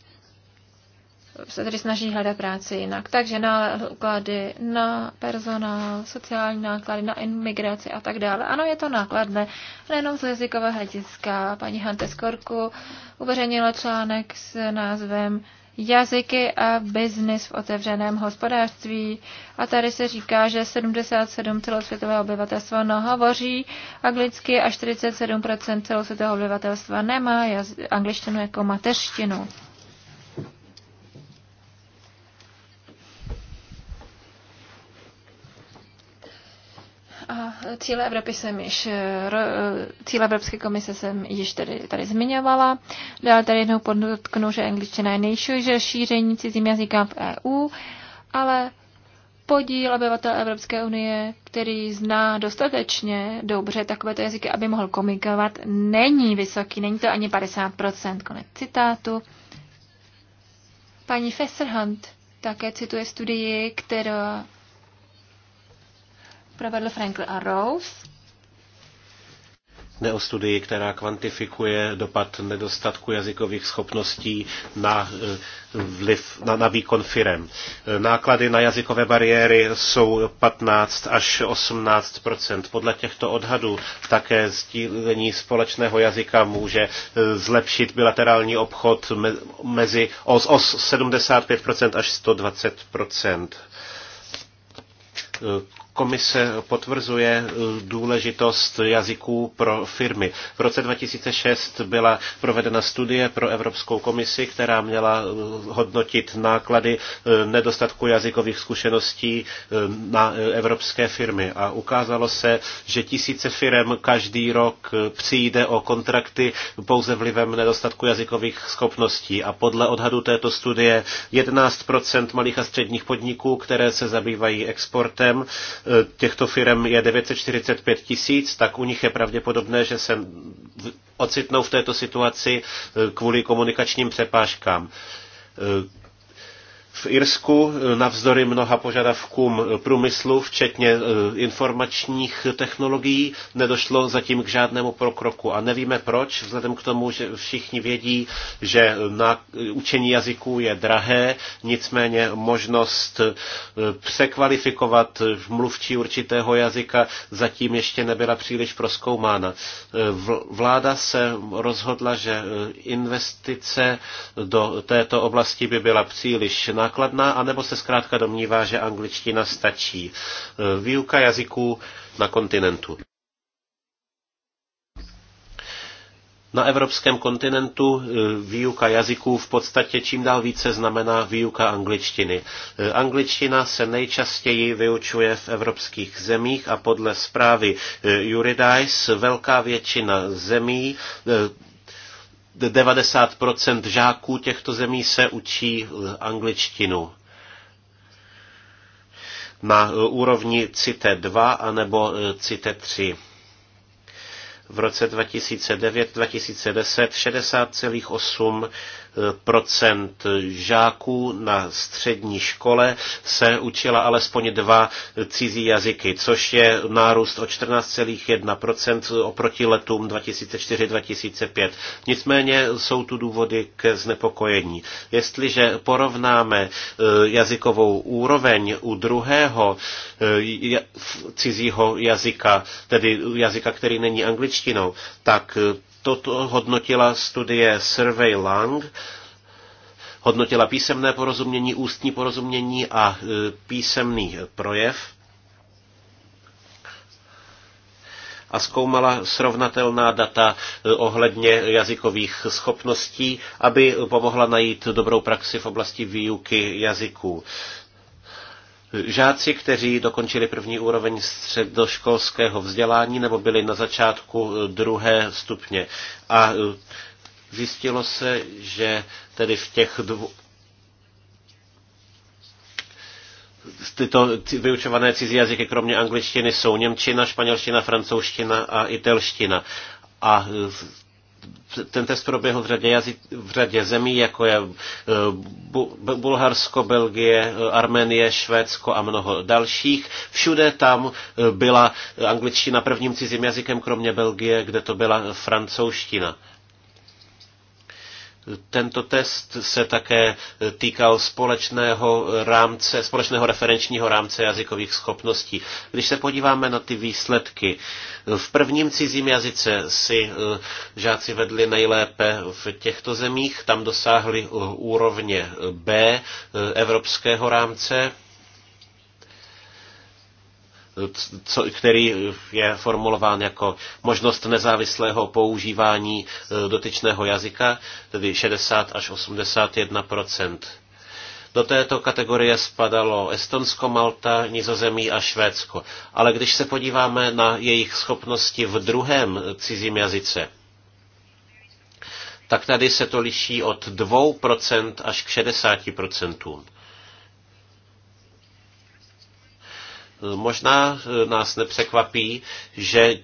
se tedy snaží hledat práci jinak. Takže náklady na personál, sociální náklady na imigraci a tak dále. Ano, je to nákladné, nejenom z jazykového hlediska. Paní Hante Skorku uveřejnila článek s názvem jazyky a biznis v otevřeném hospodářství. A tady se říká, že 77 celosvětového obyvatelstva hovoří anglicky a 47 celosvětového obyvatelstva nemá angličtinu jako mateřštinu. Cíle Evropy jsem již, eh, eh, cíle Evropské komise jsem již tady, tady zmiňovala. Dále tady jednou podotknu, že angličtina je nejširší šíření cizím jazykem v EU, ale podíl obyvatel Evropské unie, který zná dostatečně dobře takovéto jazyky, aby mohl komunikovat, není vysoký, není to ani 50%. Konec citátu. Paní Fesserhunt také cituje studii, která provedl Frankl a Rose. Jde o studii, která kvantifikuje dopad nedostatku jazykových schopností na, eh, vliv, na, na výkon firem. Náklady na jazykové bariéry jsou 15 až 18 Podle těchto odhadů také sdílení společného jazyka může eh, zlepšit bilaterální obchod mezi o 75 až 120 Komise potvrzuje eh, důležitost jazyků pro firmy. V roce 2006 byla provedena studie pro Evropskou komisi, která měla eh, hodnotit náklady eh, nedostatku jazykových zkušeností na evropské firmy. A ukázalo se, že tisíce firm každý rok přijde o kontrakty pouze vlivem nedostatku jazykových schopností. A podle odhadu této studie 11 malých a středních podniků, které se zabývají exportem, Eh, těchto firm je 945 tisíc, tak u nich je pravděpodobné, že se ocitnou v této situaci eh, kvůli komunikačním přepážkám. Eh, v Irsku eh, navzdory mnoha požadavkům eh, průmyslu, včetně eh, informačních technologií, nedošlo zatím k žádnému pokroku. A nevíme proč, vzhledem k tomu, že všichni vědí, že na učení jazyků je drahé, nicméně možnost překvalifikovat mluvčí určitého jazyka zatím ještě nebyla příliš proskoumána. Vláda se rozhodla, že investice do této oblasti by byla příliš nákladná, anebo se zkrátka domnívá, že angličtina stačí. E, výuka jazyků na kontinentu. Na evropském kontinentu e, výuka jazyků v podstatě čím dál více znamená výuka angličtiny. E, angličtina se nejčastěji vyučuje v evropských zemích a podle zprávy Juridice velká většina zemí 90% žáků těchto zemí se učí angličtinu na úrovni CITE 2 anebo eh, CITE 3. V roce 2009-2010 60,8 procent žáků na střední škole se učila alespoň dva cizí jazyky, což je nárůst o 14,1 oproti letům 2004-2005. Nicméně jsou tu důvody k znepokojení. Jestliže porovnáme eh, jazykovou úroveň u druhého eh, cizího jazyka, tedy jazyka, který není angličtinou, tak eh, Toto hodnotila studie Survey Lang, hodnotila písemné porozumění, ústní porozumění a e, písemný projev a zkoumala srovnatelná data e, ohledně jazykových schopností, aby pomohla najít dobrou praxi v oblasti výuky jazyků. Žáci, kteří dokončili první úroveň středoškolského vzdělání nebo byli na začátku eh, druhé stupně. A eh, zjistilo se, že tedy v těch dvou tyto vyučované cizí jazyky, kromě angličtiny, jsou němčina, španělština, francouzština a italština. A eh, ten test proběhl v řadě, jazy, v řadě zemí, jako je eh, Bulharsko, Belgie, eh, Arménie, Švédsko a mnoho dalších. Všude tam eh, byla angličtina prvním cizím jazykem, kromě Belgie, kde to byla francouzština. Tento test se také týkal společného rámce, společného referenčního rámce jazykových schopností. Když se podíváme na ty výsledky, v prvním cizím jazyce si eh, žáci vedli nejlépe v těchto zemích, tam dosáhli eh, úrovně B eh, evropského rámce, co, který je formulován jako možnost nezávislého používání e, dotyčného jazyka, tedy 60 až 81 do této kategorie spadalo Estonsko, Malta, Nizozemí a Švédsko. Ale když se podíváme na jejich schopnosti v druhém cizím jazyce, tak tady se to liší od 2% až k 60%. Možná eh, nás nepřekvapí, že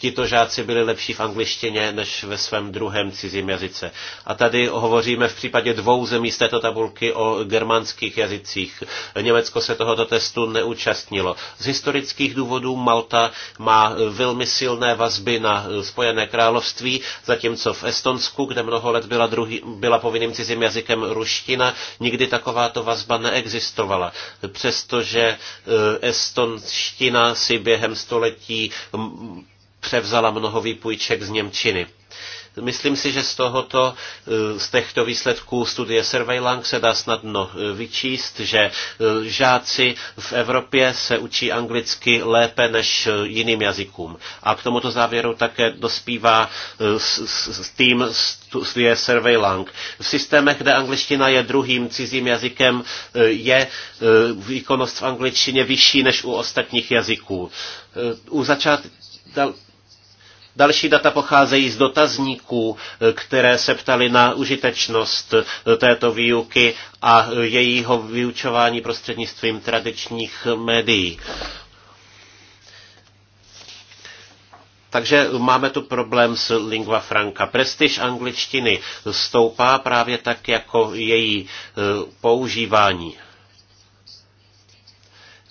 tito žáci byli lepší v angličtině než ve svém druhém cizím jazyce. A tady hovoříme v případě dvou zemí z této tabulky o germánských jazycích. Německo se tohoto testu neúčastnilo. Z historických důvodů Malta má velmi silné vazby na Spojené království, zatímco v Estonsku, kde mnoho let byla, druhý, byla povinným cizím jazykem ruština, nikdy takováto vazba neexistovala. Přestože eh, estonština si během století převzala mnoho výpůjček z Němčiny. Myslím si, že z tohoto, eh, z těchto výsledků studie Surveillance se dá snadno eh, vyčíst, že eh, žáci v Evropě se učí anglicky lépe než jiným jazykům. A k tomuto závěru také dospívá tým studie Surveillance. V systémech, kde angličtina je druhým cizím jazykem, je výkonnost v angličtině vyšší než u ostatních jazyků. U začátku Další data pocházejí z dotazníků, které se ptali na užitečnost této výuky a jejího vyučování prostřednictvím tradičních médií. Takže máme tu problém s lingua franca. Prestiž angličtiny stoupá právě tak jako její eh, používání.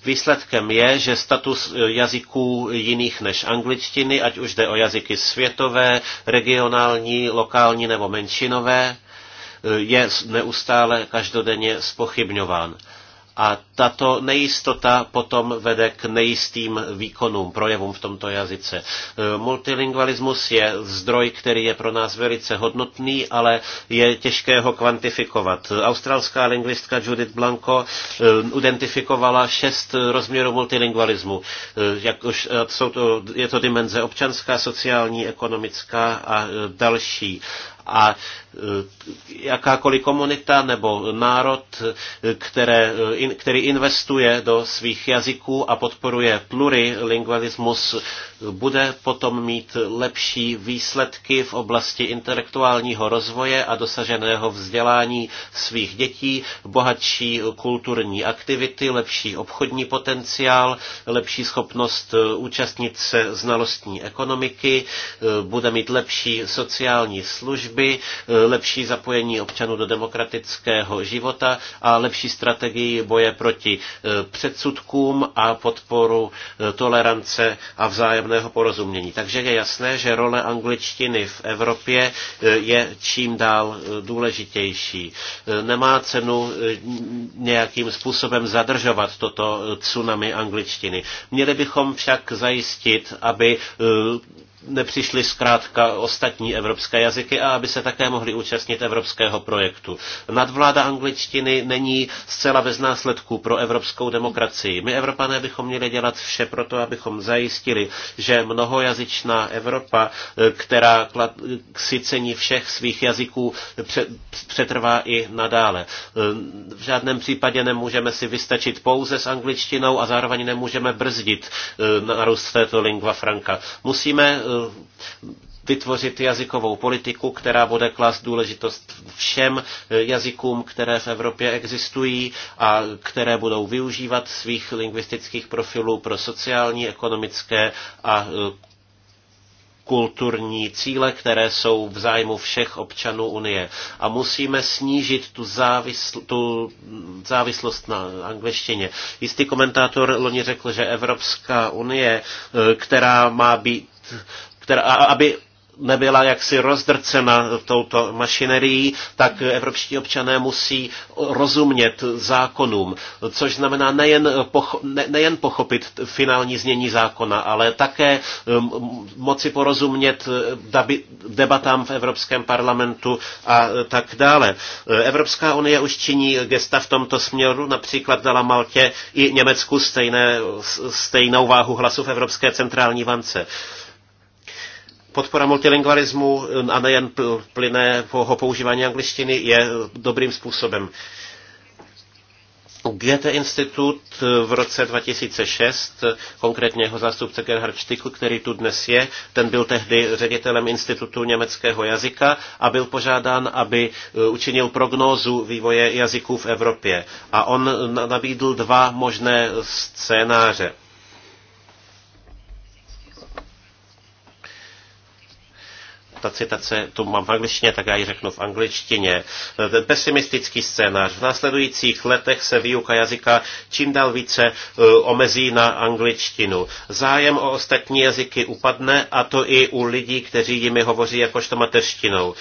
Výsledkem je, že status eh, jazyků jiných než angličtiny, ať už jde o jazyky světové, regionální, lokální nebo menšinové, eh, je neustále každodenně spochybňován. A tato nejistota potom vede k nejistým výkonům, projevům v tomto jazyce. E, multilingualismus je zdroj, který je pro nás velice hodnotný, ale je těžké ho kvantifikovat. Australská lingvistka Judith Blanco e, identifikovala šest rozměrů multilingualismu. E, jak už jsou to, je to dimenze občanská, sociální, ekonomická a další. A jakákoliv komunita nebo národ, které, který investuje do svých jazyků a podporuje plurilingualismus, bude potom mít lepší výsledky v oblasti intelektuálního rozvoje a dosaženého vzdělání svých dětí, bohatší kulturní aktivity, lepší obchodní potenciál, lepší schopnost účastnit se znalostní ekonomiky, bude mít lepší sociální služby, lepší zapojení občanů do demokratického života a lepší strategii boje proti e, předsudkům a podporu e, tolerance a vzájemného porozumění. Takže je jasné, že role angličtiny v Evropě e, je čím dál důležitější. Nemá cenu nějakým způsobem zadržovat toto tsunami angličtiny. Měli bychom však zajistit, aby nepřišli zkrátka ostatní evropské jazyky a aby se také mohli účastnit evropského projektu. Nadvláda angličtiny není zcela bez následků pro evropskou demokracii. My Evropané bychom měli dělat vše pro to, abychom zajistili, že mnohojazyčná Evropa, eh, která k sicení všech svých jazyků, přetrvá i nadále. Eh, v žádném případě nemůžeme si vystačit pouze s angličtinou a zároveň nemůžeme brzdit eh, narůst této lingva franca. Musíme Eh, vytvořit jazykovou politiku, která bude klást důležitost všem jazykům, které v Evropě existují a které budou využívat svých lingvistických profilů pro sociální, ekonomické a eh, kulturní cíle, které jsou v zájmu všech občanů Unie. A musíme snížit tu, závisl, tu závislost na angličtině. Jistý komentátor loni řekl, že Evropská unie, eh, která má být která, aby nebyla jaksi rozdrcena touto mašinerií, tak evropští občané musí rozumět zákonům, což znamená nejen, pocho- ne, nejen pochopit finální znění zákona, ale také um, moci porozumět eh, debatám v Evropském parlamentu a tak dále. Evropská unie už činí gesta v tomto směru, například dala Maltě i Německu stejné, stejnou váhu hlasu v Evropské centrální vance podpora multilingualismu eh, a nejen plyného používání angličtiny je eh, dobrým způsobem. GT Institut eh, v roce 2006, konkrétně jeho zástupce Gerhard Stickl, který tu dnes je, ten byl tehdy ředitelem Institutu německého jazyka a byl požádán, aby učinil prognózu vývoje jazyků v Evropě. A on nabídl dva možné scénáře. ta citace tu mám v angličtině, tak já ji řeknu v angličtině. Ten pesimistický scénář. V následujících letech se výuka jazyka čím dál více e, omezí na angličtinu. Zájem o ostatní jazyky upadne a to i u lidí, kteří jimi hovoří jakožto mateřštinou.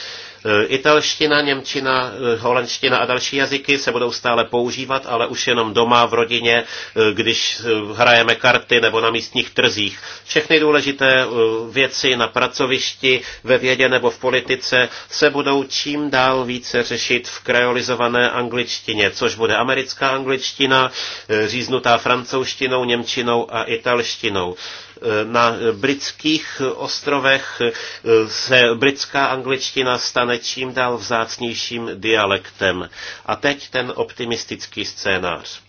Eh, italština, němčina, eh, holandština a další jazyky se budou stále používat, ale už jenom doma v rodině, eh, když hrajeme karty nebo na místních trzích. Všechny důležité věci na pracovišti, ve vědě nebo v politice se budou čím dál více řešit v kreolizované angličtině, což bude americká angličtina, říznutá francouzštinou, němčinou a italštinou. Eh, na britských ostrovech eh, se britská angličtina stane čím dál vzácnějším dialektem. A teď ten optimistický scénář.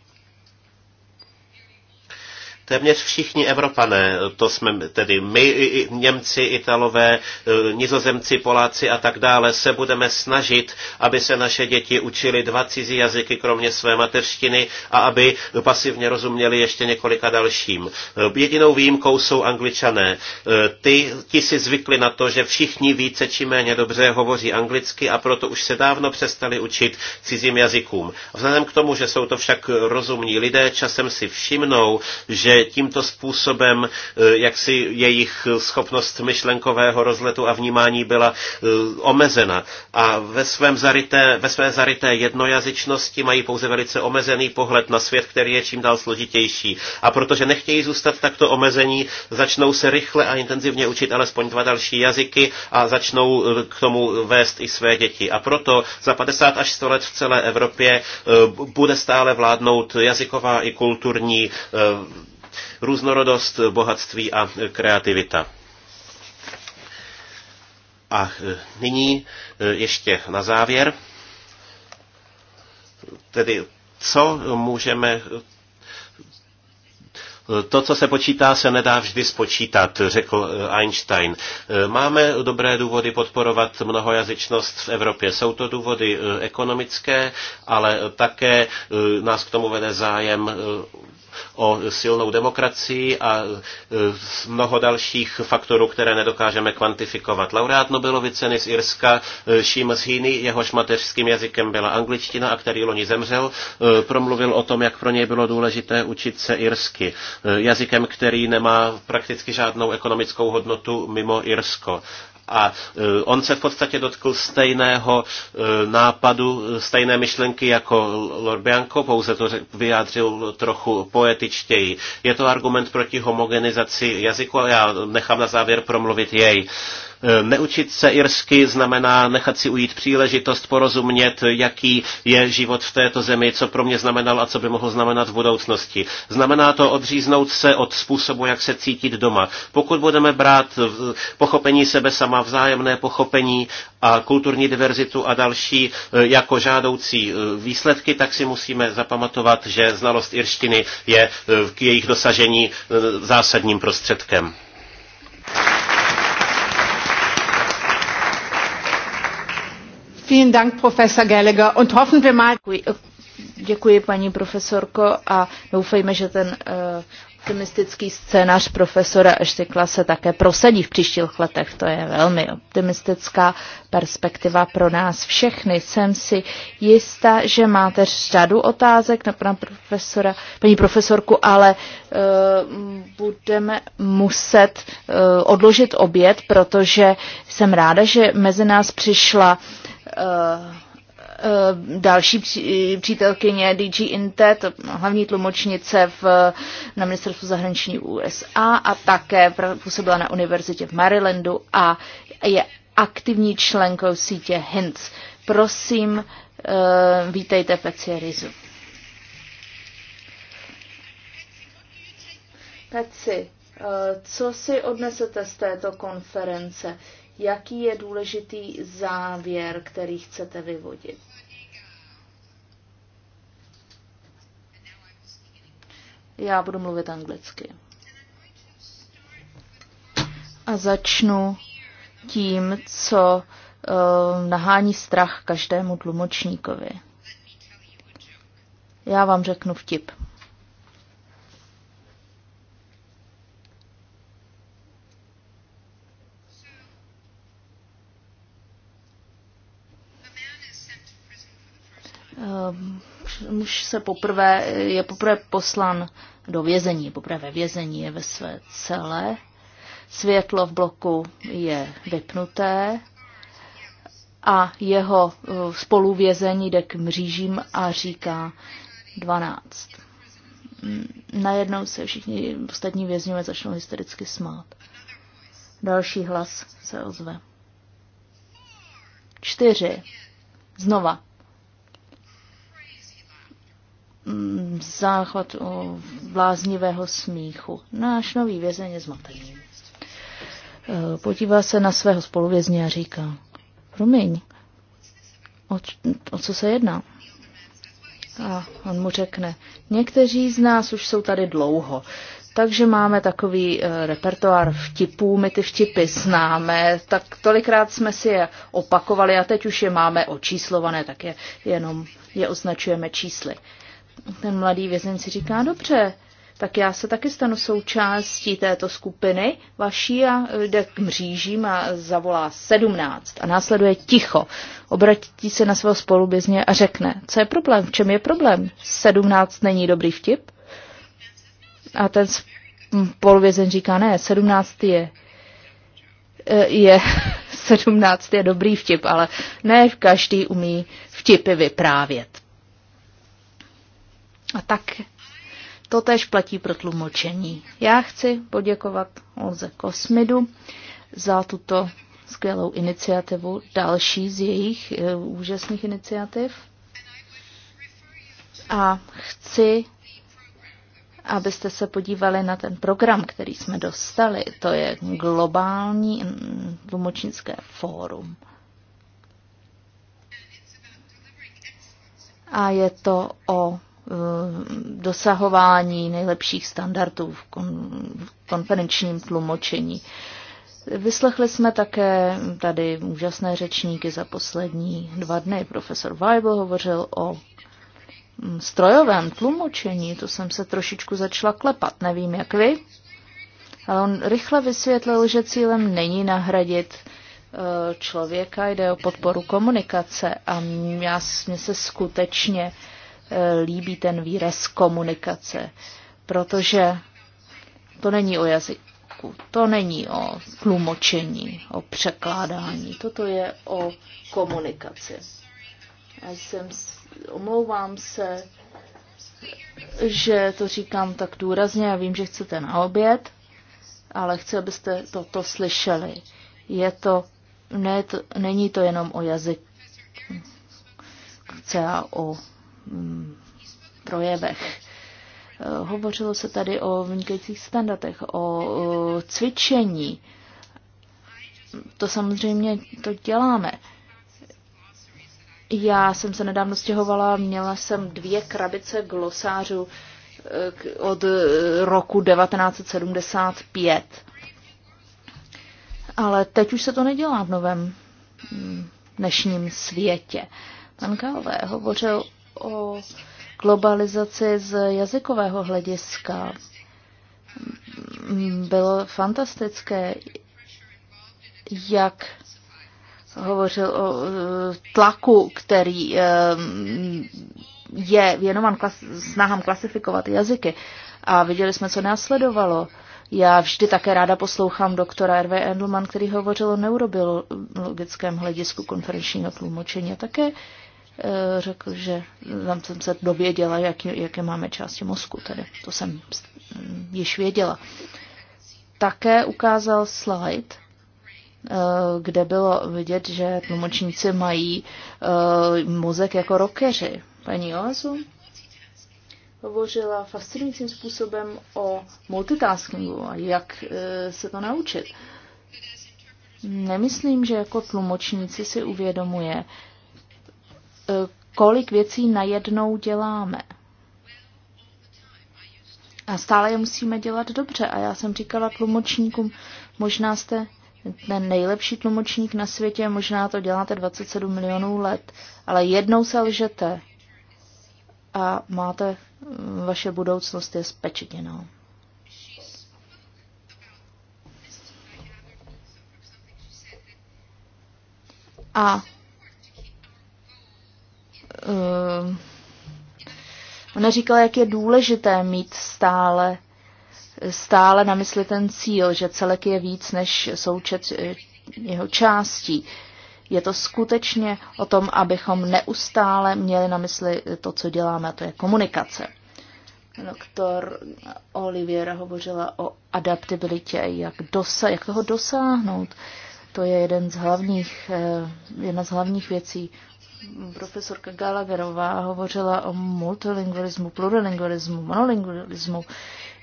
Téměř všichni Evropané, to jsme tedy my, Němci, Italové, e, Nizozemci, Poláci a tak dále, se budeme snažit, aby se naše děti učili dva cizí jazyky, kromě své mateřštiny, a aby pasivně rozuměli ještě několika dalším. E, jedinou výjimkou jsou angličané. E, ty, ti si zvykli na to, že všichni více či méně dobře hovoří anglicky a proto už se dávno přestali učit cizím jazykům. Vzhledem k tomu, že jsou to však rozumní lidé, časem si všimnou, že tímto způsobem, eh, jak si jejich schopnost myšlenkového rozletu a vnímání byla eh, omezena. A ve, svém zarité, ve své zarité jednojazyčnosti mají pouze velice omezený pohled na svět, který je čím dál složitější. A protože nechtějí zůstat takto omezení, začnou se rychle a intenzivně učit alespoň dva další jazyky a začnou eh, k tomu vést i své děti. A proto za 50 až 100 let v celé Evropě bude stále vládnout jazyková i kulturní Různorodost, bohatství a kreativita. A e, nyní e, ještě na závěr, tedy co můžeme e, to, co se počítá, se nedá vždy spočítat, řekl Einstein. Máme dobré důvody podporovat mnohojazyčnost v Evropě. Jsou to důvody ekonomické, ale také nás k tomu vede zájem o silnou demokracii a e, mnoho dalších faktorů, které nedokážeme kvantifikovat. Laureát Nobelovy ceny z Irska Seamus Heaney, jehož mateřským jazykem byla angličtina a který loni zemřel, e, promluvil o tom, jak pro něj bylo důležité učit se irsky. E, jazykem, který nemá prakticky žádnou ekonomickou hodnotu mimo Irsko. A e, on se v podstatě dotkl stejného e, nápadu, stejné myšlenky jako Lord Bianco, pouze to vyjádřil trochu poetičtěji. Je to argument proti homogenizaci jazyku, ale já nechám na závěr promluvit jej. Eh, neučit se irsky znamená nechat si ujít příležitost porozumět, jaký je život v této zemi, co pro mě znamenal a co by mohlo znamenat v budoucnosti. Znamená to odříznout se od způsobu, jak se cítit doma. Pokud budeme brát pochopení sebe sama, vzájemné pochopení a kulturní diverzitu a další eh, jako žádoucí eh, výsledky, tak si musíme zapamatovat, že znalost irštiny je k jejich dosažení zásadním prostředkem. Vielen Dank, Professor Gallagher, und hoffen wir mal... Děkuji, paní profesorko, a doufejme, že ten uh, optimistický scénář profesora Eštykla se také prosadí v příštích letech. To je velmi optimistická perspektiva pro nás všechny. Jsem si jistá, že máte řadu otázek na pana profesora, paní profesorku, ale uh, budeme muset uh, odložit oběd, protože jsem ráda, že mezi nás přišla uh, Eh, další přítelkyně DG Intet, hlavní tlumočnice v, na ministerstvu zahraniční USA a také působila na univerzitě v Marylandu a je aktivní členkou sítě HINTS. Prosím, eh, vítejte v Peciarizu. Peci, co si odnesete z této konference? jaký je důležitý závěr, který chcete vyvodit. Já budu mluvit anglicky. A začnu tím, co uh, nahání strach každému tlumočníkovi. Já vám řeknu vtip. muž se poprvé, je poprvé poslan do vězení, je poprvé ve vězení, je ve své celé. Světlo v bloku je vypnuté a jeho eh, spoluvězení jde k mřížím a říká 12. Mm, najednou se všichni ostatní vězňové začnou hystericky smát. Další hlas se ozve. Čtyři. Znova. Mm, záchvat bláznivého smíchu. Náš nový vězeň je zmatený. E, podívá se na svého spoluvězně a říká, promiň, o, o co se jedná? A on mu řekne, někteří z nás už jsou tady dlouho, takže máme takový e, repertoár vtipů, my ty vtipy známe, tak tolikrát jsme si je opakovali a teď už je máme očíslované, tak je jenom je označujeme čísly. Uh, ten mladý vězen si říká, dobře, tak já se taky stanu součástí této skupiny vaší a jde k mřížím a zavolá 17 a následuje ticho. Obratí se na svého spolubězně a řekne, co je problém, v čem je problém? 17 není dobrý vtip? A ten spoluvězen říká, ne, 17 je eh, je 17 je dobrý vtip, ale ne každý umí vtipy vyprávět. A tak to tež platí pro tlumočení. Já chci poděkovat Olze Kosmidu za tuto skvělou iniciativu, další z jejich uh, úžasných iniciativ. A chci, abyste se podívali na ten program, který jsme dostali. To je globální mm, tlumočnické fórum. A je to o Eh, dosahování nejlepších standardů v konferenčním tlumočení. Vyslechli jsme také tady úžasné řečníky za poslední dva dny. Profesor Weibel hovořil o mm, strojovém tlumočení, to jsem se trošičku začala klepat, nevím jak vy, ale on rychle vysvětlil, že cílem není nahradit eh, člověka, jde o podporu komunikace a mě se skutečně líbí ten výraz komunikace, protože to není o jazyku, to není o tlumočení, o překládání, toto je o komunikaci. Já jsem, omlouvám se, že to říkám tak důrazně, já vím, že chcete na oběd, ale chci, abyste toto slyšeli. Je to, ne, to není to jenom o jazyku, chce a o Mm, projevech. Eh, hovořilo se tady o vynikajících standardech, o cvičení. To samozřejmě to děláme. Já jsem se nedávno stěhovala, měla jsem dvě krabice glosářů eh, od eh, roku 1975. Ale teď už se to nedělá v novém mm, dnešním světě. Pan Kalvé hovořil o globalizaci z jazykového hlediska. Bylo fantastické, jak hovořil o e, tlaku, který e, je věnovan klas- snahám klasifikovat jazyky. A viděli jsme, co následovalo. Já vždy také ráda poslouchám doktora R.V. Endelman, který hovořil o neurobiologickém hledisku konferenčního tlumočení a také Eh, řekl, že tam jsem se dověděla, jak, jaké máme části mozku, tedy to jsem mm, již věděla. Také ukázal slide, eh, kde bylo vidět, že tlumočníci mají eh, mozek jako rokeři. Paní Oazu hovořila fascinujícím způsobem o multitaskingu a jak se to naučit. Nemyslím, že jako tlumočníci si uvědomuje, E, kolik věcí najednou děláme. A stále je musíme dělat dobře. A já jsem říkala tlumočníkům, možná jste ten nejlepší tlumočník na světě, možná to děláte 27 milionů let, ale jednou se lžete a máte, mm, vaše budoucnost je spečetěná. A uh, ona říkala, jak je důležité mít stále stále na mysli ten cíl, že celek je víc než součet eh, jeho částí. Je to skutečně o tom, abychom neustále měli na mysli to, co děláme, a to je komunikace. Doktor Oliviera hovořila o adaptabilitě, jak, dosa- jak toho dosáhnout. To je jeden z hlavních, eh, jedna z hlavních věcí profesorka Gallagherová hovořila o multilingualismu, plurilingualismu, monolingualismu.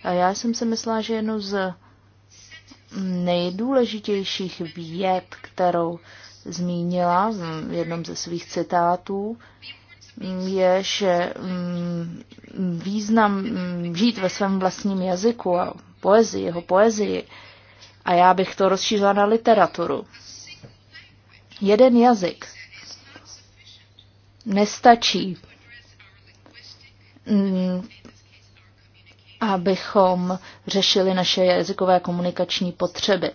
A já jsem si myslela, že jednou z nejdůležitějších věd, kterou zmínila v jednom ze svých citátů, je, že mm, význam mm, žít ve svém vlastním jazyku a poezii, jeho poezii, a já bych to rozšířila na literaturu. Jeden jazyk, nestačí, mm, abychom řešili naše jazykové komunikační potřeby.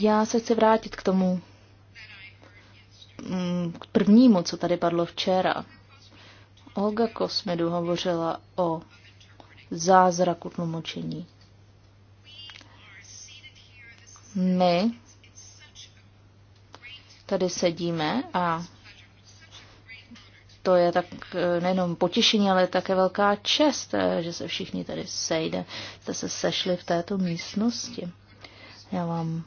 Já se chci vrátit k tomu mm, k prvnímu, co tady padlo včera. Olga Kosmedu hovořila o zázraku tlumočení my tady sedíme a to je tak eh, nejenom potěšení, ale také velká čest, eh, že se všichni tady sejde, jste se sešli v této místnosti. Já vám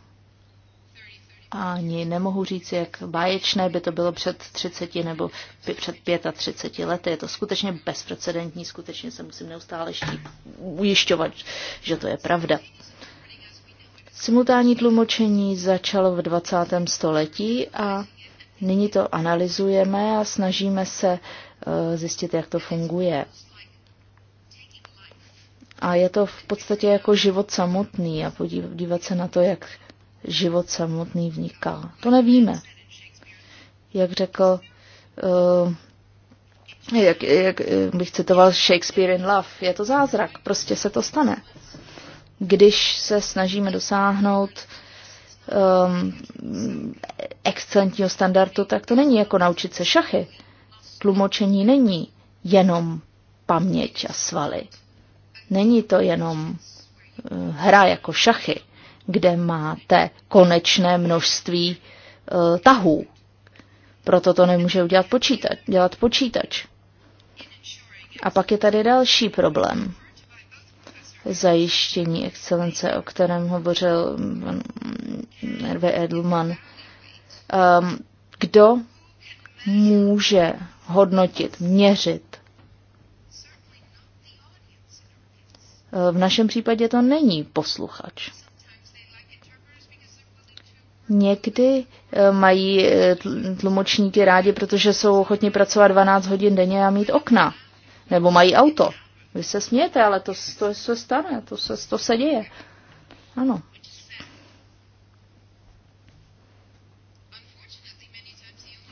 ani nemohu říct, jak báječné by to bylo před 30 nebo před 35 lety. Je to skutečně bezprecedentní, skutečně se musím neustále ujišťovat, že to je pravda. Simultánní tlumočení začalo v 20. století a nyní to analyzujeme a snažíme se eh, zjistit, jak to funguje. A je to v podstatě jako život samotný a podívat se na to, jak život samotný vniká. To nevíme. Jak řekl, eh, jak, jak bych citoval Shakespeare in Love, je to zázrak, prostě se to stane když se snažíme dosáhnout um, excelentního standardu, tak to není jako naučit se šachy. Tlumočení není jenom paměť a svaly. Není to jenom uh, hra jako šachy, kde máte konečné množství uh, tahů. Proto to nemůže udělat počítač, dělat počítač. A pak je tady další problém zajištění excelence, o kterém hovořil R.V. Edelman. Um, kdo může hodnotit, měřit? Ehm, v našem případě to není posluchač. Někdy ehm, mají eh, tlumočníky rádi, protože jsou ochotni pracovat 12 hodin denně a mít okna. Nebo mají auto. Vy se smějete, ale to, to se stane, to se, to se děje. Ano.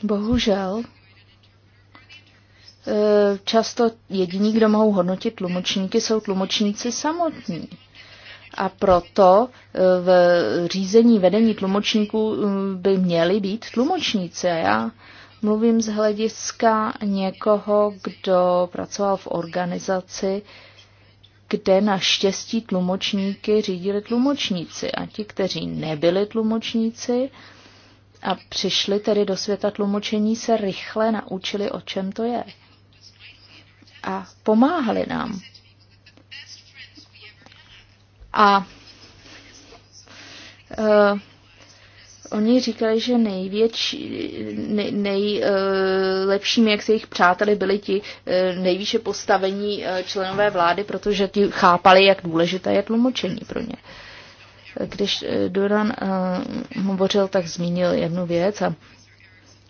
Bohužel, eh, často jediní, kdo mohou hodnotit tlumočníky, jsou tlumočníci samotní. A proto eh, v řízení vedení tlumočníků eh, by měli být tlumočníci. A já Mluvím z hlediska někoho, kdo pracoval v organizaci, kde naštěstí tlumočníky řídili tlumočníci a ti, kteří nebyli tlumočníci a přišli tedy do světa tlumočení, se rychle naučili, o čem to je. A pomáhali nám. A uh, oni říkali, že největší, nej, nejlepšími, jak se jejich přáteli, byli ti eh, nejvýše postavení eh, členové vlády, protože ti chápali, jak důležité je tlumočení pro ně. Když eh, Duran uh, hovořil, tak zmínil jednu věc a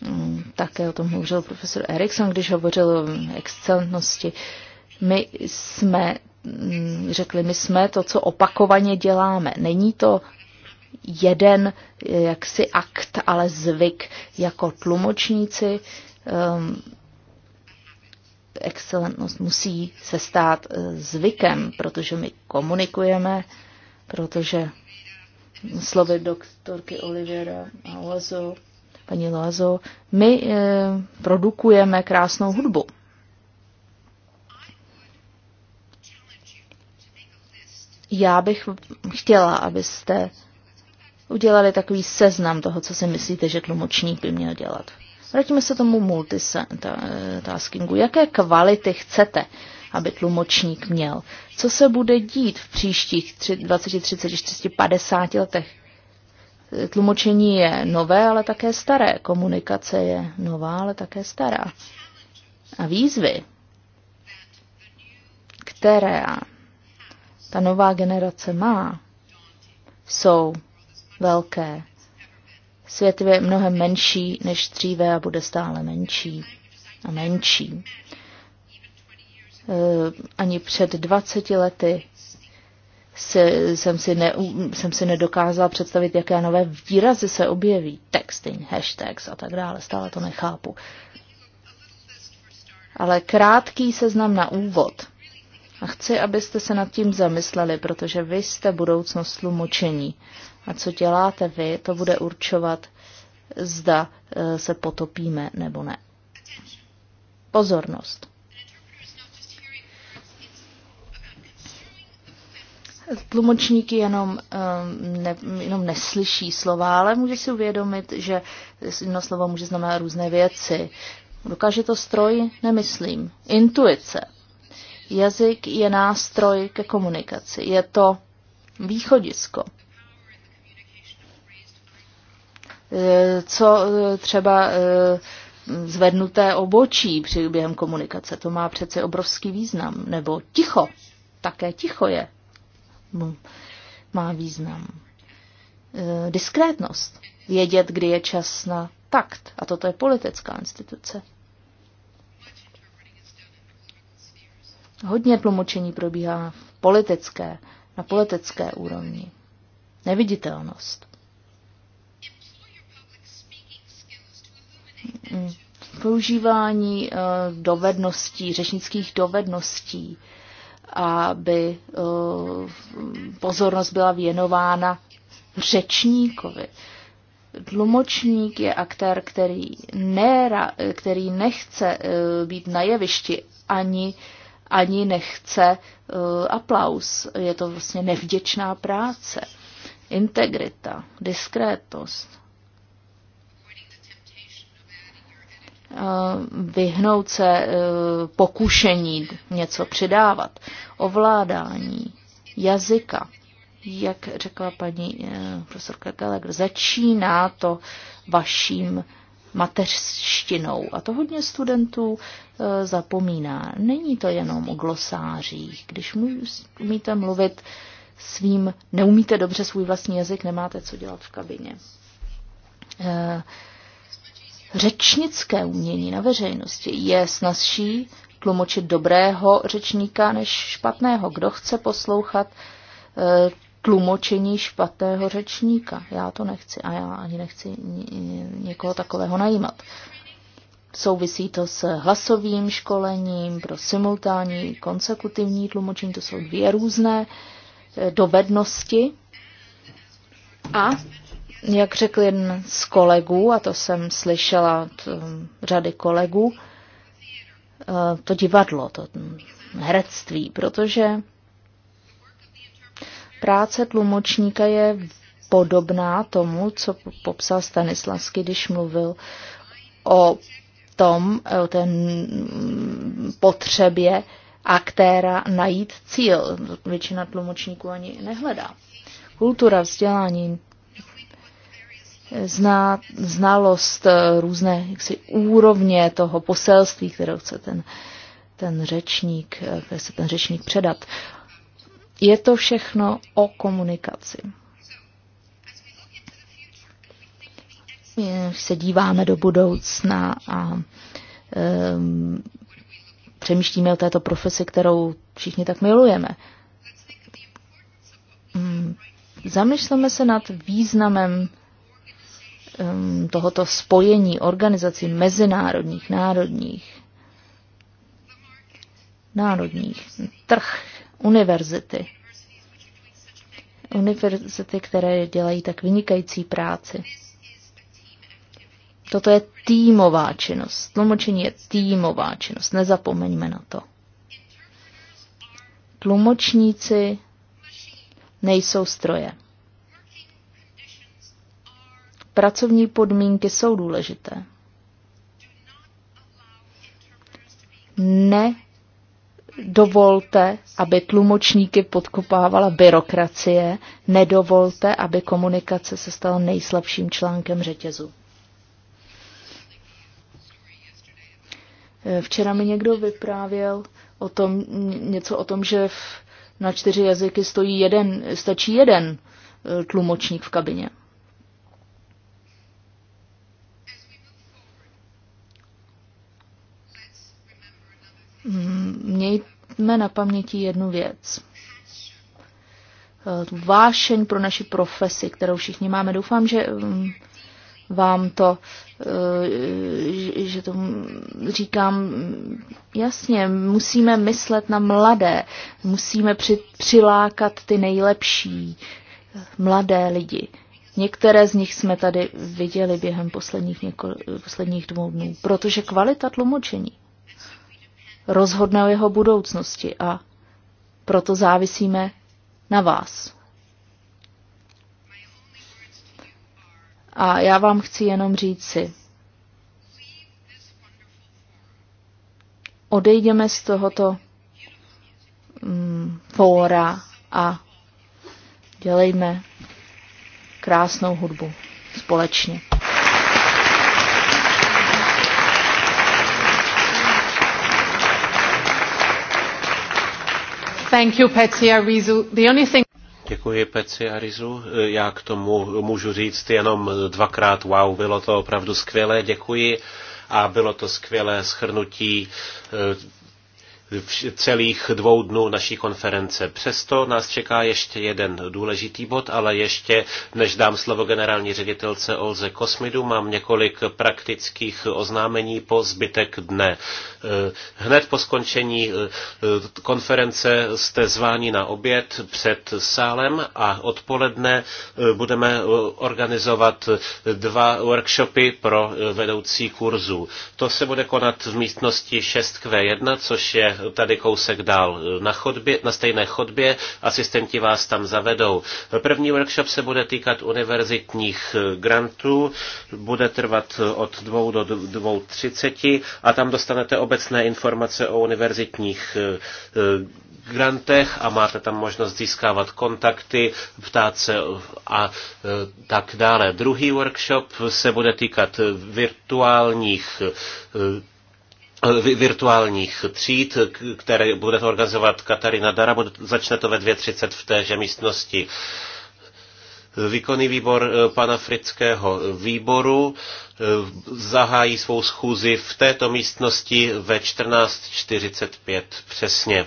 um, také o tom hovořil profesor Erikson, když hovořil o excelentnosti. My jsme mm, řekli, my jsme to, co opakovaně děláme. Není to jeden eh, jaksi akt, ale zvyk jako tlumočníci. Um, excelentnost musí se stát eh, zvykem, protože my komunikujeme, protože slovy doktorky Olivera a Loazo, paní Loazo, my e, produkujeme krásnou hudbu. Já bych chtěla, abyste udělali takový seznam toho, co si myslíte, že tlumočník by měl dělat. Vrátíme se tomu multitaskingu. Eh, Jaké kvality chcete, aby tlumočník měl? Co se bude dít v příštích 20, 30, 40, 50 letech? Eh, tlumočení je nové, ale také staré. Komunikace je nová, ale také stará. A výzvy, které ta nová generace má, jsou velké. Svět je mnohem menší než dříve a bude stále menší a menší. E, ani před 20 lety se, jsem, si ne, jsem si nedokázala představit, jaké nové výrazy se objeví. Texting, hashtags a tak dále. Stále to nechápu. Ale krátký seznam na úvod. A chci, abyste se nad tím zamysleli, protože vy jste budoucnost slumočení. A co děláte vy, to bude určovat, zda eh, se potopíme nebo ne. Pozornost. Tlumočníky jenom, eh, ne, jenom neslyší slova, ale může si uvědomit, že jedno slovo může znamenat různé věci. Dokáže to stroj? Nemyslím. Intuice. Jazyk je nástroj ke komunikaci. Je to východisko. co eh, třeba eh, zvednuté obočí při během komunikace. To má přece obrovský význam. Nebo ticho. Také ticho je. No, má význam. Eh, diskrétnost. Vědět, kdy je čas na takt. A toto je politická instituce. Hodně tlumočení probíhá v politické, na politické úrovni. Neviditelnost. používání eh, dovedností, řečnických dovedností, aby eh, pozornost byla věnována řečníkovi. Tlumočník je aktér, který, nera, který nechce eh, být na jevišti ani, ani nechce aplaus. Je to vlastně nevděčná práce. Integrita, diskrétnost, Eh, vyhnout se eh, pokušení něco přidávat, ovládání jazyka. Jak řekla paní eh, profesorka Gallagher, začíná to vaším mateřštinou. A to hodně studentů zapomíná. Není to jenom o glosářích. Když umíte mluvit svým, neumíte dobře svůj vlastní jazyk, nemáte co dělat v kabině řečnické umění na veřejnosti je snazší tlumočit dobrého řečníka než špatného. Kdo chce poslouchat eh, tlumočení špatného řečníka? Já to nechci a já ani nechci někoho takového najímat. Souvisí to s hlasovým školením pro simultánní konsekutivní tlumočení, to jsou dvě různé eh, dovednosti. A jak řekl jeden z kolegů, a to jsem slyšela od um, řady kolegů, uh, to divadlo, to mm, herectví, protože práce tlumočníka je podobná tomu, co popsal Stanislavský, když mluvil o tom, o té potřebě aktéra najít cíl. Většina tlumočníků ani nehledá. Kultura, vzdělání, zná, znalost eh, různé jaksi, úrovně toho poselství, kterou chce ten, ten řečník, eh, které se ten řečník předat. Je to všechno o komunikaci. Eh, se díváme do budoucna a um, přemýšlíme o této profesi, kterou všichni tak milujeme. Um, zamysleme se nad významem Um, tohoto spojení organizací mezinárodních, národních, národních, trh, univerzity, univerzity, které dělají tak vynikající práci. Toto je týmová činnost. Tlumočení je týmová činnost. Nezapomeňme na to. Tlumočníci nejsou stroje. Pracovní podmínky jsou důležité. Ne dovolte, aby tlumočníky podkopávala byrokracie, nedovolte, aby komunikace se stala nejslabším článkem řetězu. Včera mi někdo vyprávěl o tom, něco o tom, že v, na čtyři jazyky stojí jeden, stačí jeden e, tlumočník v kabině. mějme na paměti jednu věc. Eh, vášeň pro naši profesi, kterou všichni máme. Doufám, že mm, vám to, eh, že to říkám jasně, musíme myslet na mladé, musíme při, přilákat ty nejlepší mladé lidi. Některé z nich jsme tady viděli během posledních, něko, posledních dvou dnů, protože kvalita tlumočení rozhodne o jeho budoucnosti a proto závisíme na vás. A já vám chci jenom říci, odejdeme z tohoto mm, fóra a dělejme krásnou hudbu společně. Děkuji Peci a Rizu. Já k tomu můžu říct jenom dvakrát wow, bylo to opravdu skvělé, děkuji. A bylo to skvělé schrnutí eh, celých dvou dnů naší konference. Přesto nás čeká ještě jeden důležitý bod, ale ještě než dám slovo generální ředitelce Olze Kosmidu, mám několik praktických oznámení po zbytek dne. Eh, hned po skončení eh, konference jste zváni na oběd před sálem a odpoledne eh, budeme organizovat dva workshopy pro vedoucí kurzu. To se bude konat v místnosti 6Q1, což je tady kousek dál na, chodbě, na stejné chodbě, asistenti vás tam zavedou. První workshop se bude týkat univerzitních eh, grantů, bude trvat eh, od 2 do 2.30 a tam dostanete obecné informace o univerzitních eh, grantech a máte tam možnost získávat kontakty, ptát se a tak dále. Druhý workshop se bude týkat virtuálních Eh, virtuálních tříd, které bude to organizovat Katarina Dara, začne to ve 2.30 v téže místnosti. Výkonný výbor eh, pana Frického výboru eh, zahájí svou schůzi v této místnosti ve 14.45 přesně.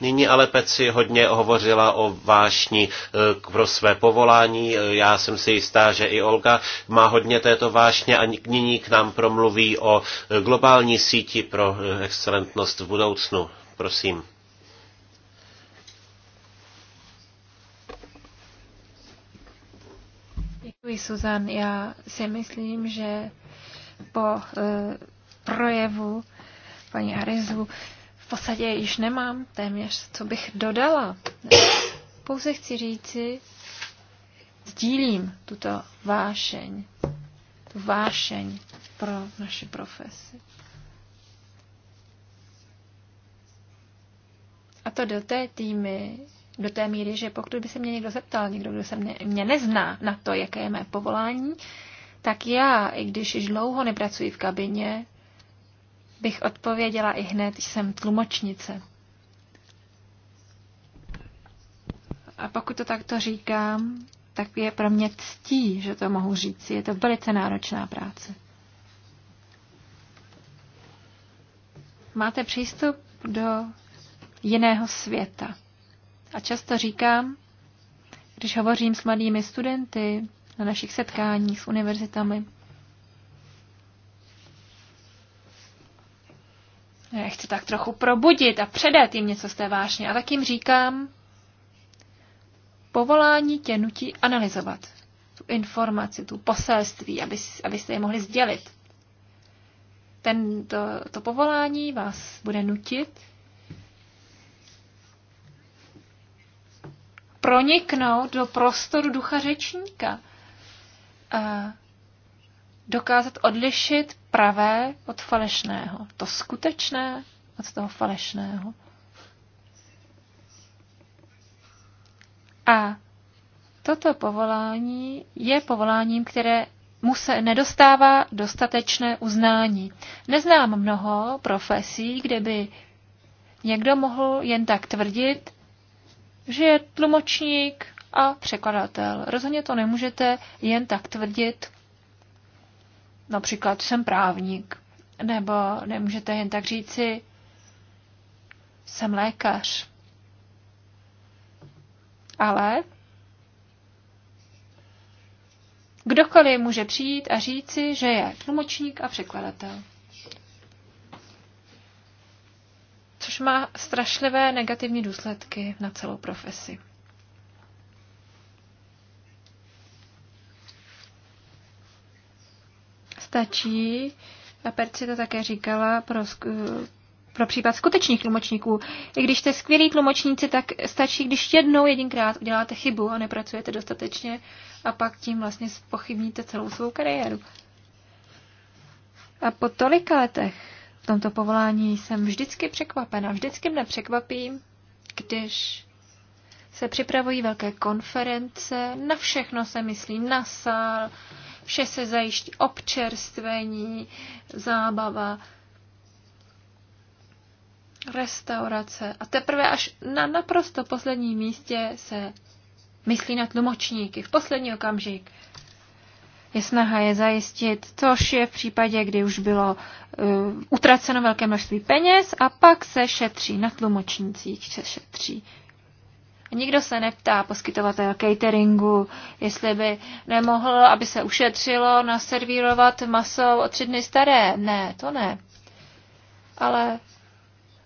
Nyní ale Peci hodně hovořila o vášni eh, pro své povolání. Eh, já jsem si jistá, že i Olga má hodně této vášně a nyní k nám promluví o eh, globální síti pro excelentnost v budoucnu. Prosím. Děkuji, Suzan. Já si myslím, že po projevu paní Arizu podstatě již nemám téměř, co bych dodala. Pouze chci říci, sdílím tuto vášeň, tu vášeň pro naši profesi. A to do té týmy, do té míry, že pokud by se mě někdo zeptal, někdo, kdo se mě, mě nezná na to, jaké je mé povolání, tak já, i když již dlouho nepracuji v kabině, bych odpověděla i hned, jsem tlumočnice. A pokud to takto říkám, tak je pro mě ctí, že to mohu říct. Je to velice náročná práce. Máte přístup do jiného světa. A často říkám, když hovořím s mladými studenty na našich setkáních s univerzitami, chci tak trochu probudit a předat jim něco z té vášně. A tak jim říkám, povolání tě nutí analyzovat tu informaci, tu poselství, aby, abyste je mohli sdělit. Ten, to, to povolání vás bude nutit proniknout do prostoru ducha řečníka. A dokázat odlišit pravé od falešného. To skutečné od toho falešného. A toto povolání je povoláním, které mu se nedostává dostatečné uznání. Neznám mnoho profesí, kde by někdo mohl jen tak tvrdit, že je tlumočník a překladatel. Rozhodně to nemůžete jen tak tvrdit Například jsem právník, nebo nemůžete jen tak říci, jsem lékař. Ale kdokoliv může přijít a říci, že je tlumočník a překladatel. Což má strašlivé negativní důsledky na celou profesi. stačí, a Perci to také říkala, pro, pro případ skutečných tlumočníků. I když jste skvělí tlumočníci, tak stačí, když jednou, jedinkrát uděláte chybu a nepracujete dostatečně a pak tím vlastně pochybníte celou svou kariéru. A po tolika letech v tomto povolání jsem vždycky překvapena. Vždycky mne překvapím, když se připravují velké konference, na všechno se myslí, na sál, vše se zajiští, občerstvení, zábava, restaurace a teprve až na naprosto posledním místě se myslí na tlumočníky. V poslední okamžik je snaha je zajistit, což je v případě, kdy už bylo uh, utraceno velké množství peněz a pak se šetří na tlumočnících, se šetří Nikdo se neptá poskytovatel cateringu, jestli by nemohl, aby se ušetřilo, naservírovat maso o tři dny staré. Ne, to ne. Ale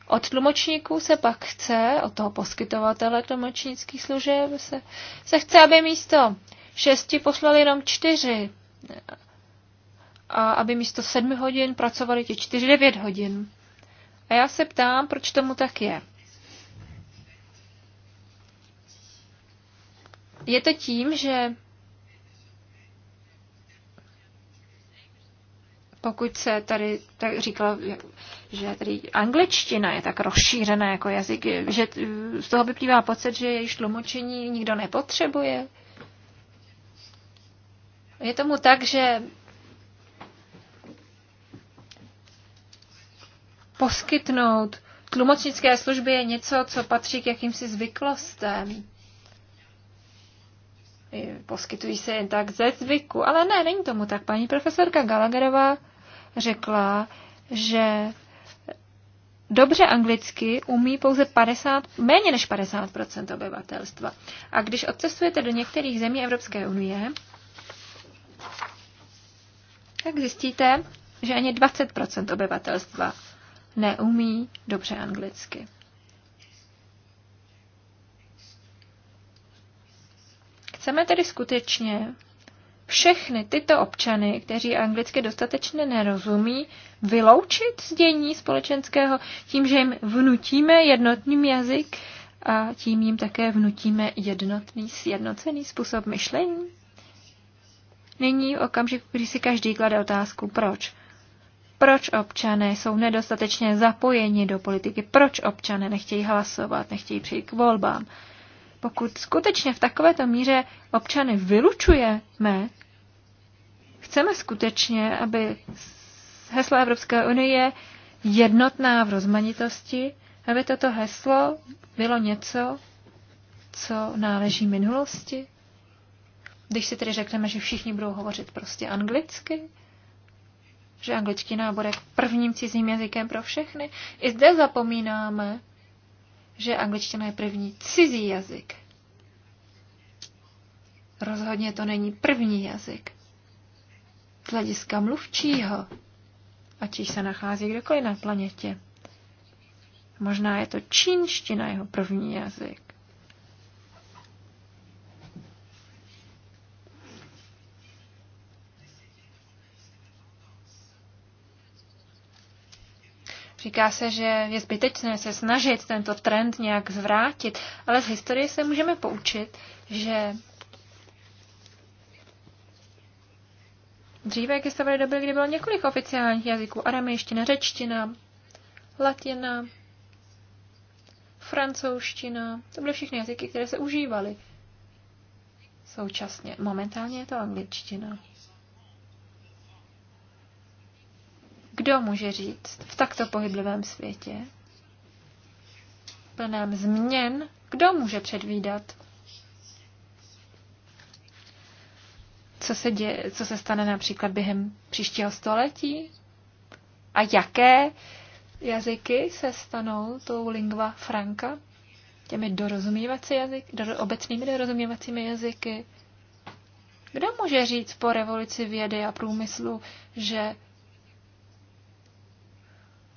od tlumočníků se pak chce, od toho poskytovatele tlumočnických služeb, se, se chce, aby místo šesti poslali jenom čtyři. A aby místo sedmi hodin pracovali ti čtyři devět hodin. A já se ptám, proč tomu tak je. Je to tím, že pokud se tady tak říkala, že tady angličtina je tak rozšířená jako jazyk, že z toho vyplývá pocit, že jejíž tlumočení nikdo nepotřebuje. Je tomu tak, že poskytnout tlumočnické služby je něco, co patří k jakýmsi zvyklostem poskytují se jen tak ze zvyku. Ale ne, není tomu tak. Paní profesorka Galagerová řekla, že dobře anglicky umí pouze 50, méně než 50 obyvatelstva. A když odcestujete do některých zemí Evropské unie, tak zjistíte, že ani 20 obyvatelstva neumí dobře anglicky. Chceme tedy skutečně všechny tyto občany, kteří anglicky dostatečně nerozumí, vyloučit z dění společenského tím, že jim vnutíme jednotný jazyk a tím jim také vnutíme jednotný, sjednocený způsob myšlení? Nyní v okamžiku, kdy si každý klade otázku, proč? Proč občané jsou nedostatečně zapojeni do politiky? Proč občané nechtějí hlasovat, nechtějí přijít k volbám? Pokud skutečně v takovéto míře občany vylučujeme, chceme skutečně, aby heslo Evropské unie jednotná v rozmanitosti, aby toto heslo bylo něco, co náleží minulosti. Když si tedy řekneme, že všichni budou hovořit prostě anglicky, že angličtina bude prvním cizím jazykem pro všechny, i zde zapomínáme že angličtina je první cizí jazyk. Rozhodně to není první jazyk. Z hlediska mluvčího, ať již se nachází kdekoliv na planetě. Možná je to čínština jeho první jazyk. Říká se, že je zbytečné se snažit tento trend nějak zvrátit, ale z historie se můžeme poučit, že dříve existovaly doby, kdy bylo několik oficiálních jazyků. Aramejština, řečtina, latina, francouzština. To byly všechny jazyky, které se užívaly současně. Momentálně je to angličtina. Kdo může říct v takto pohyblivém světě, plném změn, kdo může předvídat, co se, děje, co se stane například během příštího století a jaké jazyky se stanou tou lingva franca, těmi dorozumívací jazyky, do, obecnými dorozumívacími jazyky. Kdo může říct po revoluci vědy a průmyslu, že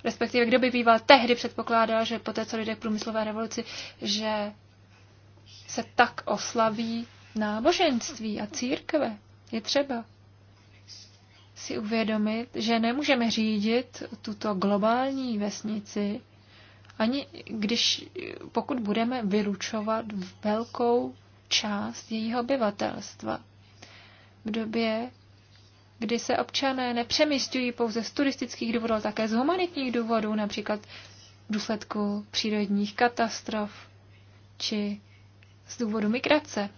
respektive kdo by býval tehdy předpokládal, že po té, co dojde k průmyslové revoluci, že se tak oslaví náboženství a církve. Je třeba si uvědomit, že nemůžeme řídit tuto globální vesnici, ani když, pokud budeme vylučovat velkou část jejího obyvatelstva. V době, kdy se občané nepřemysťují pouze z turistických důvodů, ale také z humanitních důvodů, například v důsledku přírodních katastrof či z důvodu migrace.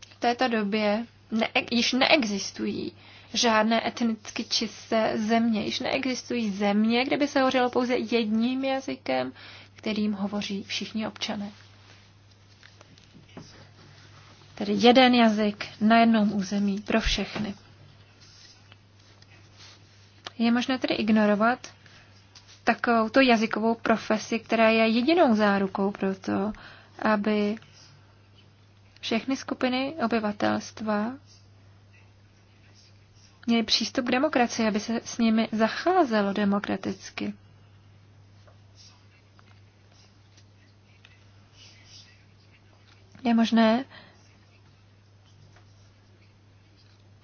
V této době ne- již neexistují žádné etnicky čisté země. Již neexistují země, kde by se hovořilo pouze jedním jazykem, kterým hovoří všichni občané. Tedy jeden jazyk na jednom území pro všechny. Je možné tedy ignorovat takovou to jazykovou profesi, která je jedinou zárukou pro to, aby všechny skupiny obyvatelstva měli přístup k demokracii, aby se s nimi zacházelo demokraticky. Je možné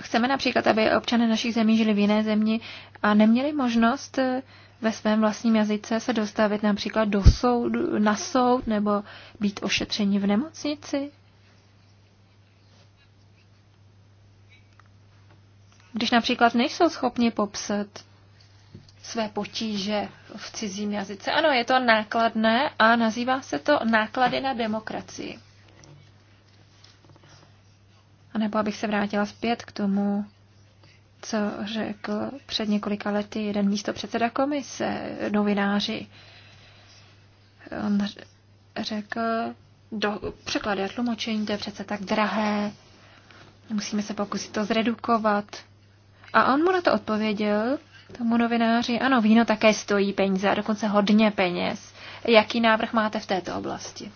chceme například, aby občané našich zemí žili v jiné zemi a neměli možnost eh, ve svém vlastním jazyce se dostavit například do soudu, na soud nebo být ošetřeni v nemocnici? Když například nejsou schopni popsat své potíže v cizím jazyce. Ano, je to nákladné a nazývá se to náklady na demokracii anebo abych se vrátila zpět k tomu, co řekl před několika lety jeden místo předseda komise, novináři. On řekl, do, překlady a tlumočení, to je přece tak drahé, musíme se pokusit to zredukovat. A on mu na to odpověděl, tomu novináři, ano, víno také stojí peníze a dokonce hodně peněz. Jaký návrh máte v této oblasti?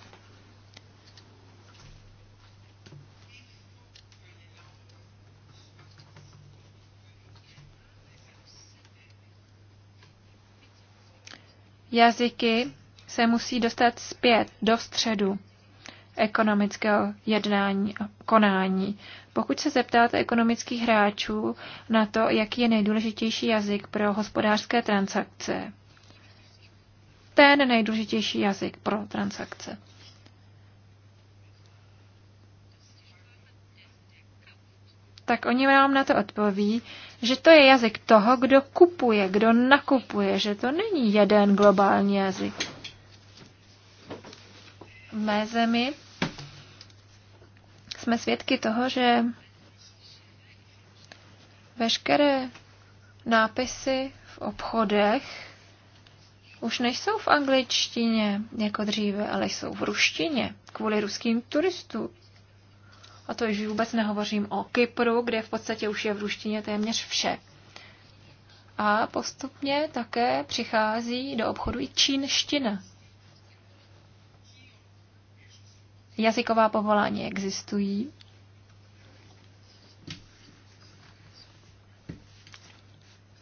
jazyky se musí dostat zpět do středu ekonomického jednání a konání. Pokud se zeptáte ekonomických hráčů na to, jaký je nejdůležitější jazyk pro hospodářské transakce, ten nejdůležitější jazyk pro transakce. tak oni vám na to odpoví, že to je jazyk toho, kdo kupuje, kdo nakupuje, že to není jeden globální jazyk. V mé zemi jsme svědky toho, že veškeré nápisy v obchodech už nejsou v angličtině jako dříve, ale jsou v ruštině kvůli ruským turistům a to již vůbec nehovořím o Kypru, kde v podstatě už je v ruštině téměř vše. A postupně také přichází do obchodu i čínština. Jazyková povolání existují.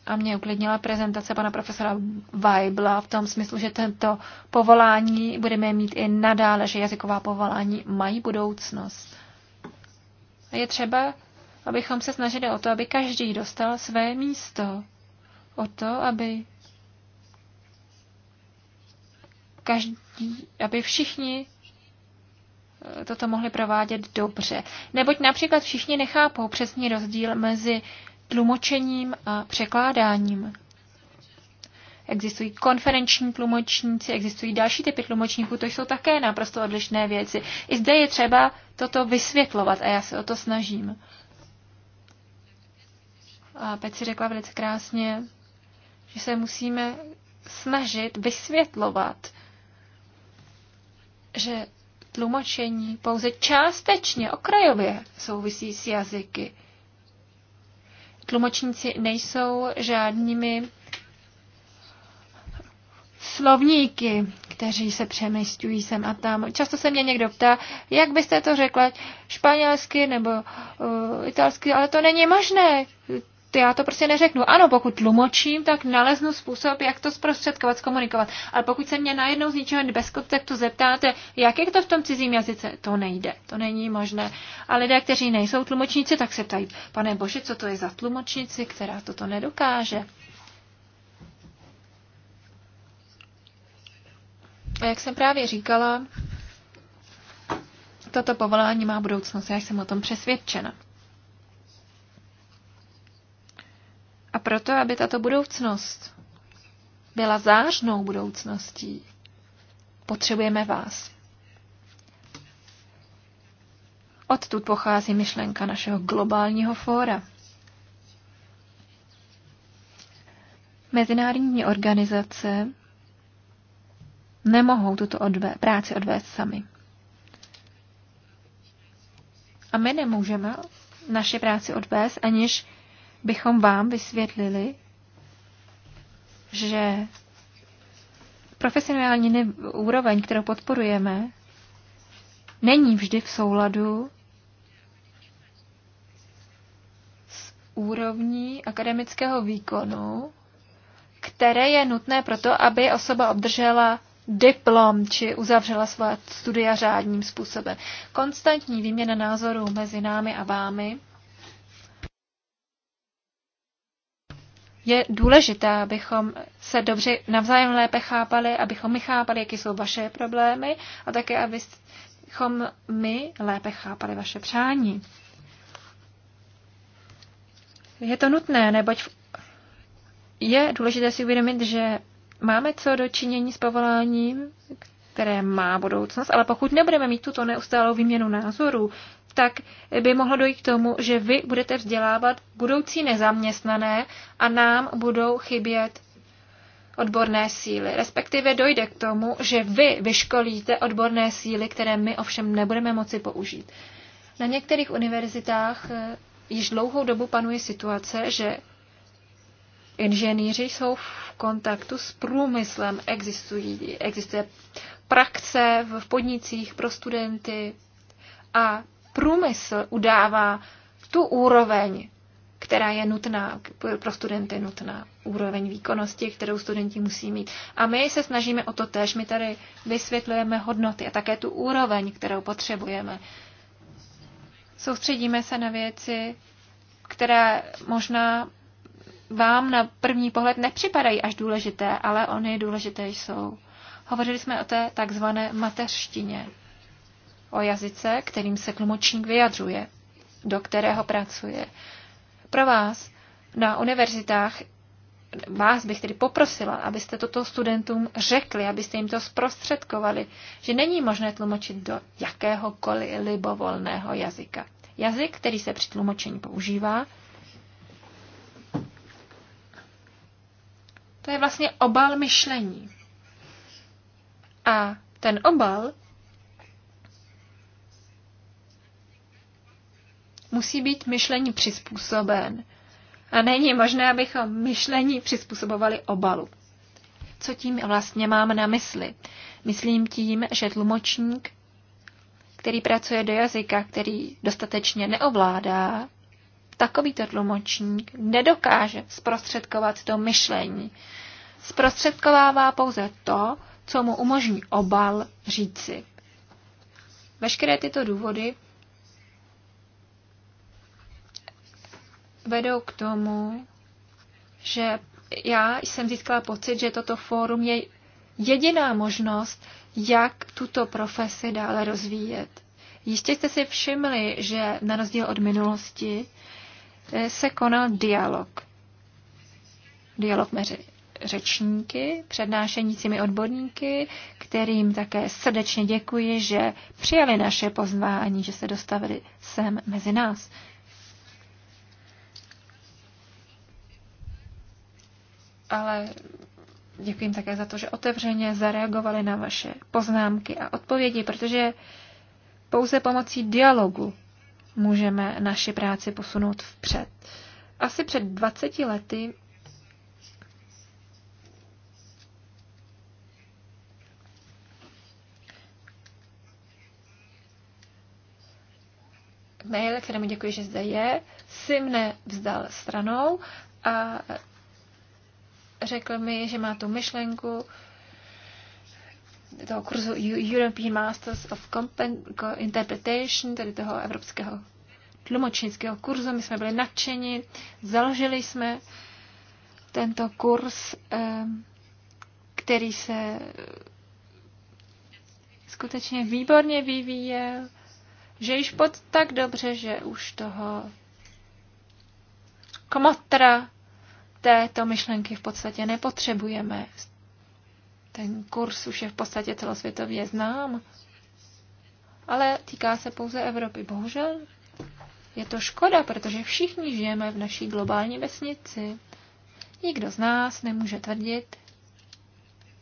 A mě uklidnila prezentace pana profesora Weibla v tom smyslu, že tento povolání budeme mít i nadále, že jazyková povolání mají budoucnost. A je třeba, abychom se snažili o to, aby každý dostal své místo. O to, aby každý, aby všichni eh, toto mohli provádět dobře. Neboť například všichni nechápou přesný rozdíl mezi tlumočením a překládáním. Existují konferenční tlumočníci, existují další typy tlumočníků, to jsou také naprosto odlišné věci. I zde je třeba toto vysvětlovat a já se o to snažím. A Peci řekla velice krásně, že se musíme snažit vysvětlovat, že tlumočení pouze částečně, okrajově souvisí s jazyky. Tlumočníci nejsou žádnými slovníky, kteří se přemysťují sem a tam. Často se mě někdo ptá, jak byste to řekla španělsky nebo uh, italsky, ale to není možné. To já to prostě neřeknu. Ano, pokud tlumočím, tak naleznu způsob, jak to zprostředkovat, komunikovat. Ale pokud se mě najednou z ničeho bez kontaktu zeptáte, jak je to v tom cizím jazyce, to nejde, to není možné. A lidé, kteří nejsou tlumočníci, tak se ptají, pane bože, co to je za tlumočnici, která toto nedokáže. A jak jsem právě říkala, toto povolání má budoucnost. Já jsem o tom přesvědčena. A proto, aby tato budoucnost byla zářnou budoucností, potřebujeme vás. Odtud pochází myšlenka našeho globálního fóra. Mezinárodní organizace nemohou tuto odvé, práci odvést sami. A my nemůžeme naše práci odvést, aniž bychom vám vysvětlili, že profesionální úroveň, kterou podporujeme, není vždy v souladu s úrovní akademického výkonu, které je nutné proto, aby osoba obdržela diplom či uzavřela svá studia řádním způsobem. Konstantní výměna názorů mezi námi a vámi je důležitá, abychom se dobře navzájem lépe chápali, abychom my chápali, jaké jsou vaše problémy a také, abychom my lépe chápali vaše přání. Je to nutné, neboť je důležité si uvědomit, že máme co dočinění s povoláním, které má budoucnost, ale pokud nebudeme mít tuto neustálou výměnu názorů, tak by mohlo dojít k tomu, že vy budete vzdělávat budoucí nezaměstnané a nám budou chybět odborné síly. Respektive dojde k tomu, že vy vyškolíte odborné síly, které my ovšem nebudeme moci použít. Na některých univerzitách eh, již dlouhou dobu panuje situace, že Inženýři jsou v kontaktu s průmyslem, existují, existuje praxe v podnicích pro studenty a průmysl udává tu úroveň, která je nutná, pro studenty nutná, úroveň výkonnosti, kterou studenti musí mít. A my se snažíme o to tež, my tady vysvětlujeme hodnoty a také tu úroveň, kterou potřebujeme. Soustředíme se na věci, které možná vám na první pohled nepřipadají až důležité, ale oni důležité jsou. Hovořili jsme o té takzvané mateřštině, o jazyce, kterým se tlumočník vyjadřuje, do kterého pracuje. Pro vás na univerzitách vás bych tedy poprosila, abyste toto studentům řekli, abyste jim to zprostředkovali, že není možné tlumočit do jakéhokoliv libovolného jazyka. Jazyk, který se při tlumočení používá, To je vlastně obal myšlení. A ten obal musí být myšlení přizpůsoben. A není možné, abychom myšlení přizpůsobovali obalu. Co tím vlastně mám na mysli? Myslím tím, že tlumočník, který pracuje do jazyka, který dostatečně neovládá, takovýto tlumočník nedokáže zprostředkovat to myšlení. Zprostředkovává pouze to, co mu umožní obal říci. Veškeré tyto důvody vedou k tomu, že já jsem získala pocit, že toto fórum je jediná možnost, jak tuto profesi dále rozvíjet. Jistě jste si všimli, že na rozdíl od minulosti se konal dialog. Dialog mezi řečníky, přednášenícími odborníky, kterým také srdečně děkuji, že přijali naše pozvání, že se dostavili sem mezi nás. Ale děkuji jim také za to, že otevřeně zareagovali na vaše poznámky a odpovědi, protože pouze pomocí dialogu můžeme naši práci posunout vpřed. Asi před 20 lety mail, kterému děkuji, že zde je, si mne vzdal stranou a řekl mi, že má tu myšlenku, toho kurzu European Masters of Interpretation, tedy toho evropského tlumočnického kurzu. My jsme byli nadšeni, založili jsme tento kurz, který se skutečně výborně vyvíjel, že již pod tak dobře, že už toho komotra této myšlenky v podstatě nepotřebujeme. Ten kurz už je v podstatě celosvětově znám, ale týká se pouze Evropy. Bohužel je to škoda, protože všichni žijeme v naší globální vesnici. Nikdo z nás nemůže tvrdit,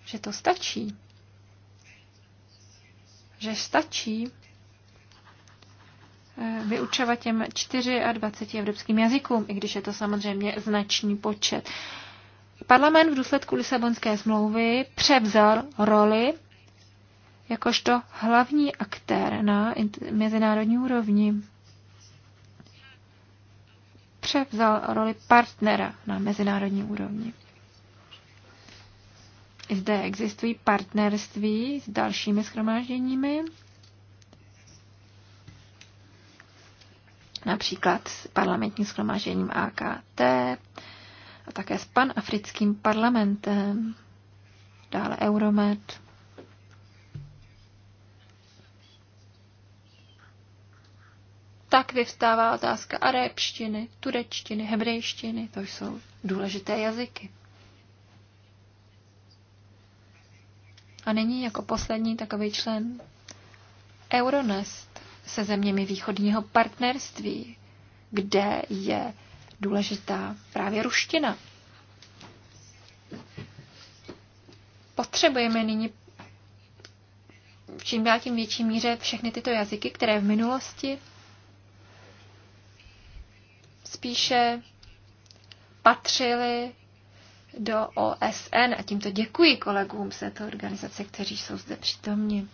že to stačí. Že stačí eh, vyučovat těm 24 evropským jazykům, i když je to samozřejmě značný počet. Parlament v důsledku Lisabonské smlouvy převzal roli jakožto hlavní aktér na mezinárodní úrovni. Převzal roli partnera na mezinárodní úrovni. Zde existují partnerství s dalšími schromážděními, například s parlamentním schromážděním AKT, a také s panafrickým parlamentem, dále Euromed. Tak vyvstává otázka arébštiny, turečtiny, hebrejštiny, to jsou důležité jazyky. A nyní jako poslední takový člen Euronest se zeměmi východního partnerství, kde je důležitá právě ruština. Potřebujeme nyní v čím dál tím větší míře všechny tyto jazyky, které v minulosti spíše patřily do OSN a tímto děkuji kolegům z této organizace, kteří jsou zde přítomni.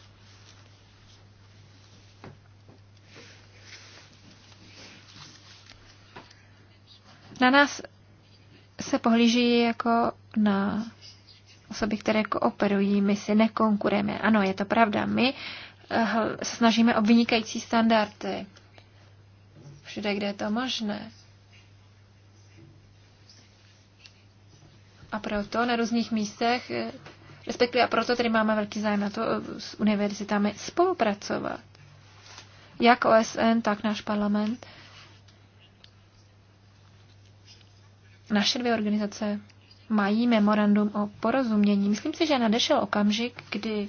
Na nás se pohlíží jako na osoby, které kooperují, my si nekonkurujeme. Ano, je to pravda, my eh, se snažíme o vynikající standardy. Všude, kde je to možné. A proto na různých místech, eh, respektive a proto tady máme velký zájem na to eh, s univerzitami spolupracovat. Jak OSN, tak náš parlament naše dvě organizace mají memorandum o porozumění. Myslím si, že nadešel okamžik, kdy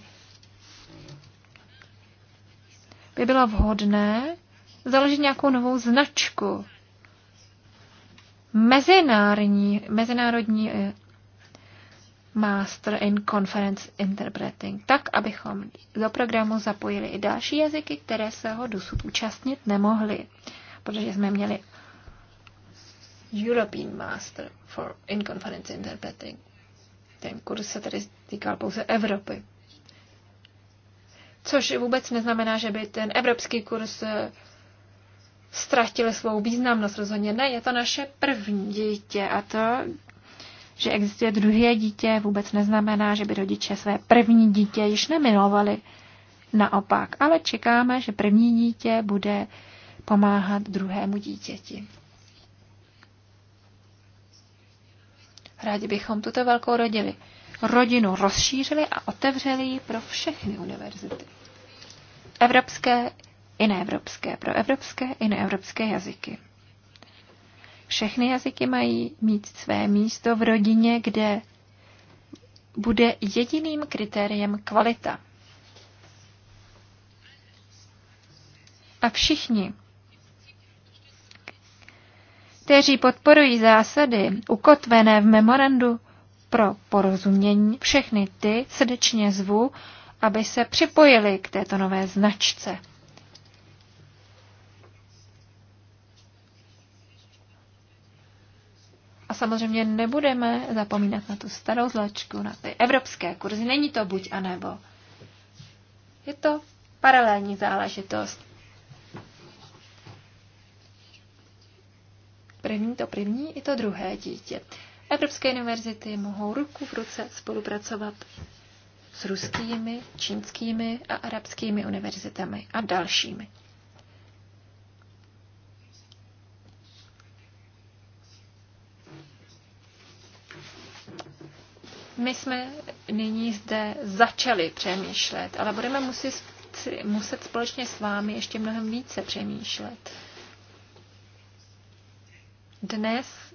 by bylo vhodné založit nějakou novou značku. Mezinárodní, mezinárodní eh, Master in Conference Interpreting, tak, abychom do programu zapojili i další jazyky, které se ho dosud účastnit nemohly, protože jsme měli European Master for Conference Interpreting. Ten kurz se tedy týkal pouze Evropy. Což vůbec neznamená, že by ten evropský kurz eh, ztratil svou významnost. Rozhodně ne, je to naše první dítě a to, že existuje druhé dítě, vůbec neznamená, že by rodiče své první dítě již nemilovali. Naopak, ale čekáme, že první dítě bude pomáhat druhému dítěti. Rádi bychom tuto velkou rodili, rodinu rozšířili a otevřeli ji pro všechny univerzity. Evropské i neevropské, pro evropské i neevropské jazyky. Všechny jazyky mají mít své místo v rodině, kde bude jediným kritériem kvalita. A všichni kteří podporují zásady ukotvené v memorandu pro porozumění, všechny ty srdečně zvu, aby se připojili k této nové značce. A samozřejmě nebudeme zapomínat na tu starou zlačku, na ty evropské kurzy. Není to buď a nebo. Je to paralelní záležitost. první, to první i to druhé dítě. Evropské univerzity mohou ruku v ruce spolupracovat s ruskými, čínskými a arabskými univerzitami a dalšími. My jsme nyní zde začali přemýšlet, ale budeme muset, muset společně s vámi ještě mnohem více přemýšlet dnes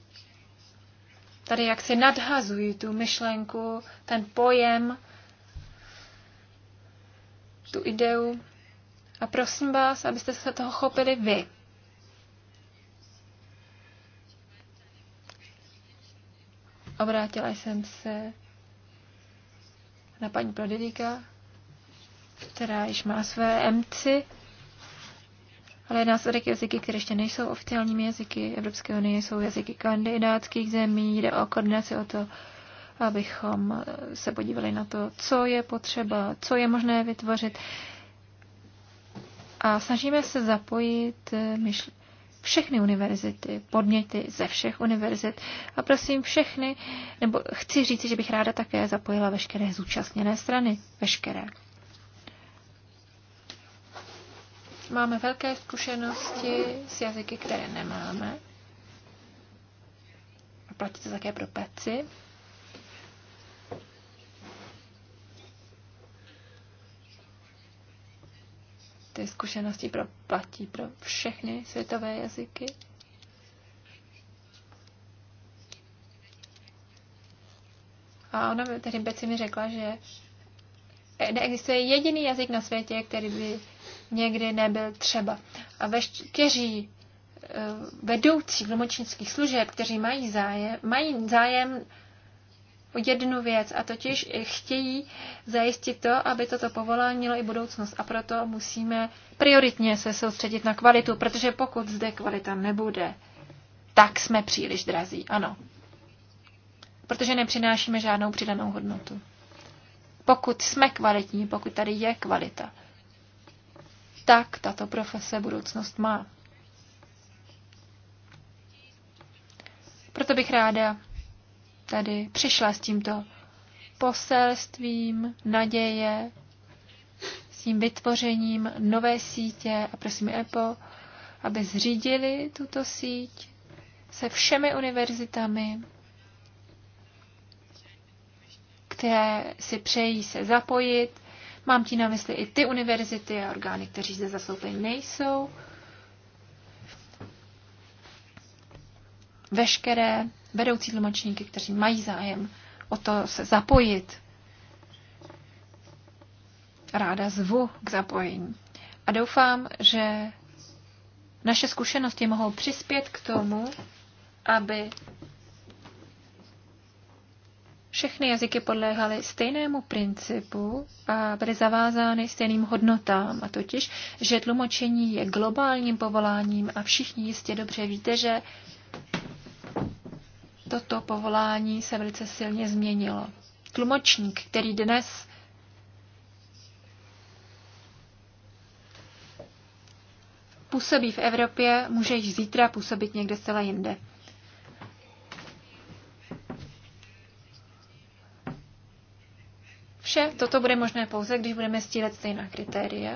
tady jak si nadhazují tu myšlenku, ten pojem, tu ideu. A prosím vás, abyste se toho chopili vy. Obrátila jsem se na paní Prodedika, která již má své emci ale jedná se také jazyky, které ještě nejsou oficiálními jazyky Evropské unie, jsou jazyky kandidátských zemí, jde o koordinaci o to, abychom eh, se podívali na to, co je potřeba, co je možné vytvořit. A snažíme se zapojit eh, myšl- všechny univerzity, podněty ze všech univerzit. A prosím všechny, nebo chci říct, že bych ráda také zapojila veškeré zúčastněné strany, veškeré. Máme velké zkušenosti s jazyky, které nemáme. A platí to také pro peci. Ty zkušenosti pro, platí pro všechny světové jazyky. A ona tedy Beci mi řekla, že neexistuje jediný jazyk na světě, který by někdy nebyl třeba. A veškeří eh, vedoucí tlumočnických služeb, kteří mají zájem, mají zájem o jednu věc, a totiž chtějí zajistit to, aby toto povolání mělo i budoucnost. A proto musíme prioritně se soustředit na kvalitu, protože pokud zde kvalita nebude, tak jsme příliš drazí, ano. Protože nepřinášíme žádnou přidanou hodnotu. Pokud jsme kvalitní, pokud tady je kvalita, tak tato profese budoucnost má. Proto bych ráda tady přišla s tímto poselstvím naděje, s tím vytvořením nové sítě a prosím EPO, aby zřídili tuto síť se všemi univerzitami, které si přejí se zapojit Mám tím na mysli i ty univerzity a orgány, kteří zde zastoupeni nejsou. Veškeré vedoucí tlumočníky, kteří mají zájem o to se zapojit. Ráda zvu k zapojení. A doufám, že naše zkušenosti mohou přispět k tomu, aby všechny jazyky podléhaly stejnému principu a byly zavázány stejným hodnotám, a totiž, že tlumočení je globálním povoláním a všichni jistě dobře víte, že toto povolání se velice silně změnilo. Tlumočník, který dnes působí v Evropě, může již zítra působit někde zcela jinde. Vše toto bude možné pouze, když budeme stílet stejná kritéria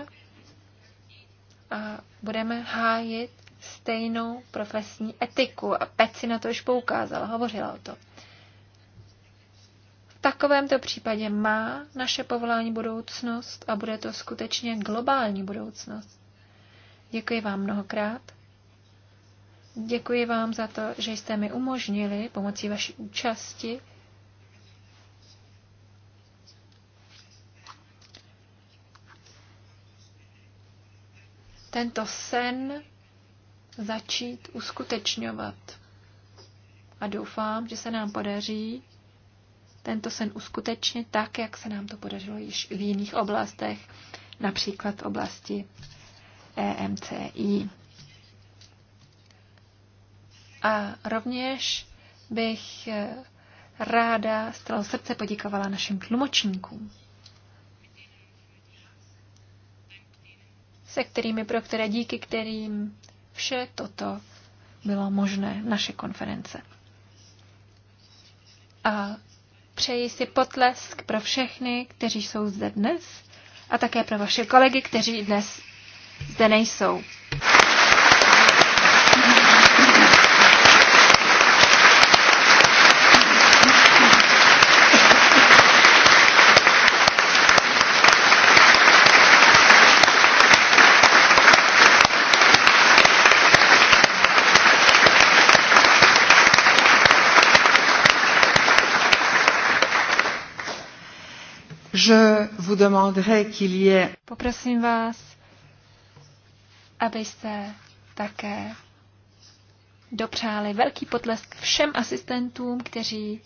a budeme hájit stejnou profesní etiku. A si na to už poukázala, hovořila o to. V takovémto případě má naše povolání budoucnost a bude to skutečně globální budoucnost. Děkuji vám mnohokrát. Děkuji vám za to, že jste mi umožnili pomocí vaší účasti tento sen začít uskutečňovat. A doufám, že se nám podaří tento sen uskutečnit tak, jak se nám to podařilo již v jiných oblastech, například v oblasti EMCI. A rovněž bych ráda z celého srdce poděkovala našim tlumočníkům. se kterými, pro které, díky kterým vše toto bylo možné, naše konference. A přeji si potlesk pro všechny, kteří jsou zde dnes a také pro vaše kolegy, kteří dnes zde nejsou. Je vous demanderai qu'il y ait... Poprosím vás, abyste také dopřáli velký potlesk všem asistentům, kteří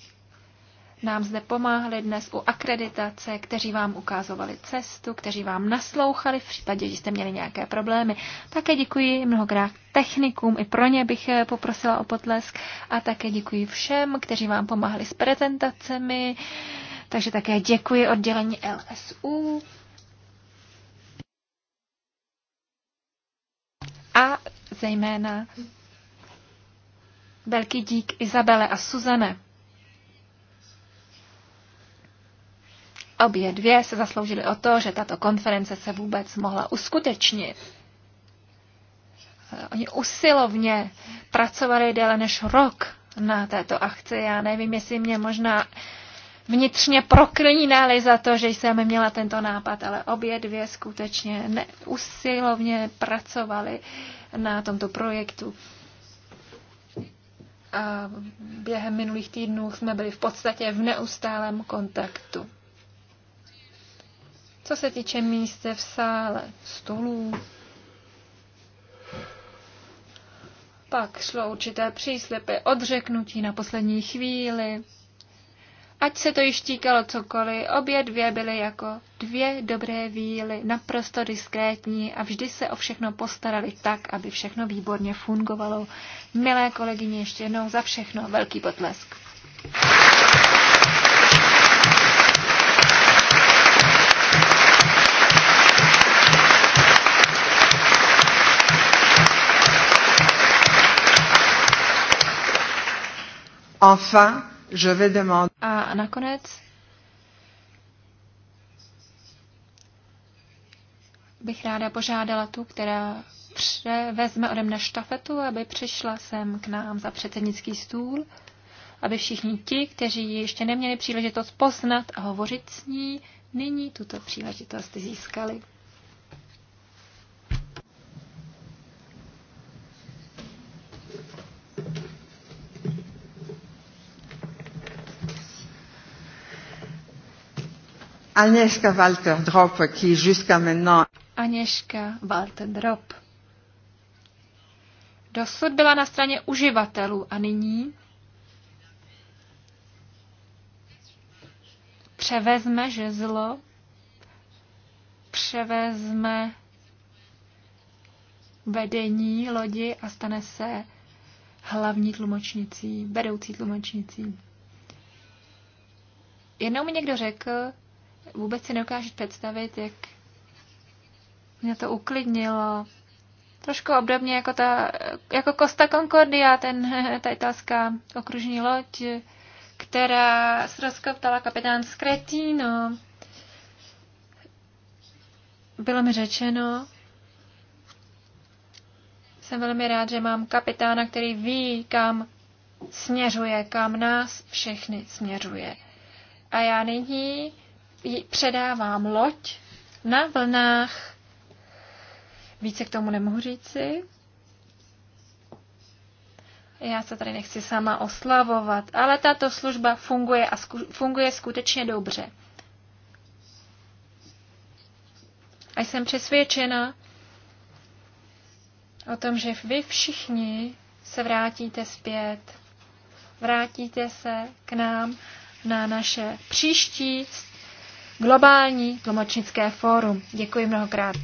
nám zde pomáhali dnes u akreditace, kteří vám ukázovali cestu, kteří vám naslouchali v případě, že jste měli nějaké problémy. Také děkuji mnohokrát technikům, i pro ně bych eh, poprosila o potlesk a také děkuji všem, kteří vám pomáhali s prezentacemi, takže také děkuji oddělení LSU. A zejména velký dík Izabele a Suzane. Obě dvě se zasloužily o to, že tato konference se vůbec mohla uskutečnit. Oni usilovně pracovali déle než rok na této akci. Já nevím, jestli mě možná vnitřně proklínali za to, že jsem měla tento nápad, ale obě dvě skutečně usilovně pracovali na tomto projektu. A během minulých týdnů jsme byli v podstatě v neustálém kontaktu. Co se týče místa v sále, stolů, pak šlo určité příslipy, odřeknutí na poslední chvíli, Ať se to již týkalo cokoliv, obě dvě byly jako dvě dobré víly, naprosto diskrétní a vždy se o všechno postarali tak, aby všechno výborně fungovalo. Milé kolegyně, ještě jednou za všechno velký potlesk. Enfin, a nakonec bych ráda požádala tu, která vezme ode mne štafetu, aby přišla sem k nám za předsednický stůl, aby všichni ti, kteří ještě neměli příležitost poznat a hovořit s ní, nyní tuto příležitost získali. Agnieszka Walter-Drop, qui jusqu'à maintenant... Agnieszka Walter-Drop. Dosud byla na straně uživatelů a nyní převezme žezlo, převezme vedení lodi a stane se hlavní tlumočnicí, vedoucí tlumočnicí. Jednou mi někdo řekl, vůbec si neukážu představit, jak mě to uklidnilo. Trošku obdobně jako, ta, jako Costa Concordia, ten, ta italská okružní loď, která ztroskoptala kapitán Skretino. Bylo mi řečeno, jsem velmi rád, že mám kapitána, který ví, kam směřuje, kam nás všechny směřuje. A já nyní předávám loď na vlnách. Více k tomu nemohu říci. Já se tady nechci sama oslavovat, ale tato služba funguje a sku- funguje skutečně dobře. A jsem přesvědčena o tom, že vy všichni se vrátíte zpět. Vrátíte se k nám na naše příští globální tlumočnické fórum. Děkuji mnohokrát.